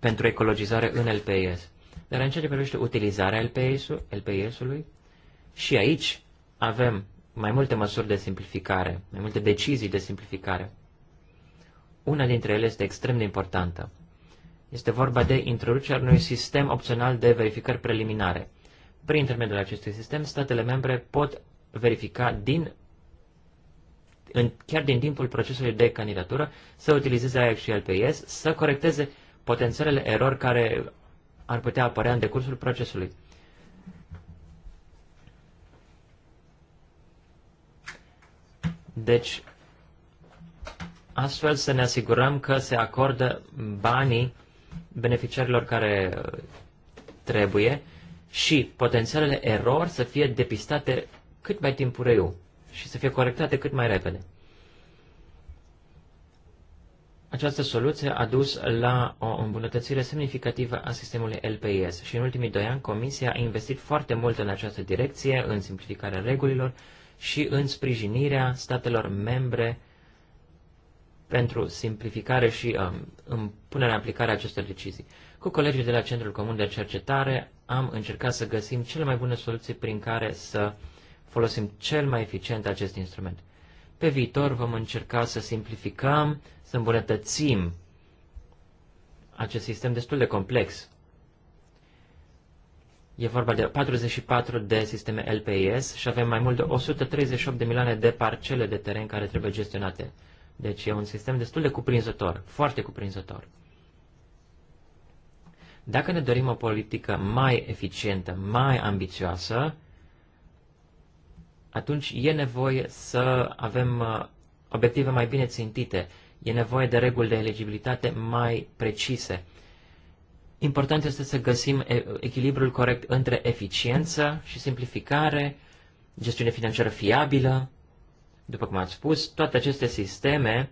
pentru ecologizare în LPS. Dar în ceea ce privește utilizarea LPS-ului, și aici avem mai multe măsuri de simplificare, mai multe decizii de simplificare. Una dintre ele este extrem de importantă. Este vorba de introducerea unui sistem opțional de verificări preliminare. Prin intermediul acestui sistem, statele membre pot verifica din, în, chiar din timpul procesului de candidatură să utilizeze AIEC și LPS, să corecteze potențialele erori care ar putea apărea în decursul procesului. Deci, astfel să ne asigurăm că se acordă banii beneficiarilor care uh, trebuie și potențialele erori să fie depistate cât mai timpuriu și să fie corectate cât mai repede. Această soluție a dus la o îmbunătățire semnificativă a sistemului LPIS și în ultimii doi ani Comisia a investit foarte mult în această direcție, în simplificarea regulilor și în sprijinirea statelor membre pentru simplificare și um, în punerea în aplicare a acestor decizii. Cu colegii de la Centrul Comun de Cercetare am încercat să găsim cele mai bune soluții prin care să folosim cel mai eficient acest instrument. Pe viitor vom încerca să simplificăm, să îmbunătățim acest sistem destul de complex. E vorba de 44 de sisteme LPS și avem mai mult de 138 de milioane de parcele de teren care trebuie gestionate. Deci e un sistem destul de cuprinzător, foarte cuprinzător. Dacă ne dorim o politică mai eficientă, mai ambițioasă, atunci e nevoie să avem uh, obiective mai bine țintite E nevoie de reguli de eligibilitate mai precise. Important este să găsim echilibrul corect între eficiență și simplificare, gestiune financiară fiabilă. După cum ați spus, toate aceste sisteme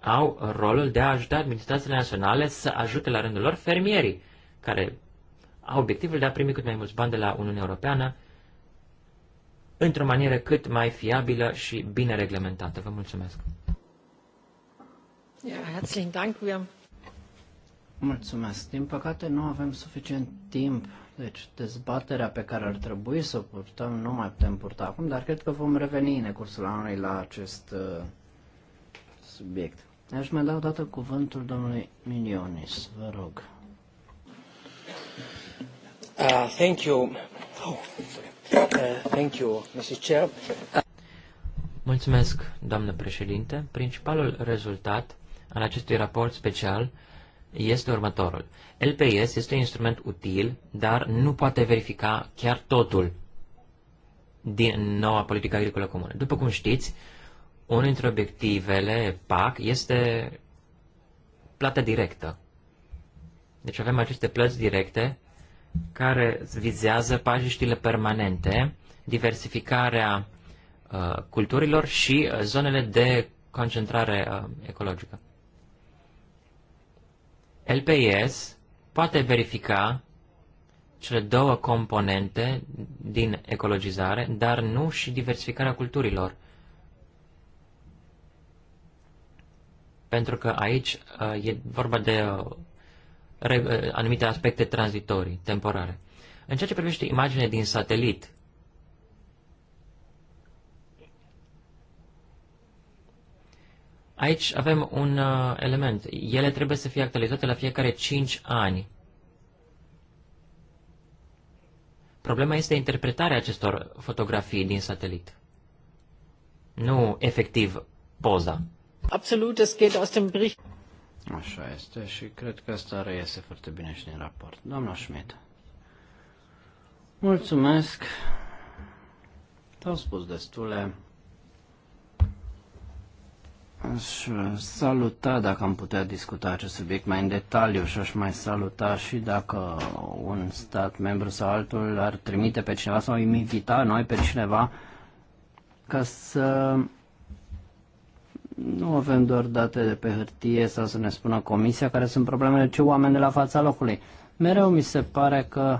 au rolul de a ajuta administrațiile naționale să ajute la rândul lor fermierii, care au obiectivul de a primi cât mai mulți bani de la Uniunea Europeană într-o manieră cât mai fiabilă și bine reglementată. Vă mulțumesc! herzlichen Dank. Wir Mulțumesc. Din păcate nu avem suficient timp, deci dezbaterea pe care ar trebui să o purtăm nu mai putem purta acum, dar cred că vom reveni în cursul anului la acest uh, subiect. Aș mai dau o dată cuvântul domnului Minionis, vă rog. Uh, thank you. Oh, uh, thank you, Mr. Chair. Uh... Mulțumesc, doamnă președinte. Principalul rezultat al acestui raport special este următorul. LPS este un instrument util, dar nu poate verifica chiar totul din noua politică agricolă comună. După cum știți, unul dintre obiectivele PAC este plata directă. Deci avem aceste plăți directe care vizează pajiștile permanente, diversificarea uh, culturilor și uh, zonele de concentrare uh, ecologică. LPS poate verifica cele două componente din ecologizare, dar nu și diversificarea culturilor. Pentru că aici uh, e vorba de uh, uh, anumite aspecte tranzitorii, temporare. În ceea ce privește imaginea din satelit, Aici avem un uh, element. Ele trebuie să fie actualizate la fiecare 5 ani. Problema este interpretarea acestor fotografii din satelit. Nu efectiv poza. Absolut, es geht aus dem Bericht. Așa este și cred că asta reiese foarte bine și din raport. Doamna Schmidt. Mulțumesc. te au spus destule. Aș uh, saluta dacă am putea discuta acest subiect mai în detaliu și aș mai saluta și dacă un stat membru sau altul ar trimite pe cineva sau îmi invita noi pe cineva ca să nu avem doar date de pe hârtie sau să ne spună comisia care sunt problemele, ci oameni de la fața locului. Mereu mi se pare că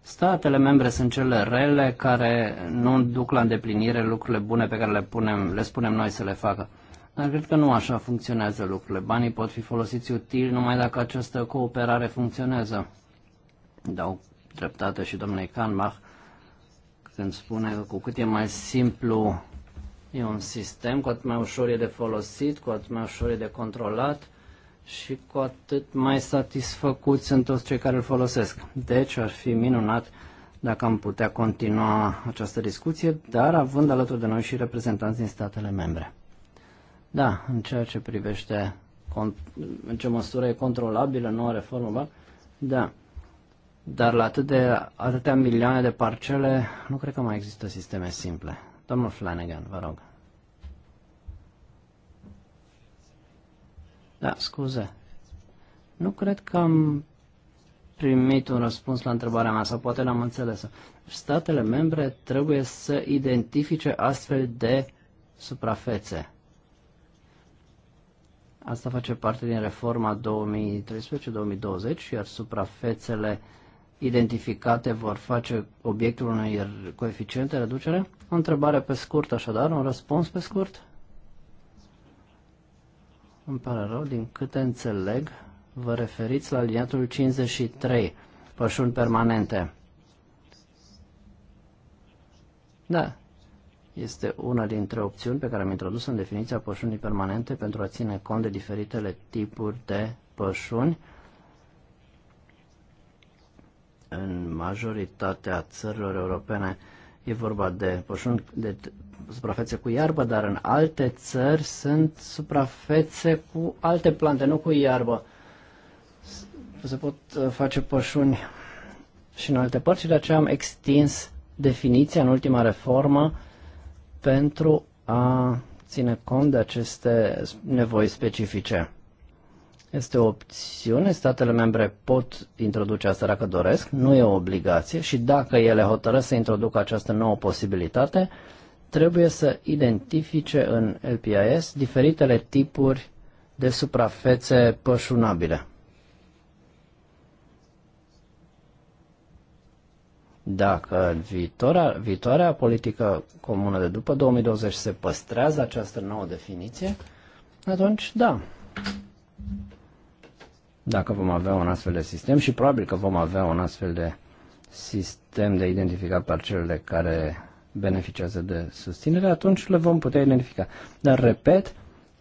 statele membre sunt cele rele care nu duc la îndeplinire lucrurile bune pe care le, punem, le spunem noi să le facă. Dar cred că nu așa funcționează lucrurile. Banii pot fi folosiți util numai dacă această cooperare funcționează. Dau dreptate și domnului Kanbach când spune că cu cât e mai simplu e un sistem, cu atât mai ușor e de folosit, cu atât mai ușor e de controlat și cu atât mai satisfăcuți sunt toți cei care îl folosesc. Deci ar fi minunat dacă am putea continua această discuție, dar având alături de noi și reprezentanți din statele membre. Da, în ceea ce privește în ce măsură e controlabilă noua reformă, da. Dar la atât de, atâtea milioane de parcele, nu cred că mai există sisteme simple. Domnul Flanagan, vă rog. Da, scuze. Nu cred că am primit un răspuns la întrebarea mea, sau poate n-am înțeles Statele membre trebuie să identifice astfel de suprafețe. Asta face parte din reforma 2013-2020, iar suprafețele identificate vor face obiectul unui coeficient de reducere? O întrebare pe scurt, așadar, un răspuns pe scurt? Îmi pare rău, din câte înțeleg, vă referiți la liniatul 53, pășuni permanente. Da, este una dintre opțiuni pe care am introdus în definiția pășunii permanente pentru a ține cont de diferitele tipuri de pășuni. În majoritatea țărilor europene e vorba de pășuni de suprafețe cu iarbă, dar în alte țări sunt suprafețe cu alte plante, nu cu iarbă. Se pot uh, face pășuni și în alte părți de aceea am extins definiția în ultima reformă pentru a ține cont de aceste nevoi specifice. Este o opțiune, statele membre pot introduce asta dacă doresc, nu e o obligație și dacă ele hotărăsc să introducă această nouă posibilitate, trebuie să identifice în LPIS diferitele tipuri de suprafețe pășunabile. Dacă viitora viitoarea politică comună de după 2020 se păstrează această nouă definiție, atunci da. Dacă vom avea un astfel de sistem și probabil că vom avea un astfel de sistem de identificat parcelele care beneficiază de susținere, atunci le vom putea identifica. Dar, repet,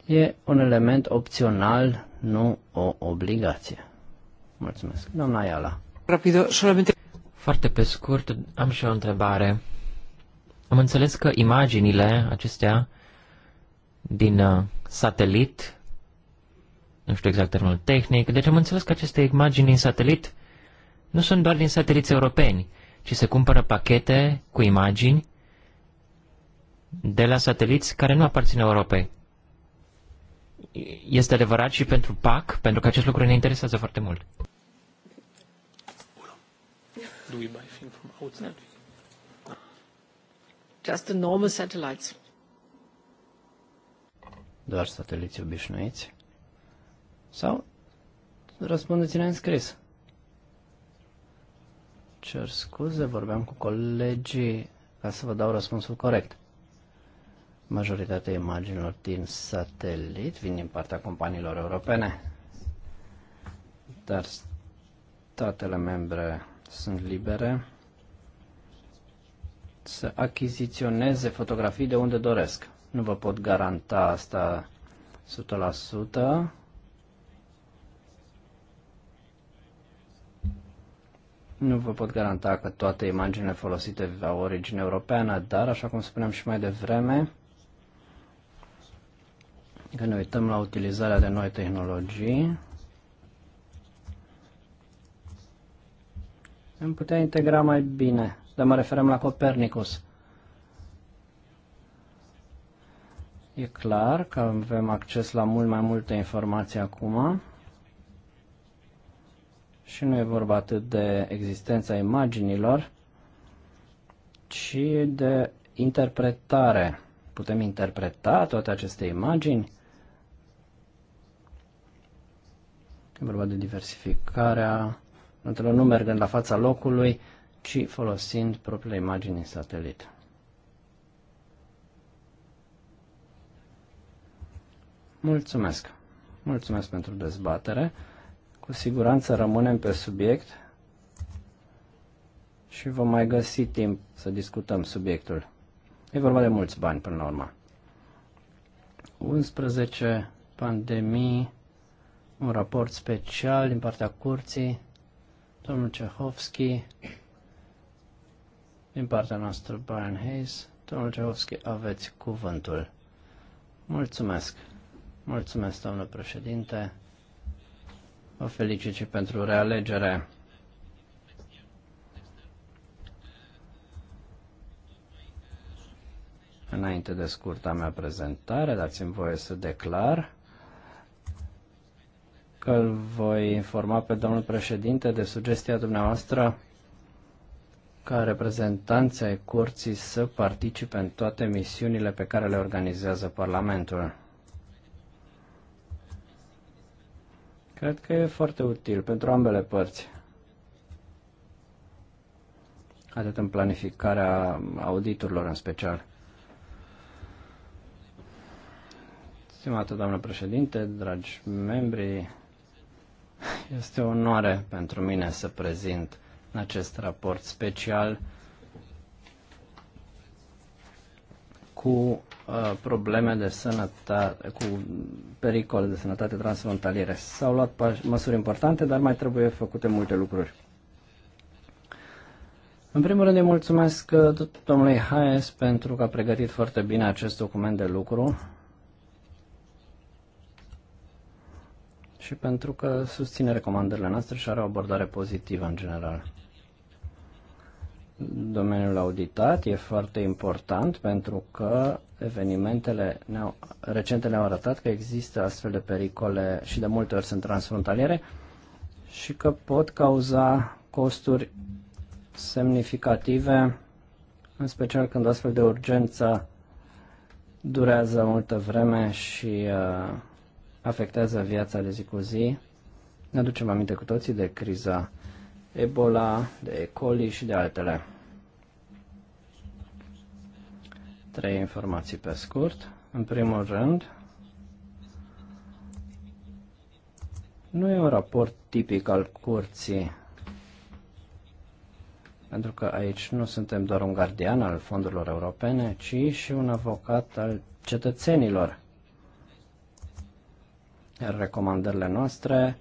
e un element opțional, nu o obligație. Mulțumesc. Doamna Iala. Rapid, solamente foarte pe scurt, am și o întrebare. Am înțeles că imaginile acestea din uh, satelit, nu știu exact termenul tehnic, deci am înțeles că aceste imagini din satelit nu sunt doar din sateliți europeni, ci se cumpără pachete cu imagini de la sateliți care nu aparțin Europei. Este adevărat și pentru PAC, pentru că acest lucru ne interesează foarte mult do we buy things from outside? No. Just the normal satellites. Doar sateliți obișnuiți? Sau răspundeți-ne în scris. Cer scuze, vorbeam cu colegii ca să vă dau răspunsul corect. Majoritatea imaginilor din satelit vin din partea companiilor europene, dar statele membre sunt libere să achiziționeze fotografii de unde doresc. Nu vă pot garanta asta 100%. Nu vă pot garanta că toate imaginile folosite au origine europeană, dar, așa cum spuneam și mai devreme, când ne uităm la utilizarea de noi tehnologii, îmi putea integra mai bine, dar mă referăm la Copernicus. E clar că avem acces la mult mai multe informații acum și nu e vorba atât de existența imaginilor, ci de interpretare. Putem interpreta toate aceste imagini. E vorba de diversificarea într-o nu mergând la fața locului, ci folosind propriile imagini în satelit. Mulțumesc! Mulțumesc pentru dezbatere. Cu siguranță rămânem pe subiect și vom mai găsi timp să discutăm subiectul. E vorba de mulți bani până la urmă. 11 pandemii, un raport special din partea curții domnul Cehovski, din partea noastră Brian Hayes. Domnul Cehovski, aveți cuvântul. Mulțumesc. Mulțumesc, domnul președinte. Vă felicit și pentru realegere. Înainte de scurta mea prezentare, dați-mi voie să declar că îl voi informa pe domnul președinte de sugestia dumneavoastră ca reprezentanții ai curții să participe în toate misiunile pe care le organizează Parlamentul. Cred că e foarte util pentru ambele părți. Atât în planificarea auditurilor în special. Stimată doamnă președinte, dragi membri, este o onoare pentru mine să prezint acest raport special cu uh, probleme de sănătate, cu pericole de sănătate transfrontaliere. S-au luat măsuri importante, dar mai trebuie făcute multe lucruri. În primul rând îi mulțumesc uh, domnului Haes pentru că a pregătit foarte bine acest document de lucru și pentru că susține recomandările noastre și are o abordare pozitivă în general. Domeniul auditat e foarte important pentru că evenimentele ne-au, recente ne-au arătat că există astfel de pericole și de multe ori sunt transfrontaliere și că pot cauza costuri semnificative, în special când astfel de urgență durează multă vreme și uh, afectează viața de zi cu zi. Ne aducem aminte cu toții de criza Ebola, de E. coli și de altele. Trei informații pe scurt. În primul rând, nu e un raport tipic al curții, pentru că aici nu suntem doar un gardian al fondurilor europene, ci și un avocat al cetățenilor. Iar recomandările noastre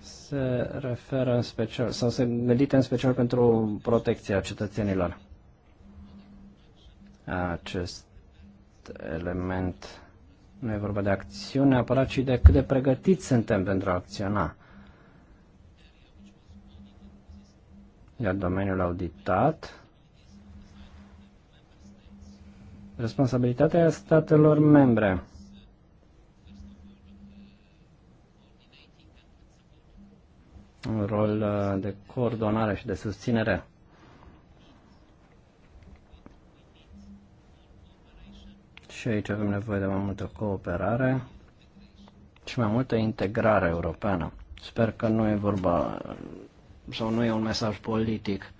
se referă în special, sau se gândite în special pentru protecția cetățenilor. Acest element nu e vorba de acțiune neapărat, ci de cât de pregătiți suntem pentru a acționa. Iar domeniul auditat, responsabilitatea statelor membre. un rol uh, de coordonare și de susținere. Și aici avem nevoie de mai multă cooperare și mai multă integrare europeană. Sper că nu e vorba sau nu e un mesaj politic.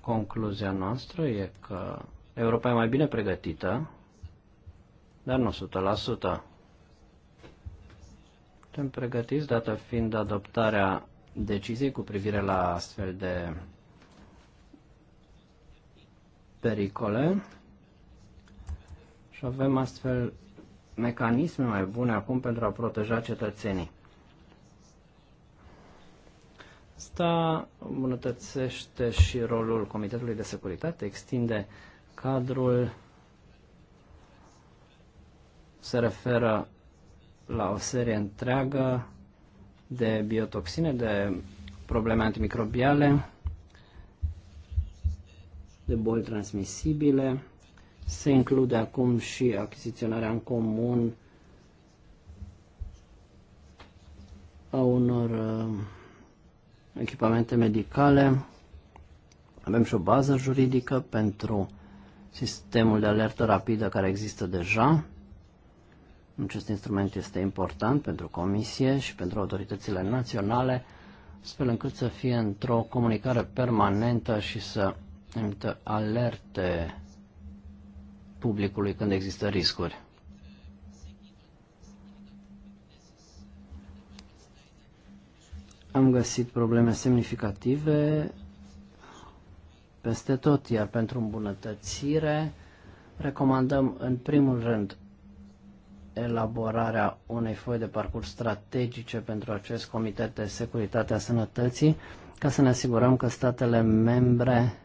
Concluzia noastră e că Europa e mai bine pregătită, dar nu 100%. Suntem pregătiți, dată fiind adoptarea deciziei cu privire la astfel de pericole și avem astfel mecanisme mai bune acum pentru a proteja cetățenii. Asta îmbunătățește și rolul Comitetului de Securitate, extinde cadrul, se referă la o serie întreagă de biotoxine, de probleme antimicrobiale, de boli transmisibile. Se include acum și achiziționarea în comun a unor uh, echipamente medicale. Avem și o bază juridică pentru sistemul de alertă rapidă care există deja. Acest instrument este important pentru Comisie și pentru autoritățile naționale, astfel încât să fie într-o comunicare permanentă și să emită alerte publicului când există riscuri. Am găsit probleme semnificative peste tot, iar pentru îmbunătățire recomandăm în primul rând elaborarea unei foi de parcurs strategice pentru acest Comitet de Securitate a Sănătății, ca să ne asigurăm că statele membre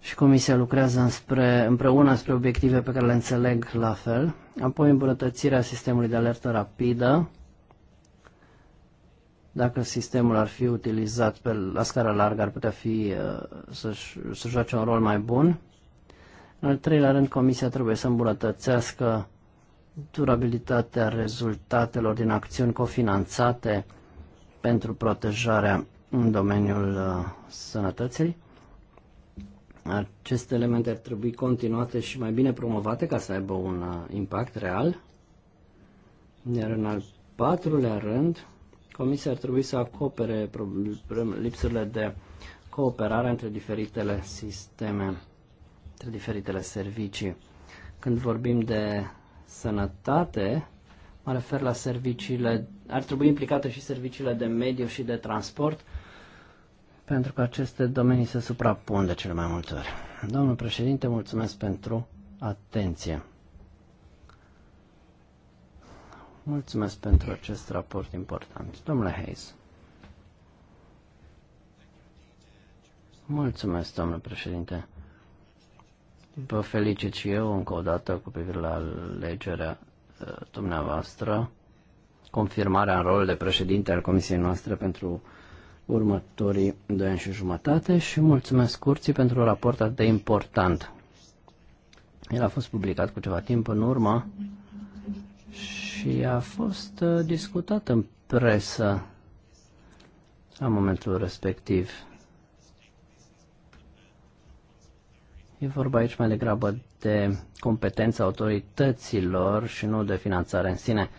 și Comisia lucrează înspre, împreună spre obiective pe care le înțeleg la fel, apoi îmbunătățirea sistemului de alertă rapidă, dacă sistemul ar fi utilizat pe, la scară largă, ar putea fi uh, să, să joace un rol mai bun. În al treilea rând, Comisia trebuie să îmbunătățească durabilitatea rezultatelor din acțiuni cofinanțate pentru protejarea în domeniul uh, sănătății. Aceste elemente ar trebui continuate și mai bine promovate ca să aibă un uh, impact real. Iar în al patrulea rând, Comisia ar trebui să acopere lipsurile de cooperare între diferitele sisteme, între diferitele servicii. Când vorbim de sănătate, mă refer la serviciile, ar trebui implicate și serviciile de mediu și de transport, pentru că aceste domenii se suprapun de cele mai multe ori. Domnul președinte, mulțumesc pentru atenție. Mulțumesc pentru acest raport important. Domnule Hayes. Mulțumesc, domnule președinte. Vă felicit și eu încă o dată cu privire la alegerea uh, dumneavoastră, confirmarea în rol de președinte al comisiei noastre pentru următorii doi ani și jumătate și mulțumesc curții pentru un raport atât de important. El a fost publicat cu ceva timp în urmă și a fost uh, discutat în presă la momentul respectiv. E vorba aici mai degrabă de competența autorităților și nu de finanțare în sine.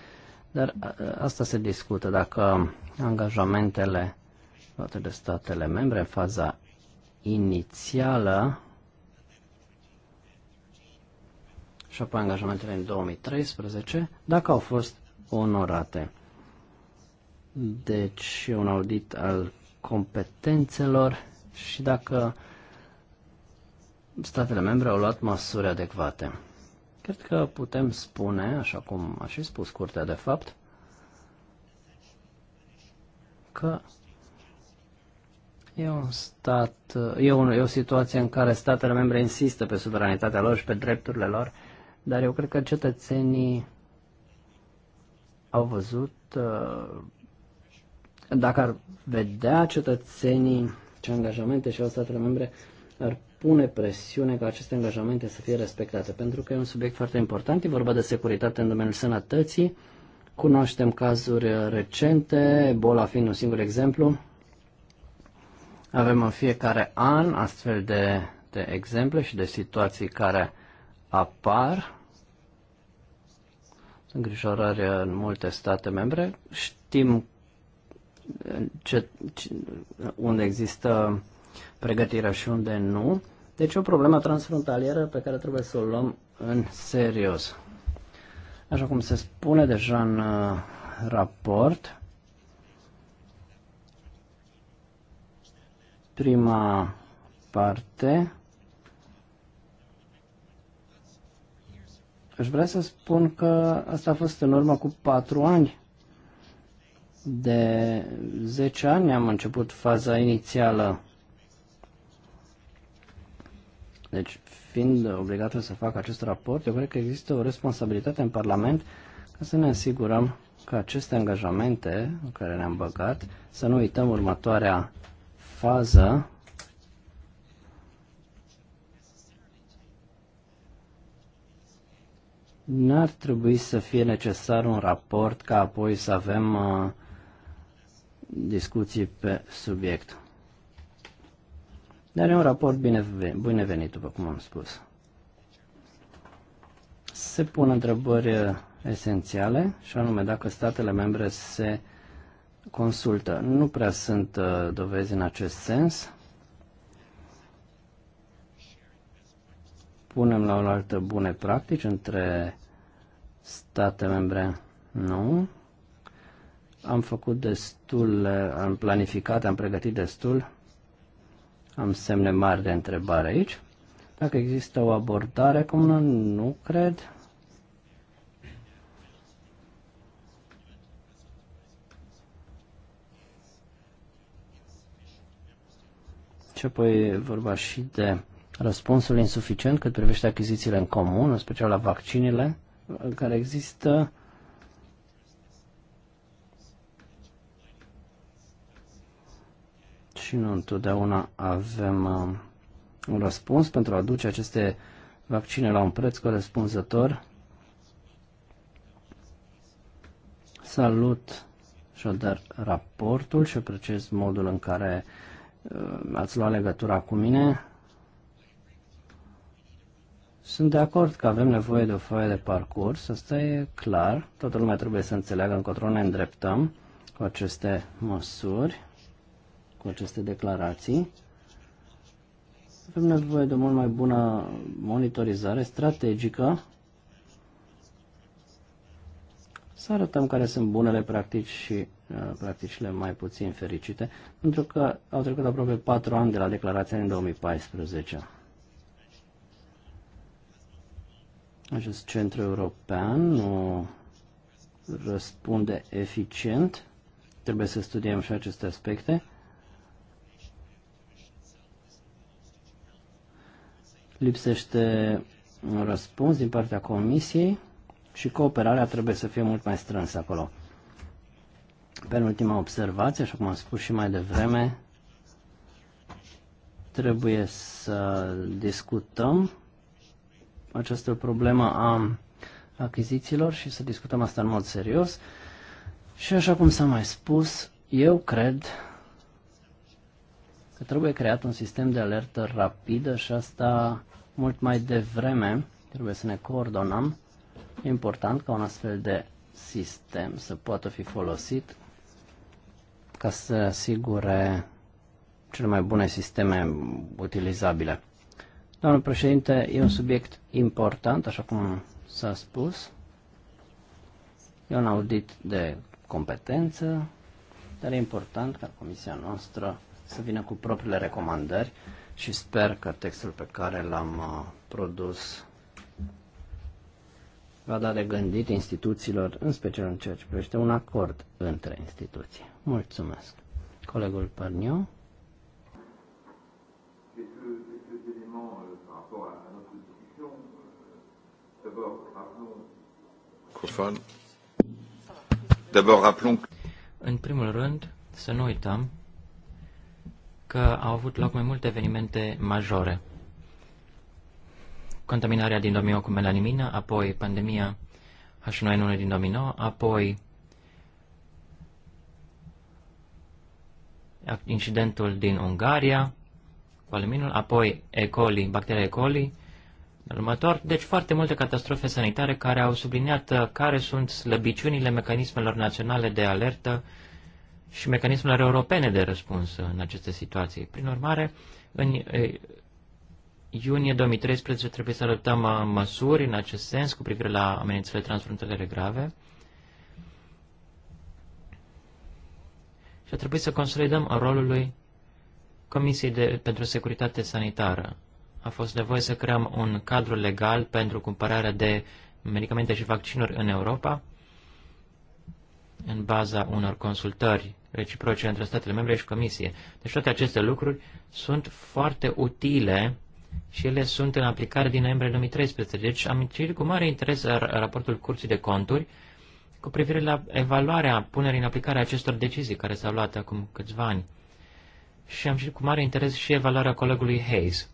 Dar asta se discută dacă angajamentele luate de statele membre în faza inițială și apoi angajamentele în 2013, dacă au fost onorate. Deci un audit al competențelor și dacă statele membre au luat măsuri adecvate. Cred că putem spune, așa cum a și spus Curtea de fapt, că e, un stat, e, un, e o situație în care statele membre insistă pe suveranitatea lor și pe drepturile lor, dar eu cred că cetățenii au văzut, uh, dacă ar vedea cetățenii ce angajamente și au statele membre, ar pune presiune ca aceste angajamente să fie respectate, pentru că e un subiect foarte important, e vorba de securitate în domeniul sănătății, cunoaștem cazuri uh, recente, bola fiind un singur exemplu, avem în fiecare an astfel de, de exemple și de situații care apar, îngrijorări în multe state membre, știm ce, ce, unde există pregătirea și unde nu. Deci o problemă transfrontalieră pe care trebuie să o luăm în serios. Așa cum se spune deja în uh, raport, prima parte aș vrea să spun că asta a fost în urmă cu patru ani. De 10 ani am început faza inițială Deci, fiind obligată să facă acest raport, eu cred că există o responsabilitate în Parlament ca să ne asigurăm că aceste angajamente în care ne-am băgat, să nu uităm următoarea fază N-ar trebui să fie necesar un raport ca apoi să avem uh, discuții pe subiect. Dar e un raport binevenit, după cum am spus. Se pun întrebări uh, esențiale, și anume dacă statele membre se consultă. Nu prea sunt uh, dovezi în acest sens. Punem la o altă bune practici între state membre? Nu. Am făcut destul, uh, am planificat, am pregătit destul. Am semne mari de întrebare aici. Dacă există o abordare comună, nu cred. Și apoi e vorba și de răspunsul insuficient cât privește achizițiile în comun, în special la vaccinile, care există și nu întotdeauna avem um, un răspuns pentru a duce aceste vaccine la un preț corespunzător. Salut și dar raportul și apreciez modul în care uh, ați luat legătura cu mine. Sunt de acord că avem nevoie de o foaie de parcurs, asta e clar. Toată lumea trebuie să înțeleagă încotro ne îndreptăm cu aceste măsuri cu aceste declarații. Avem nevoie de o mult mai bună monitorizare strategică să arătăm care sunt bunele practici și uh, practicile mai puțin fericite, pentru că au trecut aproape patru ani de la declarația în 2014. Acest centru european nu răspunde eficient. Trebuie să studiem și aceste aspecte. Lipsește un răspuns din partea Comisiei și cooperarea trebuie să fie mult mai strânsă acolo. Penultima observație, așa cum am spus și mai devreme, trebuie să discutăm această problemă a achizițiilor și să discutăm asta în mod serios. Și așa cum s-a mai spus, eu cred că trebuie creat un sistem de alertă rapidă și asta mult mai devreme. Trebuie să ne coordonăm. E important ca un astfel de sistem să poată fi folosit ca să asigure cele mai bune sisteme utilizabile. Domnul președinte, e un subiect important, așa cum s-a spus. E un audit de competență, dar e important ca comisia noastră să vină cu propriile recomandări și sper că textul pe care l-am uh, produs va da de gândit instituțiilor, în special în ceea ce privește un acord între instituții. Mulțumesc. Colegul Părniu. În primul rând, să nu uităm că au avut loc mai multe evenimente majore. Contaminarea din 2008 cu melanimină, apoi pandemia H1N1 din 2009, apoi incidentul din Ungaria cu aluminul, apoi E. coli, bacteria E. coli, în următor, deci foarte multe catastrofe sanitare care au subliniat care sunt slăbiciunile mecanismelor naționale de alertă și mecanismelor europene de răspuns în aceste situații. Prin urmare, în iunie 2013 trebuie să adoptăm uh, măsuri în acest sens cu privire la amenințele transfrontaliere grave și a trebuit să consolidăm rolul lui Comisiei de, pentru Securitate Sanitară. A fost nevoie să creăm un cadru legal pentru cumpărarea de medicamente și vaccinuri în Europa, în baza unor consultări reciproce între statele membre și Comisie. Deci toate aceste lucruri sunt foarte utile și ele sunt în aplicare din noiembrie 2013. Deci am citit cu mare interes raportul Curții de Conturi cu privire la evaluarea punerii în aplicare a acestor decizii care s-au luat acum câțiva ani. Și am citit cu mare interes și evaluarea colegului Hayes.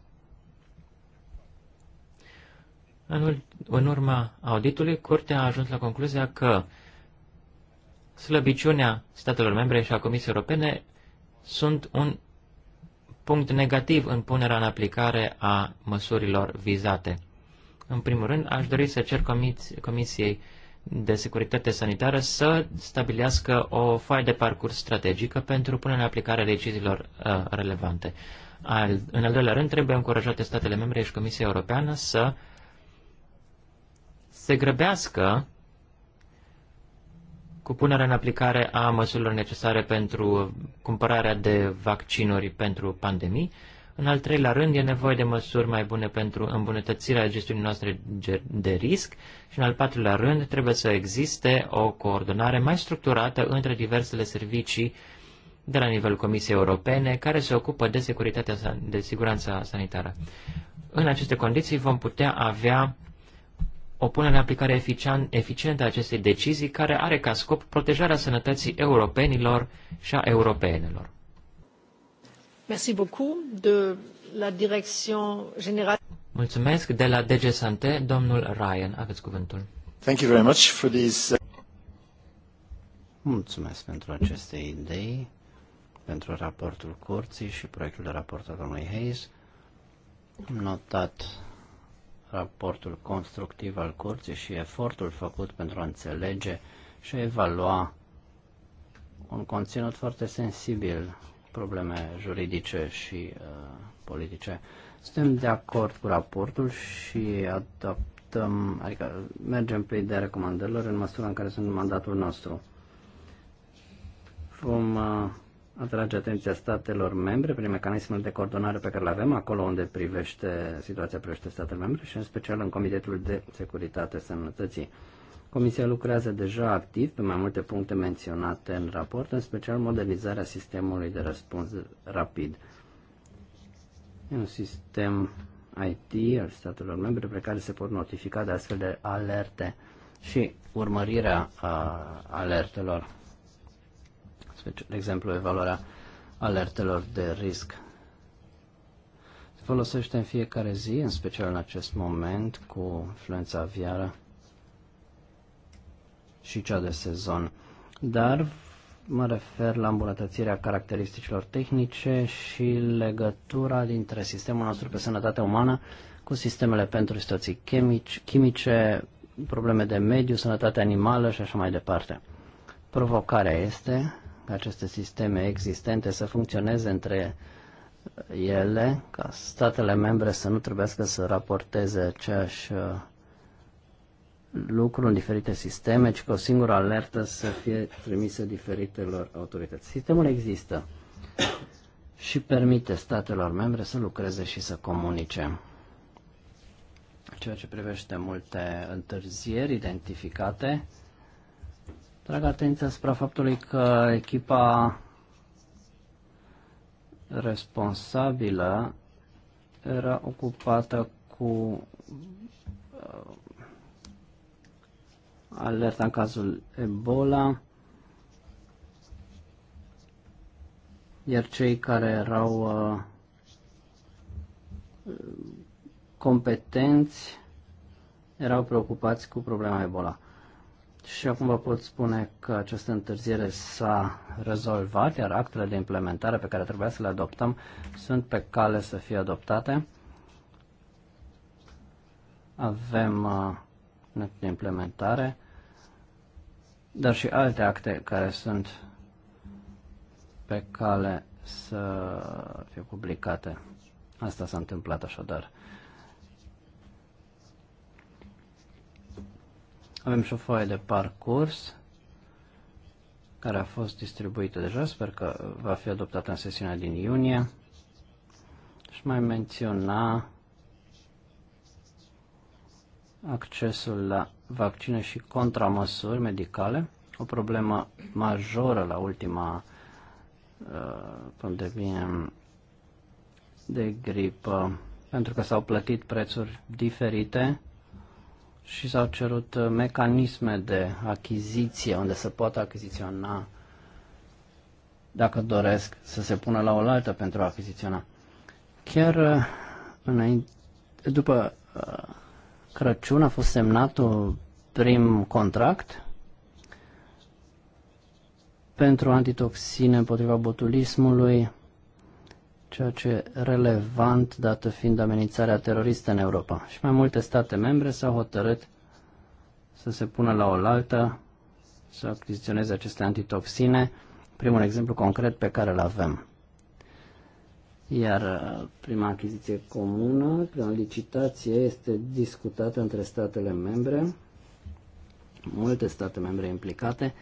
În, urma auditului, Curtea a ajuns la concluzia că Slăbiciunea statelor membre și a Comisiei Europene sunt un punct negativ în punerea în aplicare a măsurilor vizate. În primul rând, aș dori să cer Comisiei de Securitate Sanitară să stabilească o foaie de parcurs strategică pentru punerea în aplicare a deciziilor uh, relevante. Al, în al doilea rând, trebuie încurajate statele membre și Comisia Europeană să se grăbească cu punerea în aplicare a măsurilor necesare pentru cumpărarea de vaccinuri pentru pandemii. În al treilea rând, e nevoie de măsuri mai bune pentru îmbunătățirea gestiunii noastre de risc și, în al patrulea rând, trebuie să existe o coordonare mai structurată între diversele servicii de la nivelul Comisiei Europene care se ocupă de securitatea de siguranța sanitară. În aceste condiții vom putea avea o pune în aplicare eficientă a acestei decizii, care are ca scop protejarea sănătății europenilor și a europenelor. Merci beaucoup de la Direction Générale. Mulțumesc de la DG Santé, domnul Ryan. Aveți cuvântul. Thank you very much for these... Uh, Mulțumesc pentru aceste idei, pentru raportul curții și proiectul de raport al domnului Hayes. Am notat raportul constructiv al curții și efortul făcut pentru a înțelege și a evalua un conținut foarte sensibil, probleme juridice și uh, politice. Suntem de acord cu raportul și adaptăm, adică mergem pe ideea recomandărilor în măsura în care sunt mandatul nostru. Vom uh, atrage atenția statelor membre prin mecanismul de coordonare pe care le avem acolo unde privește situația privește statele membre și în special în Comitetul de Securitate Sănătății. Comisia lucrează deja activ pe mai multe puncte menționate în raport, în special modernizarea sistemului de răspuns rapid. E un sistem IT al statelor membre pe care se pot notifica de astfel de alerte și urmărirea a alertelor. Deci, de exemplu evaluarea alertelor de risc. Se folosește în fiecare zi, în special în acest moment, cu influența aviară și cea de sezon. Dar mă refer la îmbunătățirea caracteristicilor tehnice și legătura dintre sistemul nostru pe sănătate umană cu sistemele pentru situații chimici, chimice, probleme de mediu, sănătate animală și așa mai departe. Provocarea este aceste sisteme existente să funcționeze între ele, ca statele membre să nu trebuiască să raporteze aceeași uh, lucru în diferite sisteme, ci că o singură alertă să fie trimisă diferitelor autorități. Sistemul există și permite statelor membre să lucreze și să comunice. Ceea ce privește multe întârzieri identificate, Trag atenția asupra faptului că echipa responsabilă era ocupată cu uh, alerta în cazul Ebola, iar cei care erau uh, competenți erau preocupați cu problema Ebola. Și acum vă pot spune că această întârziere s-a rezolvat, iar actele de implementare pe care trebuia să le adoptăm sunt pe cale să fie adoptate. Avem uh, de implementare, dar și alte acte care sunt pe cale să fie publicate. Asta s-a întâmplat așadar. Avem și o foaie de parcurs care a fost distribuită deja, sper că va fi adoptată în sesiunea din iunie. Și mai menționa accesul la vaccine și contramăsuri medicale, o problemă majoră la ultima uh, pandemie de gripă, pentru că s-au plătit prețuri diferite și s-au cerut uh, mecanisme de achiziție unde se poate achiziționa dacă doresc să se pună la oaltă pentru a achiziționa. Chiar uh, înainte, după uh, Crăciun a fost semnat un prim contract pentru antitoxine împotriva botulismului ceea ce e relevant dată fiind amenințarea teroristă în Europa. Și mai multe state membre s-au hotărât să se pună la oaltă, să achiziționeze aceste antitoxine, primul exemplu concret pe care îl avem. Iar uh, prima achiziție comună, prima licitație, este discutată între statele membre, multe state membre implicate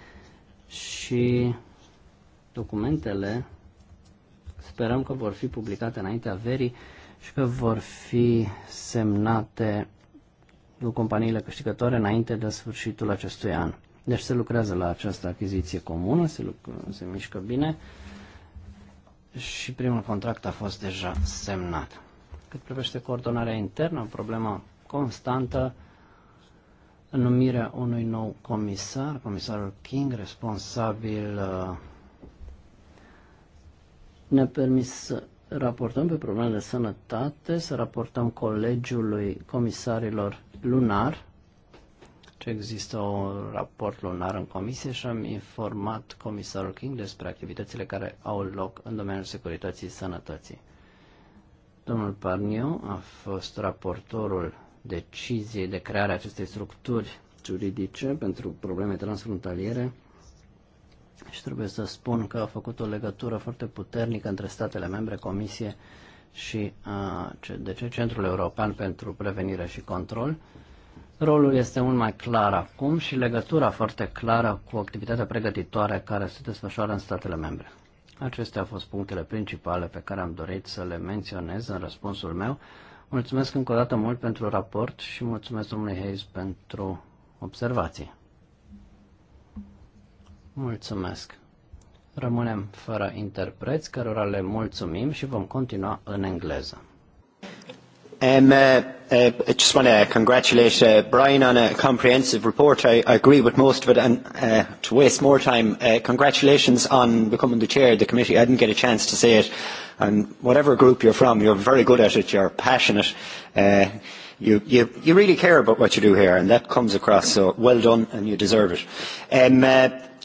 și documentele Sperăm că vor fi publicate înaintea verii și că vor fi semnate cu companiile câștigătoare înainte de sfârșitul acestui an. Deci se lucrează la această achiziție comună, se, lucr- se mișcă bine și primul contract a fost deja semnat. Cât privește coordonarea internă, problema constantă, numirea unui nou comisar, comisarul King, responsabil uh, ne-a permis să raportăm pe probleme de sănătate, să raportăm colegiului comisarilor lunar, ce există un raport lunar în comisie și am informat comisarul King despre activitățile care au loc în domeniul securității sănătății. Domnul Parniu a fost raportorul deciziei de creare a acestei structuri juridice pentru probleme transfrontaliere și trebuie să spun că a făcut o legătură foarte puternică între statele membre, Comisie și ce Centrul European pentru Prevenire și Control. Rolul este mult mai clar acum și legătura foarte clară cu activitatea pregătitoare care se desfășoară în statele membre. Acestea au fost punctele principale pe care am dorit să le menționez în răspunsul meu. Mulțumesc încă o dată mult pentru raport și mulțumesc domnului Hayes pentru observații. Mulțumesc. Rămânem fără interpreți, cărora le mulțumim și vom continua în engleză. Um, uh, uh, I just want to congratulate uh, Brian on a comprehensive report. I, I agree with most of it, and uh, to waste more time, uh, congratulations on becoming the chair of the committee. I didn't get a chance to say it, and whatever group you're from, you're very good at it. You're passionate. Uh, you, you, you really care about what you do here, and that comes across. So well done, and you deserve it. Um, uh,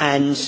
And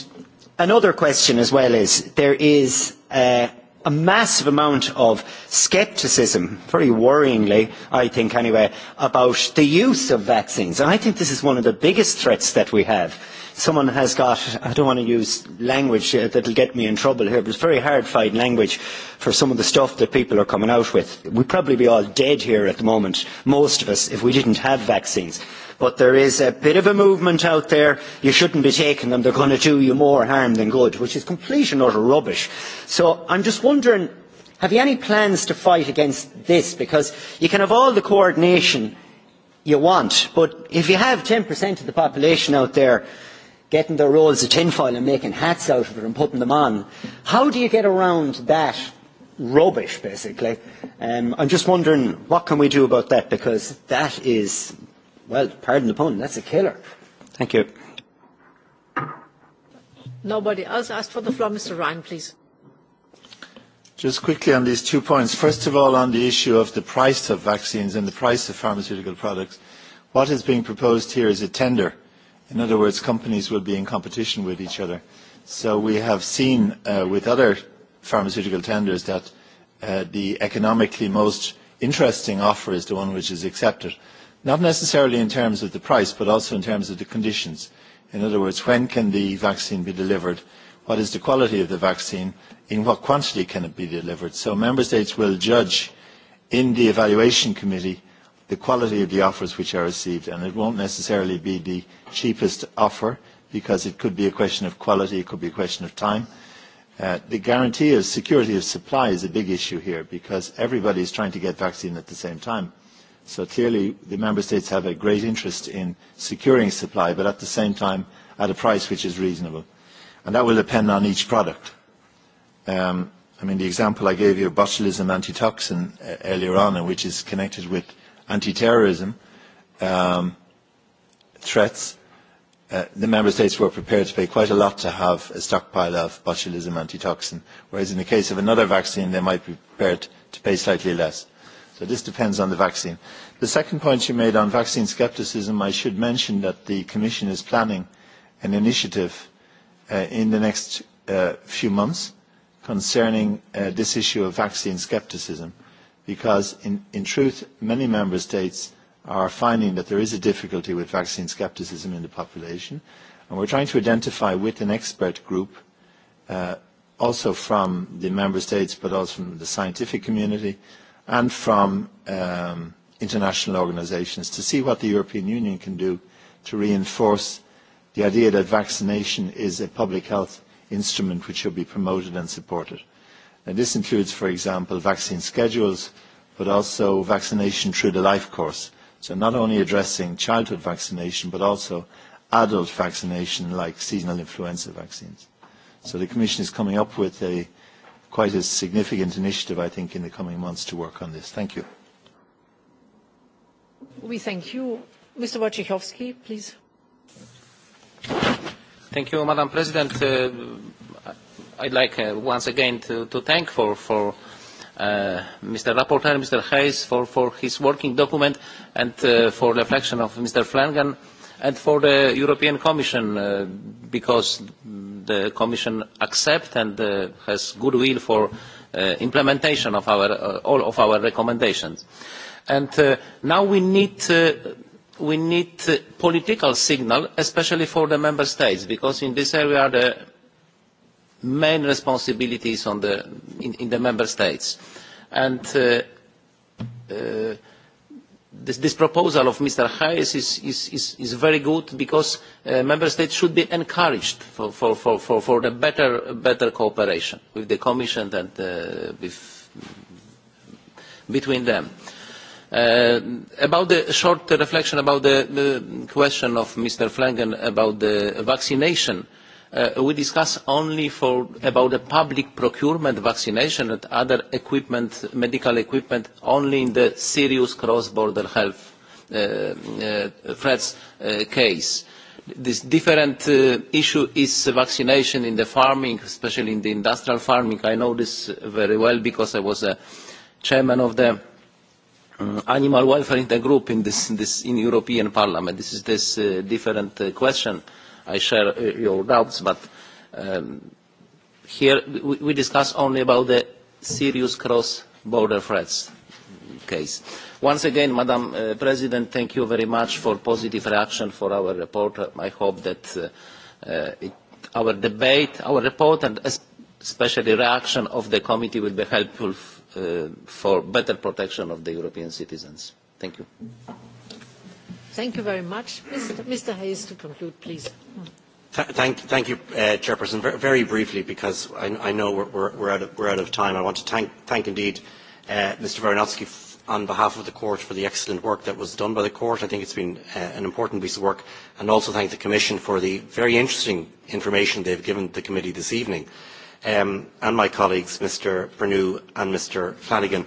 another question as well is there is a massive amount of scepticism, very worryingly, I think anyway, about the use of vaccines. And I think this is one of the biggest threats that we have someone has got, I don't want to use language that will get me in trouble here, but it's very hard-fight language for some of the stuff that people are coming out with. We'd probably be all dead here at the moment, most of us, if we didn't have vaccines. But there is a bit of a movement out there. You shouldn't be taking them. They're going to do you more harm than good, which is complete and utter rubbish. So I'm just wondering, have you any plans to fight against this? Because you can have all the coordination you want, but if you have 10% of the population out there getting their rolls of tinfoil and making hats out of it and putting them on. How do you get around that rubbish, basically? Um, I'm just wondering, what can we do about that? Because that is, well, pardon the pun, that's a killer. Thank you. Nobody else asked for the floor. Mr. Ryan, please. Just quickly on these two points. First of all, on the issue of the price of vaccines and the price of pharmaceutical products, what is being proposed here is a tender In other words, companies will be in competition with each other. So we have seen uh, with other pharmaceutical tenders that uh, the economically most interesting offer is the one which is accepted, not necessarily in terms of the price, but also in terms of the conditions. In other words, when can the vaccine be delivered? What is the quality of the vaccine? In what quantity can it be delivered? So member states will judge in the evaluation committee the quality of the offers which are received, and it won't necessarily be the cheapest offer because it could be a question of quality, it could be a question of time. Uh, the guarantee of security of supply is a big issue here because everybody is trying to get vaccine at the same time. So clearly the member states have a great interest in securing supply, but at the same time at a price which is reasonable. And that will depend on each product. Um, I mean, the example I gave you of botulism antitoxin uh, earlier on, which is connected with anti-terrorism um, threats, uh, the member states were prepared to pay quite a lot to have a stockpile of botulism antitoxin, whereas in the case of another vaccine, they might be prepared to pay slightly less. So this depends on the vaccine. The second point you made on vaccine scepticism, I should mention that the Commission is planning an initiative uh, in the next uh, few months concerning uh, this issue of vaccine scepticism. Uh, because in, in truth, many member states are finding that there is a difficulty with vaccine scepticism in the population. And we're trying to identify with an expert group, uh, also from the member states, but also from the scientific community and from um, international organizations to see what the European Union can do to reinforce the idea that vaccination is a public health instrument which should be promoted and supported. And this includes, for example, vaccine schedules, but also vaccination through the life course. So not only addressing childhood vaccination, but also adult vaccination like seasonal influenza vaccines. So the Commission is coming up with a quite a significant initiative, I think, in the coming months to work on this. Thank you. We thank you. Mr. Wojciechowski, please. Thank you, Madam President. Uh, I'd like uh, once again to, to thank for, for uh, Mr. Rapporteur, Mr. Hayes, for, for his working document and uh, for reflection of Mr. Flanagan and for the European Commission uh, because the Commission accepts and uh, has goodwill for uh, implementation of our, uh, all of our recommendations. And uh, now we need uh, we need political signal, especially for the member states, because in this area the main responsibilities on the, in, in the member states. And uh, uh, this, this proposal of Mr. Hayes is, is, is, is very good because uh, member states should be encouraged for, for, for, for, the better, better cooperation with the Commission and uh, with, between them. Uh, about the short reflection about the, the question of Mr. Flangen about the vaccination, uh, Uh, we discuss only for, about the public procurement vaccination and other equipment, medical equipment, only in the serious cross-border health uh, uh, threats uh, case. This different uh, issue is vaccination in the farming, especially in the industrial farming. I know this very well because I was a chairman of the uh, animal welfare intergroup in this, in this in European Parliament. This is this different question I share uh, your doubts, but um, here we, discuss only about the serious cross-border threats case. Once again, Madam uh, President, thank you very much for positive reaction for our report. I hope that uh, uh it, our debate, our report, and especially reaction of the committee will be helpful for better protection of the European citizens. Thank you. Thank you very much. Mr. Hayes, to conclude, please. thank, thank you, uh, Chairperson. Very, very briefly, because I, I know we're, we're, out of, we're out of time, I want to thank, thank indeed uh, Mr. Varanotsky on behalf of the court for the excellent work that was done by the court. I think it's been uh, an important piece of work and also thank the Commission for the very interesting information they've given the committee this evening um, and my colleagues, Mr. Pernew and Mr. Flanagan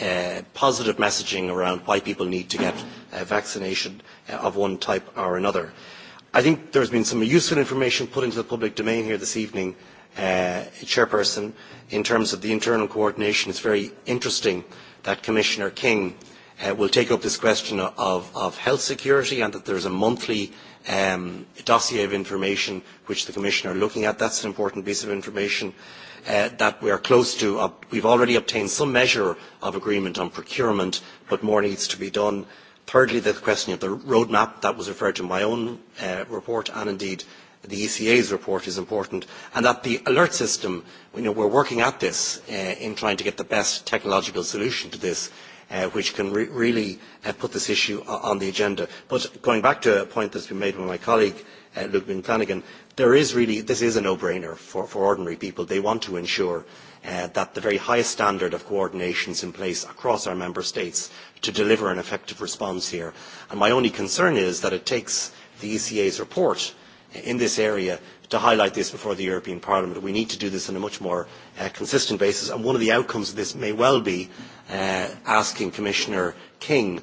Uh, positive messaging around why people need to get uh, vaccination uh, of one type or another. I think there's been some useful information put into the public domain here this evening, uh, Chairperson, in terms of the internal coordination. It's very interesting that Commissioner King uh, will take up this question of, of health security and that there's a monthly um, dossier of information which the Commissioner are looking at. That's an important piece of information uh, that we are close to. Uh, we've already obtained some measure of agreement on procurement, but more needs to be done. Thirdly, the question of the roadmap that was referred to in my own uh, report and indeed the ECA's report is important, and that the alert system, you know, we're working at this uh, in trying to get the best technological solution to this, uh, which can re really uh, put this issue on the agenda. But going back to a point that's been made by my colleague, uh, Luke Flanagan, there is really, this is a no-brainer for, for ordinary people. They want to ensure uh, that the very highest standard of coordination is in place across our member states to deliver an effective response here. And my only concern is that it takes the ECA's report in this area to highlight this before the European Parliament. We need to do this on a much more uh, consistent basis, and one of the outcomes of this may well be uh, asking Commissioner King